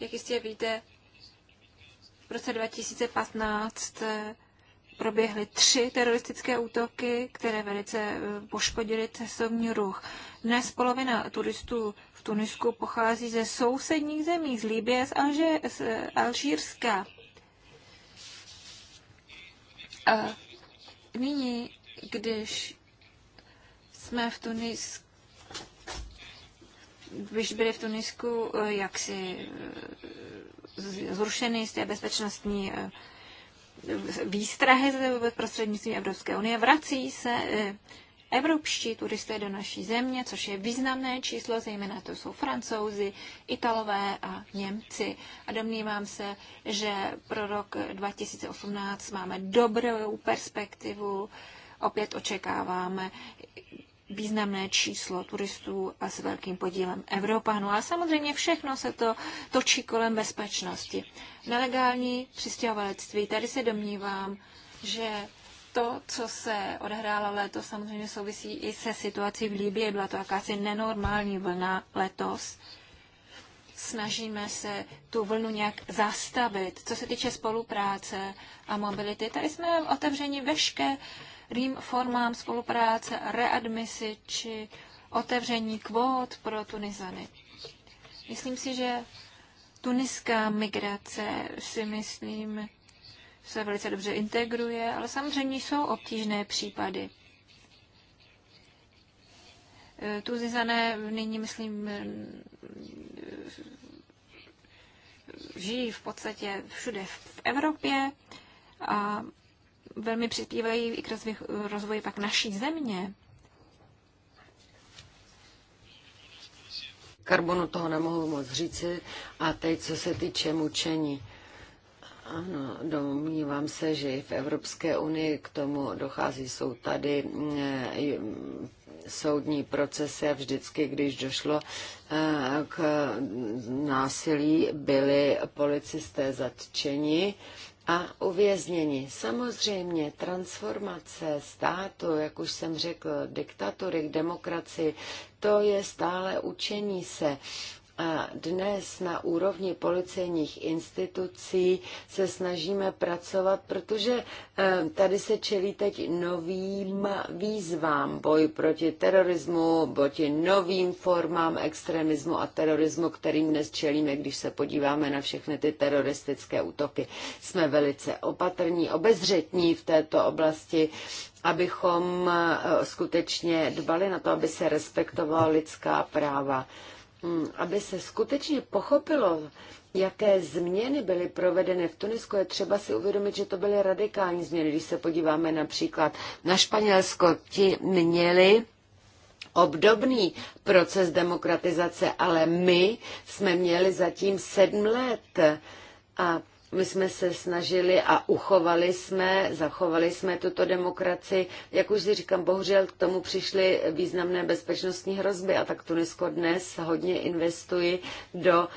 Jak jistě víte, v roce 2015 eh, proběhly tři teroristické útoky, které velice eh, poškodily cestovní ruch. Dnes polovina turistů v Tunisku pochází ze sousedních zemí, z Libie, z, Alže, z eh, Alžírska. A nyní, když jsme v Tunisku, když byli v Tunisku eh, jaksi eh, zrušeny z té bezpečnostní eh, výstrahy ze prostřednictvím Evropské unie, vrací se evropští turisté do naší země, což je významné číslo, zejména to jsou francouzi, italové a Němci. A domnívám se, že pro rok 2018 máme dobrou perspektivu, opět očekáváme významné číslo turistů a s velkým podílem Evropanů. A samozřejmě všechno se to točí kolem bezpečnosti. Nelegální přistěhovalectví. Tady se domnívám, že to, co se odehrálo letos, samozřejmě souvisí i se situací v Líbě. Byla to jakási nenormální vlna letos. Snažíme se tu vlnu nějak zastavit. Co se týče spolupráce a mobility, tady jsme otevřeni veškerým formám spolupráce, readmisi či otevření kvót pro Tunizany. Myslím si, že tuniská migrace si myslím, se velice dobře integruje, ale samozřejmě jsou obtížné případy. E, zizané nyní, myslím, e, žijí v podstatě všude v Evropě a velmi přispívají i k rozvoji pak naší země. Karbonu toho nemohu moc říci. A teď, co se týče mučení. Ano, domnívám se, že i v Evropské unii k tomu dochází. Jsou tady eh, soudní procesy a vždycky, když došlo eh, k násilí, byli policisté zatčeni a uvězněni. Samozřejmě transformace státu, jak už jsem řekl, diktatury k demokracii, to je stále učení se dnes na úrovni policejních institucí se snažíme pracovat, protože eh, tady se čelí teď novým výzvám boj proti terorismu, proti novým formám extremismu a terorismu, kterým dnes čelíme, když se podíváme na všechny ty teroristické útoky. Jsme velice opatrní, obezřetní v této oblasti, abychom eh, skutečně dbali na to, aby se respektovala lidská práva. Mm, aby se skutečně pochopilo, jaké změny byly provedeny v Tunisku, je třeba si uvědomit, že to byly radikální změny. Když se podíváme například na Španělsko, ti měli obdobný proces demokratizace, ale my jsme měli zatím sedm let. A my jsme se snažili a uchovali jsme, zachovali jsme tuto demokracii. Jak už si říkám, bohužel k tomu přišly významné bezpečnostní hrozby a tak Tunisko dnes hodně investuje do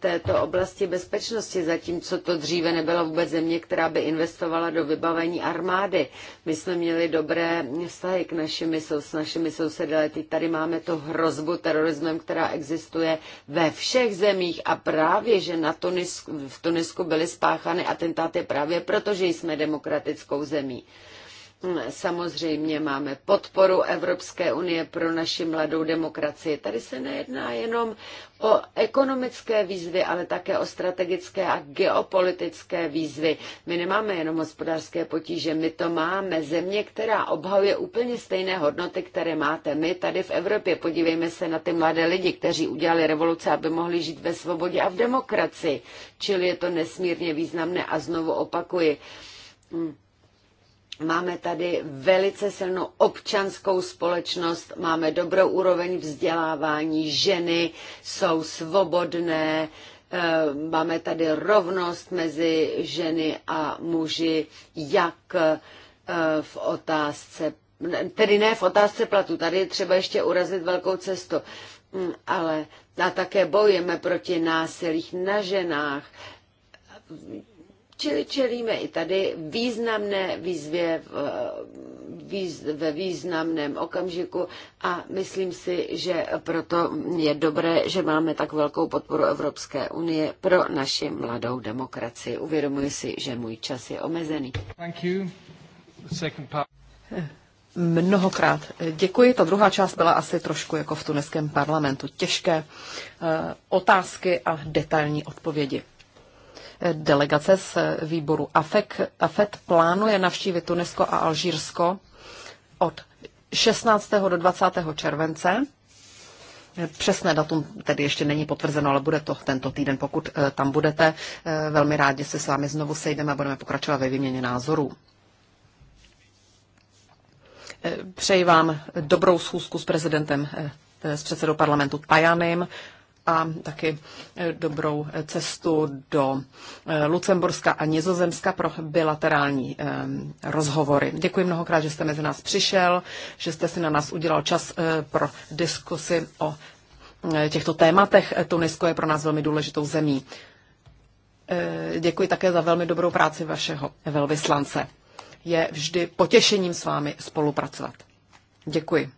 této oblasti bezpečnosti, zatímco to dříve nebyla vůbec země, která by investovala do vybavení armády. My jsme měli dobré vztahy k našimi, s našimi sousedy, ale teď tady máme tu hrozbu terorismem, která existuje ve všech zemích a právě, že na Tunisku, v Tunisku byly spáchány atentáty právě proto, že jsme demokratickou zemí. Samozřejmě máme podporu Evropské unie pro naši mladou demokracii. Tady se nejedná jenom o ekonomické výzvy, ale také o strategické a geopolitické výzvy. My nemáme jenom hospodářské potíže, my to máme země, která obhajuje úplně stejné hodnoty, které máte my tady v Evropě. Podívejme se na ty mladé lidi, kteří udělali revoluce, aby mohli žít ve svobodě a v demokracii. Čili je to nesmírně významné a znovu opakuji. Hmm Máme tady velice silnou občanskou společnost, máme dobrou úroveň vzdělávání, ženy jsou svobodné, eh, máme tady rovnost mezi ženy a muži, jak eh, v otázce, tedy ne v otázce platu, tady je třeba ještě urazit velkou cestu, hm, ale a také bojujeme proti násilích na ženách, Čili čelíme i tady významné výzvě v, výz, ve významném okamžiku a myslím si, že proto je dobré, že máme tak velkou podporu Evropské unie pro naši mladou demokracii. Uvědomuji si, že můj čas je omezený. Mnohokrát děkuji. Ta druhá část byla asi trošku jako v tuneském parlamentu. Těžké eh, otázky a detailní odpovědi. Delegace z výboru AFEK, AFET plánuje navštívit Tunisko a Alžírsko od 16. do 20. července. Přesné datum tedy ještě není potvrzeno, ale bude to tento týden, pokud eh, tam budete. Eh, velmi rádi se s vámi znovu sejdeme a budeme pokračovat ve výměně názorů. Eh, přeji vám dobrou schůzku s prezidentem, s předsedou parlamentu Tajanem a taky eh, dobrou eh, cestu do eh, Lucemburska a Nizozemska pro bilaterální rozhovory. Děkuji mnohokrát, že jste mezi nás přišel, že jste si na nás udělal čas pro diskusy o těchto tématech. Tunisko je pro nás velmi důležitou zemí. Děkuji také za velmi dobrou práci vašeho velvyslance. Je vždy potěšením s vámi spolupracovat. Děkuji.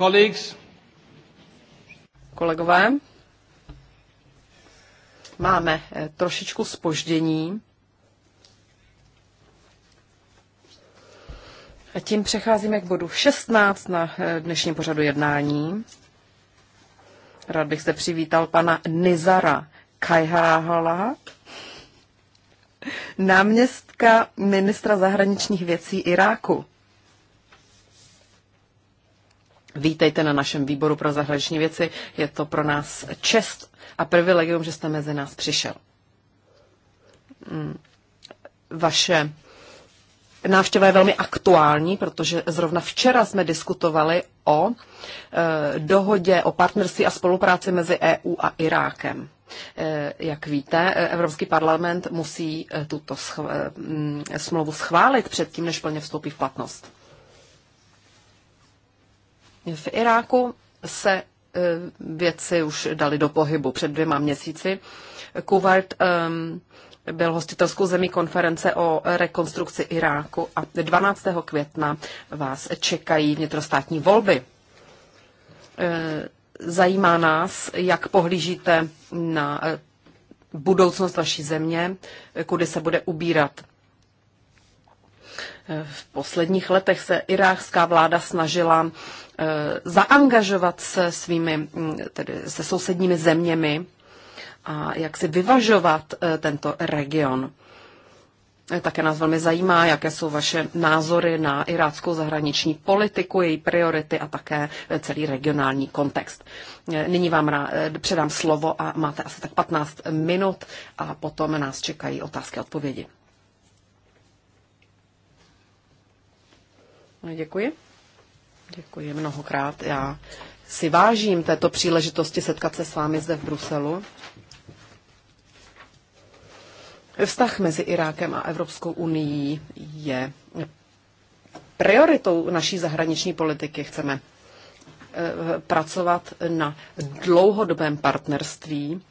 Colleagues. Kolegové, máme eh, trošičku spoždění. A tím přecházíme k bodu 16 na eh, dnešním pořadu jednání. Rád bych se přivítal pana Nizara Kajhahala, náměstka ministra zahraničních věcí Iráku. Vítejte na našem výboru pro zahraniční věci. Je to pro nás čest a privilegium, že jste mezi nás přišel. Mm. Vaše návštěva je velmi aktuální, protože zrovna včera jsme diskutovali o e, dohodě o partnerství a spolupráci mezi EU a Irákem. E, jak víte, e, Evropský parlament musí tuto schv- mm, smlouvu schválit předtím, než plně vstoupí v platnost. V Iráku se e, věci už dali do pohybu před dvěma měsíci. Kuwait um, byl hostitelskou zemí konference o rekonstrukci Iráku a 12. května vás čekají vnitrostátní volby. E, zajímá nás, jak pohlížíte na budoucnost vaší země, kudy se bude ubírat. V posledních letech se irácká vláda snažila Eh, zaangažovat se svými, mm, tedy se sousedními zeměmi a jak si vyvažovat eh, tento region. Eh, také nás velmi zajímá, jaké jsou vaše názory na iráckou zahraniční politiku, její priority a také celý regionální kontext. Nyní vám rád, předám slovo a máte asi tak 15 minut a potom nás čekají otázky a odpovědi. Děkuji. Děkuji mnohokrát. Já si vážím této příležitosti setkat se s vámi zde v Bruselu. Vztah mezi Irákem a Evropskou unii je prioritou naší zahraniční politiky. Chceme eh, pracovat na dlouhodobém partnerství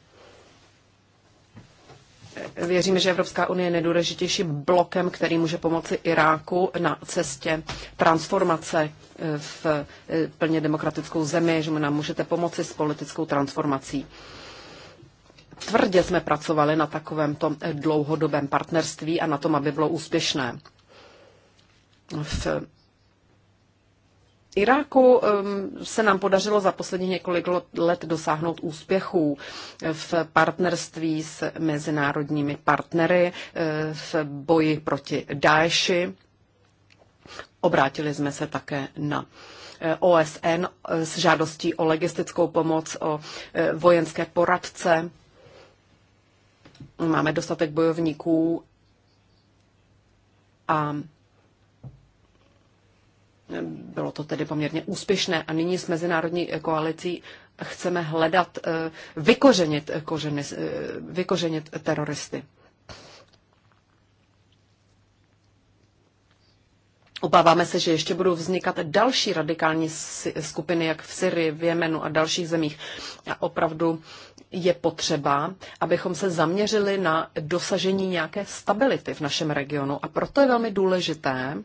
věříme, že Evropská unie je nejdůležitějším blokem, který může pomoci Iráku na cestě transformace eh, v eh, plně demokratickou zemi, že mu nám můžete pomoci s politickou transformací. Tvrdě jsme pracovali na takovémto eh, dlouhodobém partnerství a na tom, aby bylo úspěšné. V Iráku ehm, se nám podařilo za poslední několik let dosáhnout úspěchů v partnerství s mezinárodními partnery eh, v boji proti Daeši. Obrátili jsme se také na eh, OSN eh, s žádostí o logistickou pomoc, o vojenské poradce. Máme dostatek bojovníků a bylo to tedy poměrně úspěšné a nyní s mezinárodní koalicí chceme hledat, eh, vykořenit, kořeny, eh, vykořenit teroristy. Obáváme se, že ještě budou vznikat další radikální skupiny, jak v Syrii, v Jemenu a dalších zemích. A opravdu je potřeba, abychom se zaměřili na dosažení nějaké stability v našem regionu. A proto je velmi důležité,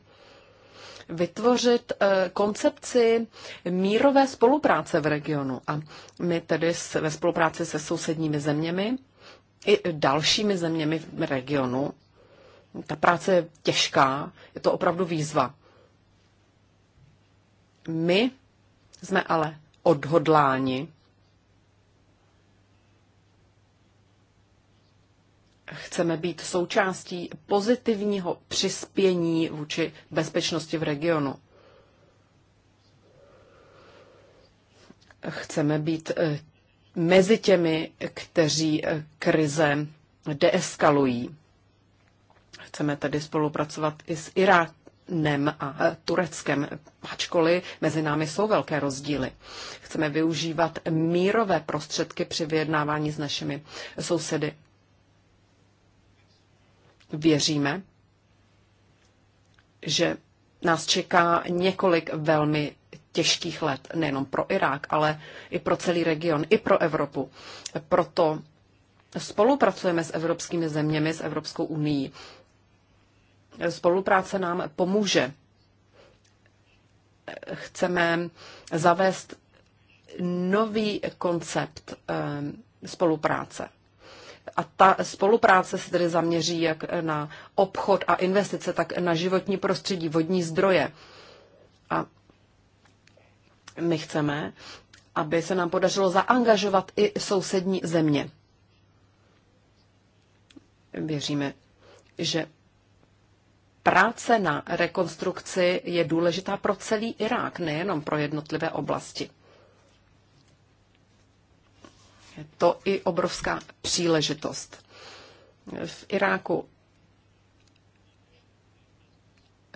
vytvořit eh, koncepci mírové spolupráce v regionu. A my tedy ve spolupráci se sousedními zeměmi i dalšími zeměmi v regionu. Ta práce je těžká, je to opravdu výzva. My jsme ale odhodláni Chceme být součástí pozitivního přispění vůči bezpečnosti v regionu. Chceme být eh, mezi těmi, kteří eh, krize deeskalují. Chceme tedy spolupracovat i s Iránem a eh, Tureckem, ačkoliv mezi námi jsou velké rozdíly. Chceme využívat mírové prostředky při vyjednávání s našimi sousedy. Věříme, že nás čeká několik velmi těžkých let, nejenom pro Irák, ale i pro celý region, i pro Evropu. Proto spolupracujeme s evropskými zeměmi, s Evropskou unii. Spolupráce nám pomůže. Chceme zavést nový koncept eh, spolupráce. A ta spolupráce se tedy zaměří jak na obchod a investice, tak na životní prostředí, vodní zdroje. A my chceme, aby se nám podařilo zaangažovat i sousední země. Věříme, že práce na rekonstrukci je důležitá pro celý Irák, nejenom pro jednotlivé oblasti je to i obrovská příležitost. V Iráku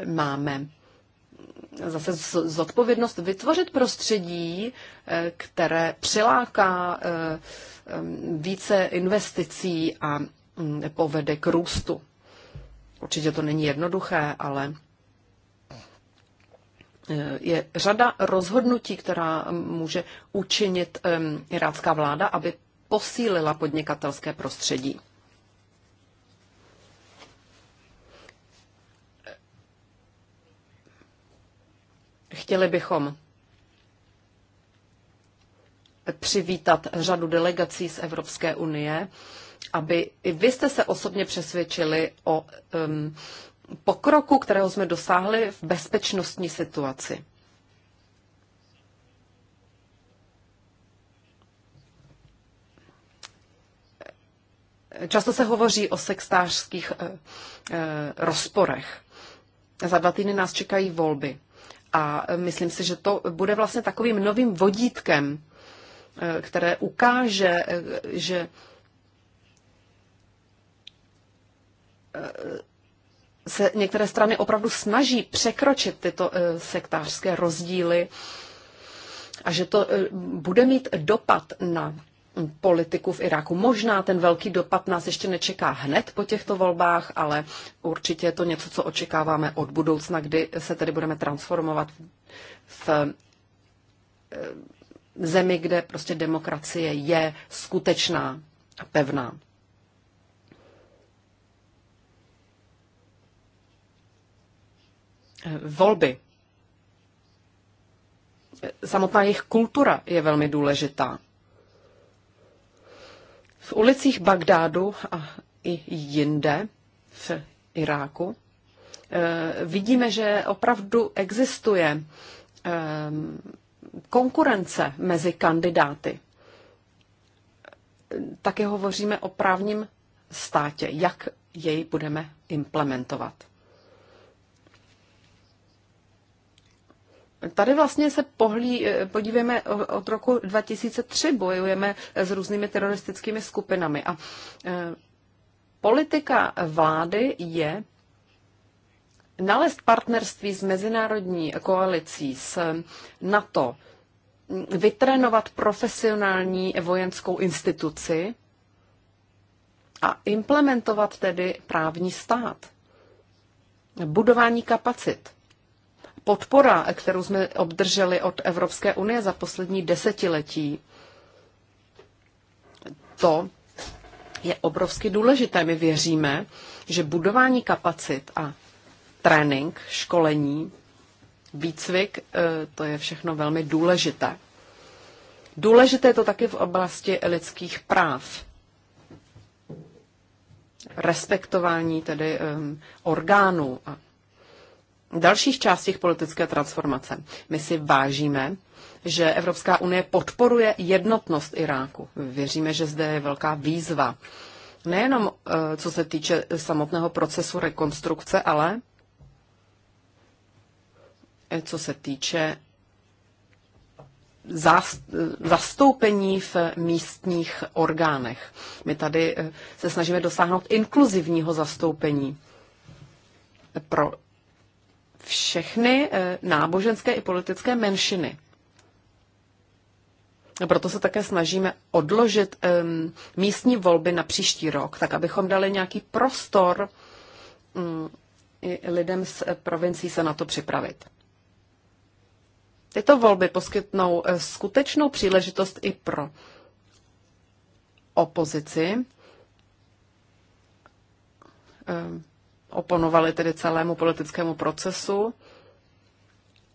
máme zase zodpovědnost vytvořit prostředí, eh, které přiláká eh, více investicí a mm, povede k růstu. Určitě to není jednoduché, ale je řada rozhodnutí, která může učinit irácká vláda, aby posílila podnikatelské prostředí. Chtěli bychom přivítat řadu delegací z Evropské unie, aby i vy jste se osobně přesvědčili o um, pokroku, kterého jsme dosáhli v bezpečnostní situaci. Často se hovoří o sextářských eh, eh, rozporech. Za dva týdny nás čekají volby. A eh, myslím si, že to bude vlastně takovým novým vodítkem, které ukáže, že se některé strany opravdu snaží překročit tyto e, sektářské rozdíly a že to e, bude mít dopad na politiku v Iráku. Možná ten velký dopad nás ještě nečeká hned po těchto volbách, ale určitě je to něco, co očekáváme od budoucna, kdy se tedy budeme transformovat v e, zemi, kde prostě demokracie je skutečná a pevná. Eh, volby. Samotná jejich kultura je velmi důležitá. V ulicích Bagdádu a i jinde v Iráku eh, vidíme, že opravdu existuje eh, konkurence mezi kandidáty. Také hovoříme o právním státě, jak jej budeme implementovat. Tady vlastně se pohlí, eh, podívejme od roku 2003, bojujeme s různými teroristickými skupinami a eh, politika vlády je nalézt partnerství s mezinárodní koalicí, s NATO, vytrénovat profesionální vojenskou instituci a implementovat tedy právní stát, budování kapacit podpora, kterou jsme obdrželi od Evropské unie za poslední desetiletí, to je obrovsky důležité. My věříme, že budování kapacit a trénink, školení, výcvik, eh, to je všechno velmi důležité. Důležité je to taky v oblasti lidských práv. Respektování tedy um, orgánů a dalších částích politické transformace. My si vážíme, že Evropská unie podporuje jednotnost Iráku. Věříme, že zde je velká výzva. Nejenom eh, co se týče samotného procesu rekonstrukce, ale eh, co se týče zastoupení v místních orgánech. My tady eh, se snažíme dosáhnout inkluzivního zastoupení pro všechny eh, náboženské i politické menšiny. Proto se také snažíme odložit um, místní volby na příští rok, tak abychom dali nějaký prostor um, i lidem z eh, provincií se na to připravit. Tyto volby poskytnou eh, skutečnou příležitost i pro opozici oponovali tedy celému politickému procesu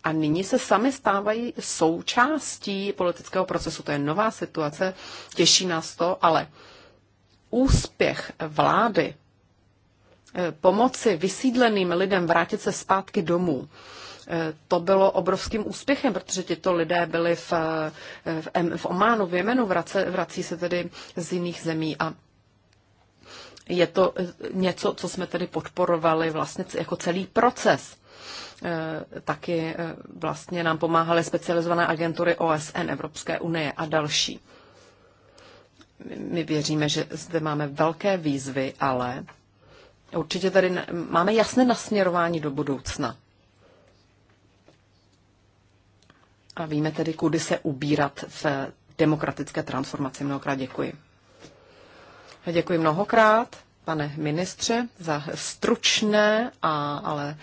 a nyní se sami stávají součástí politického procesu. To je nová situace, těší nás to, ale úspěch vlády eh, pomoci vysídleným lidem vrátit se zpátky domů, eh, to bylo obrovským úspěchem, protože tito lidé byli v, eh, v, v Ománu, v Jemenu, vrace, vrací se tedy z jiných zemí a je to eh, něco, co jsme tedy podporovali vlastně jako celý proces. Eh, taky eh, vlastně nám pomáhaly specializované agentury OSN, Evropské unie a další. My věříme, že zde máme velké výzvy, ale určitě tady máme jasné nasměrování do budoucna. A víme tedy, kudy se ubírat v demokratické transformaci. Mnohokrát děkuji. Děkuji mnohokrát, pane ministře, za stručné a ale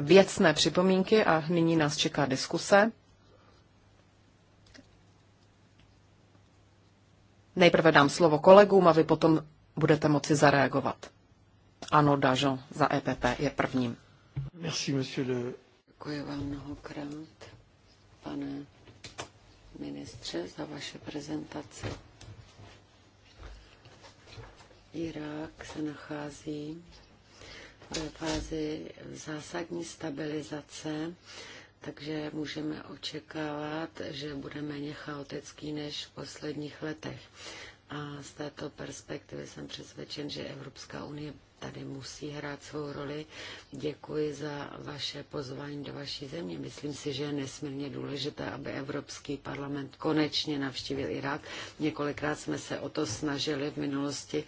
věcné připomínky a nyní nás čeká diskuse. Nejprve dám slovo kolegům a vy potom budete moci zareagovat. Ano, Dažo za EPP je prvním. Merci, monsieur le... Děkuji vám mnohokrát, pane ministře, za vaše prezentaci. Irák se nachází ve fázi zásadní stabilizace, takže můžeme očekávat, že bude méně chaotický než v posledních letech. A z této perspektivy jsem přesvědčen, že Evropská unie tady musí hrát svou roli. Děkuji za vaše pozvání do vaší země. Myslím si, že je nesmírně důležité, aby Evropský parlament konečně navštívil Irák. Několikrát jsme se o to snažili v minulosti.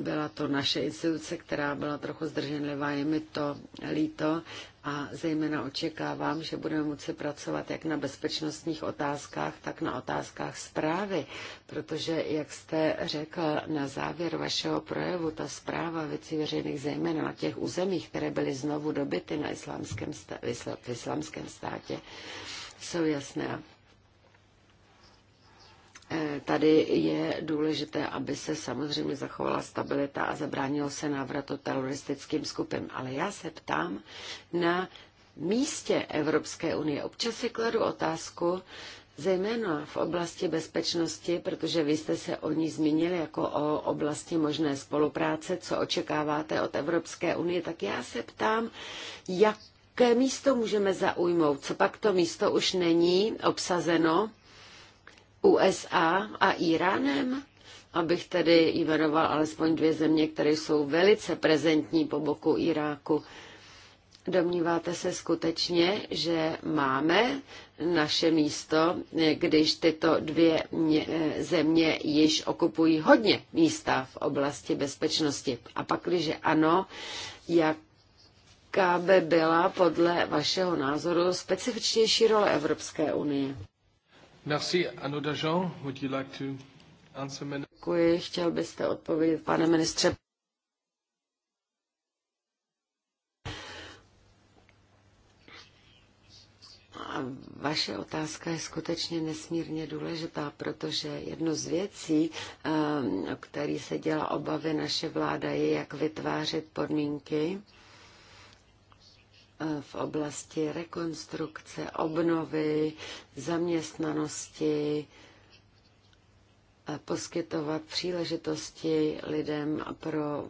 Byla to naše instituce, která byla trochu zdrženlivá. Je mi to líto, a zejména očekávám, že budeme moci pracovat jak na bezpečnostních otázkách, tak na otázkách zprávy, protože, jak jste řekl na závěr vašeho projevu, ta zpráva věcí veřejných, zejména na těch územích, které byly znovu dobyty na islámském, v státě, jsou jasné. Eh, tady je důležité, aby se samozřejmě zachovala stabilita a zabránilo se návratu teroristickým skupinám. Ale já se ptám na místě Evropské unie. Občas si kladu otázku, zejména v oblasti bezpečnosti, protože vy jste se o ní zmínili jako o oblasti možné spolupráce, co očekáváte od Evropské unie, tak já se ptám, jaké místo můžeme zaujmout. Co pak to místo už není obsazeno? USA a Iránem? Abych tedy jmenoval alespoň dvě země, které jsou velice prezentní po boku Iráku. Domníváte se skutečně, že máme naše místo, když tyto dvě eh, země již okupují hodně místa v oblasti bezpečnosti? A pak, když ano, jaká by byla podle vašeho názoru specifičnější role Evropské unie? Merci, Dajon. Would you like to answer? Děkuji. Chtěl byste odpovědět, pane ministře? A vaše otázka je skutečně nesmírně důležitá, protože jedno z věcí, ehm, o který se dělá obavy naše vláda, je, jak vytvářet podmínky, v oblasti rekonstrukce, obnovy, zaměstnanosti, eh, poskytovat příležitosti lidem pro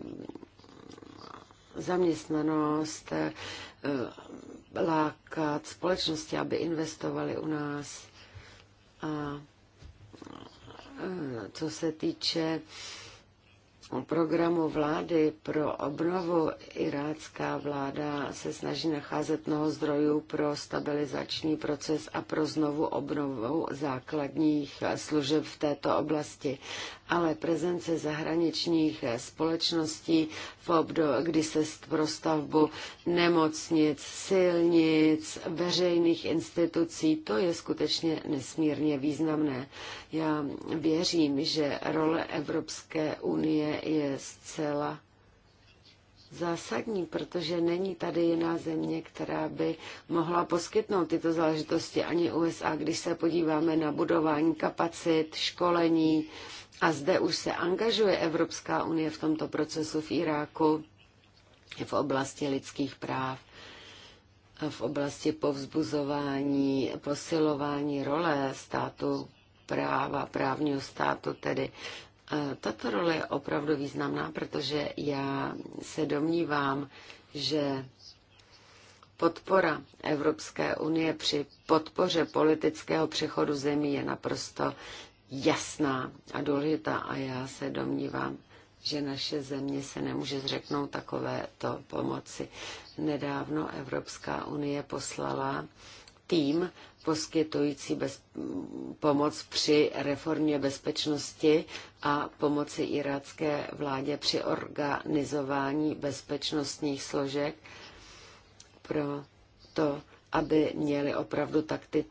zaměstnanost, eh, lákat společnosti, aby investovali u nás. A eh, co se týče programu vlády pro obnovu irácká vláda se snaží nacházet mnoho zdrojů pro stabilizační proces a pro znovu obnovu základních služeb v této oblasti. Ale prezence zahraničních společností v období, kdy se pro stavbu nemocnic, silnic, veřejných institucí, to je skutečně nesmírně významné. Já věřím, že role Evropské unie je zcela zásadní, protože není tady jiná země, která by mohla poskytnout tyto záležitosti ani USA, když se podíváme na budování kapacit, školení, a zde už se angažuje Evropská unie v tomto procesu v Iráku, v oblasti lidských práv, v oblasti povzbuzování, posilování role státu práva, právního státu tedy. Tato role je opravdu významná, protože já se domnívám, že podpora Evropské unie při podpoře politického přechodu zemí je naprosto jasná a důležitá a já se domnívám, že naše země se nemůže zřeknout takovéto pomoci. Nedávno Evropská unie poslala tým poskytující bez, pomoc při reformě bezpečnosti a pomoci irácké vládě při organizování bezpečnostních složek pro to, aby měli opravdu takti,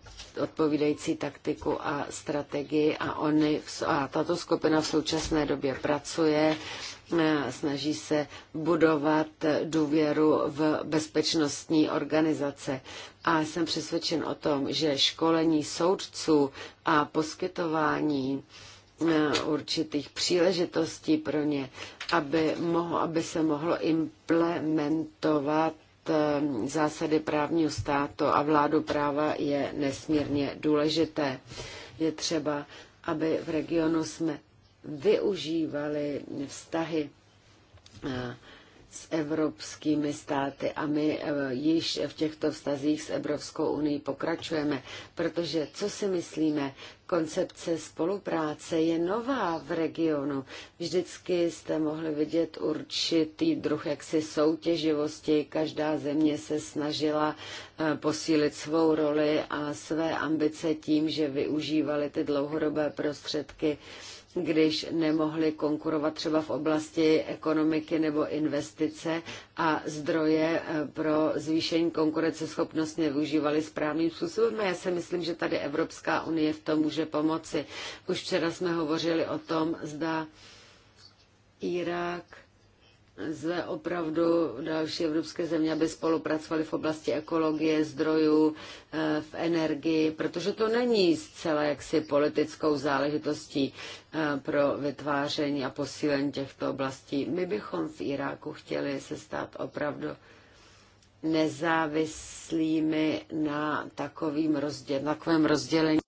odpovídající taktiku a strategii a, oni, a tato skupina v současné době pracuje, e, snaží se budovat důvěru v bezpečnostní organizace. A jsem přesvědčen o tom, že školení soudců a poskytování e, určitých příležitostí pro ně, aby, mohlo, aby se mohlo implementovat Eh, zásady právního státu a vládu práva je nesmírně důležité. Je třeba, aby v regionu jsme využívali vztahy eh, s evropskými státy a my eh, již v těchto vztazích s Evropskou unii pokračujeme, protože co si myslíme, koncepce spolupráce je nová v regionu. Vždycky jste mohli vidět určitý druh jaksi soutěživosti. Každá země se snažila eh, posílit svou roli a své ambice tím, že využívali ty dlouhodobé prostředky když nemohli konkurovat třeba v oblasti ekonomiky nebo investice a zdroje eh, pro zvýšení konkurenceschopnosti nevyužívali správným způsobem. A já si myslím, že tady Evropská unie v tom může pomoci. Už včera jsme hovořili o tom, zda Irák zve opravdu další evropské země, aby spolupracovali v oblasti ekologie, zdrojů, eh, v energii, protože to není zcela jaksi politickou záležitostí eh, pro vytváření a posílení těchto oblastí. My bychom v Iráku chtěli se stát opravdu nezávislými na, takovým na takovém rozdělení.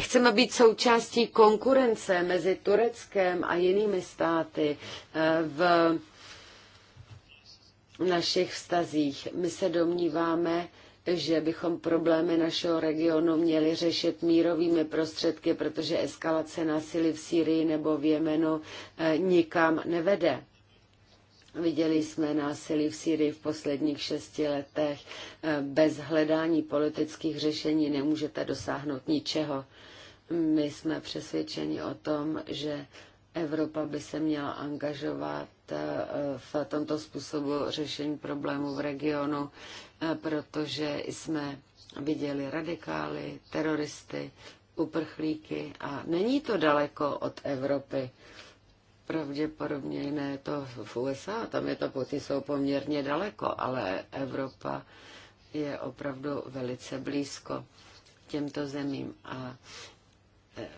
Chceme být součástí konkurence mezi Tureckem a jinými státy eh, v našich vztazích. My se domníváme, že bychom problémy našeho regionu měli řešit mírovými prostředky, protože eskalace násilí v Sýrii nebo v Jemenu eh, nikam nevede. Viděli jsme násilí v Syrii v posledních šesti letech. Eh, Bez hledání politických řešení nemůžete dosáhnout ničeho. My jsme přesvědčeni o tom, že Evropa by se měla angažovat eh, v tomto způsobu řešení problémů v regionu, eh, protože jsme viděli radikály, teroristy, uprchlíky a není to daleko od Evropy pravděpodobně jiné to v USA, tam je to poty jsou poměrně daleko, ale Evropa je opravdu velice blízko těmto zemím a eh,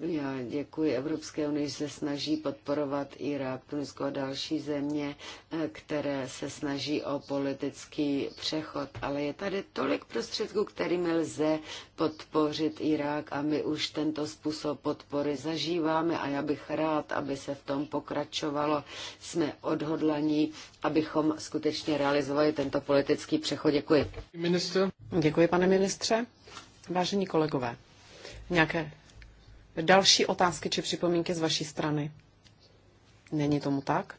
já děkuji Evropské unii, že se snaží podporovat Irák, Tunisko a další země, eh, které se snaží o politický přechod. Ale je tady tolik prostředků, kterými lze podpořit Irák a my už tento způsob podpory zažíváme a já bych rád, aby se v tom pokračovalo. Jsme odhodlaní, abychom skutečně realizovali tento politický přechod. Děkuji. Minister. Děkuji, pane ministře. Vážení kolegové, nějaké další otázky či připomínky z vaší strany? Není tomu tak?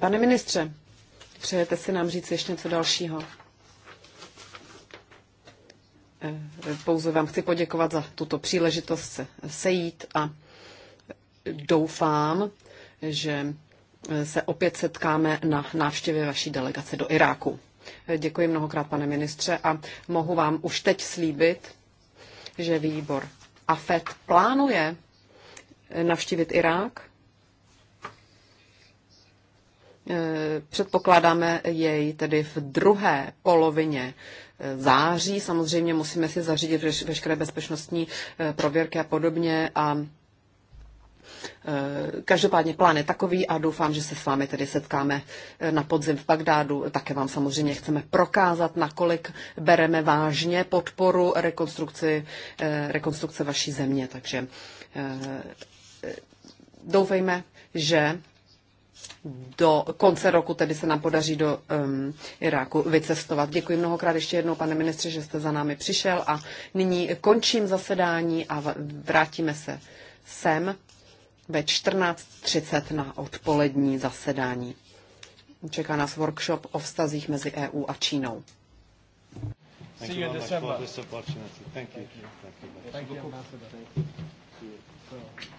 Pane ministře, přejete si nám říct ještě něco dalšího? Eh, pouze vám chci poděkovat za tuto příležitost se sejít a doufám, že se opět setkáme na návštěvě vaší delegace do Iráku. Eh, děkuji mnohokrát, pane ministře, a mohu vám už teď slíbit, že výbor AFET plánuje navštívit Irák. Eh, předpokládáme jej tedy v druhé polovině eh, září. Samozřejmě musíme si zařídit veškeré bezpečnostní eh, prověrky a podobně a Eh, každopádně plán je takový a doufám, že se s vámi tedy setkáme eh, na podzim v Bagdádu. Také vám samozřejmě chceme prokázat, nakolik bereme vážně podporu rekonstrukci, eh, rekonstrukce vaší země. Takže doufejme, že do konce roku tedy se nám podaří do um, Iráku vycestovat. Děkuji mnohokrát ještě jednou, pane ministře, že jste za námi přišel a nyní končím zasedání a vrátíme se sem ve 14.30 na odpolední zasedání. Čeká nás workshop o vztazích mezi EU a Čínou. Thank See you in December. Thank you. Thank you. Thank you. Thank you. Thank you. Thank you.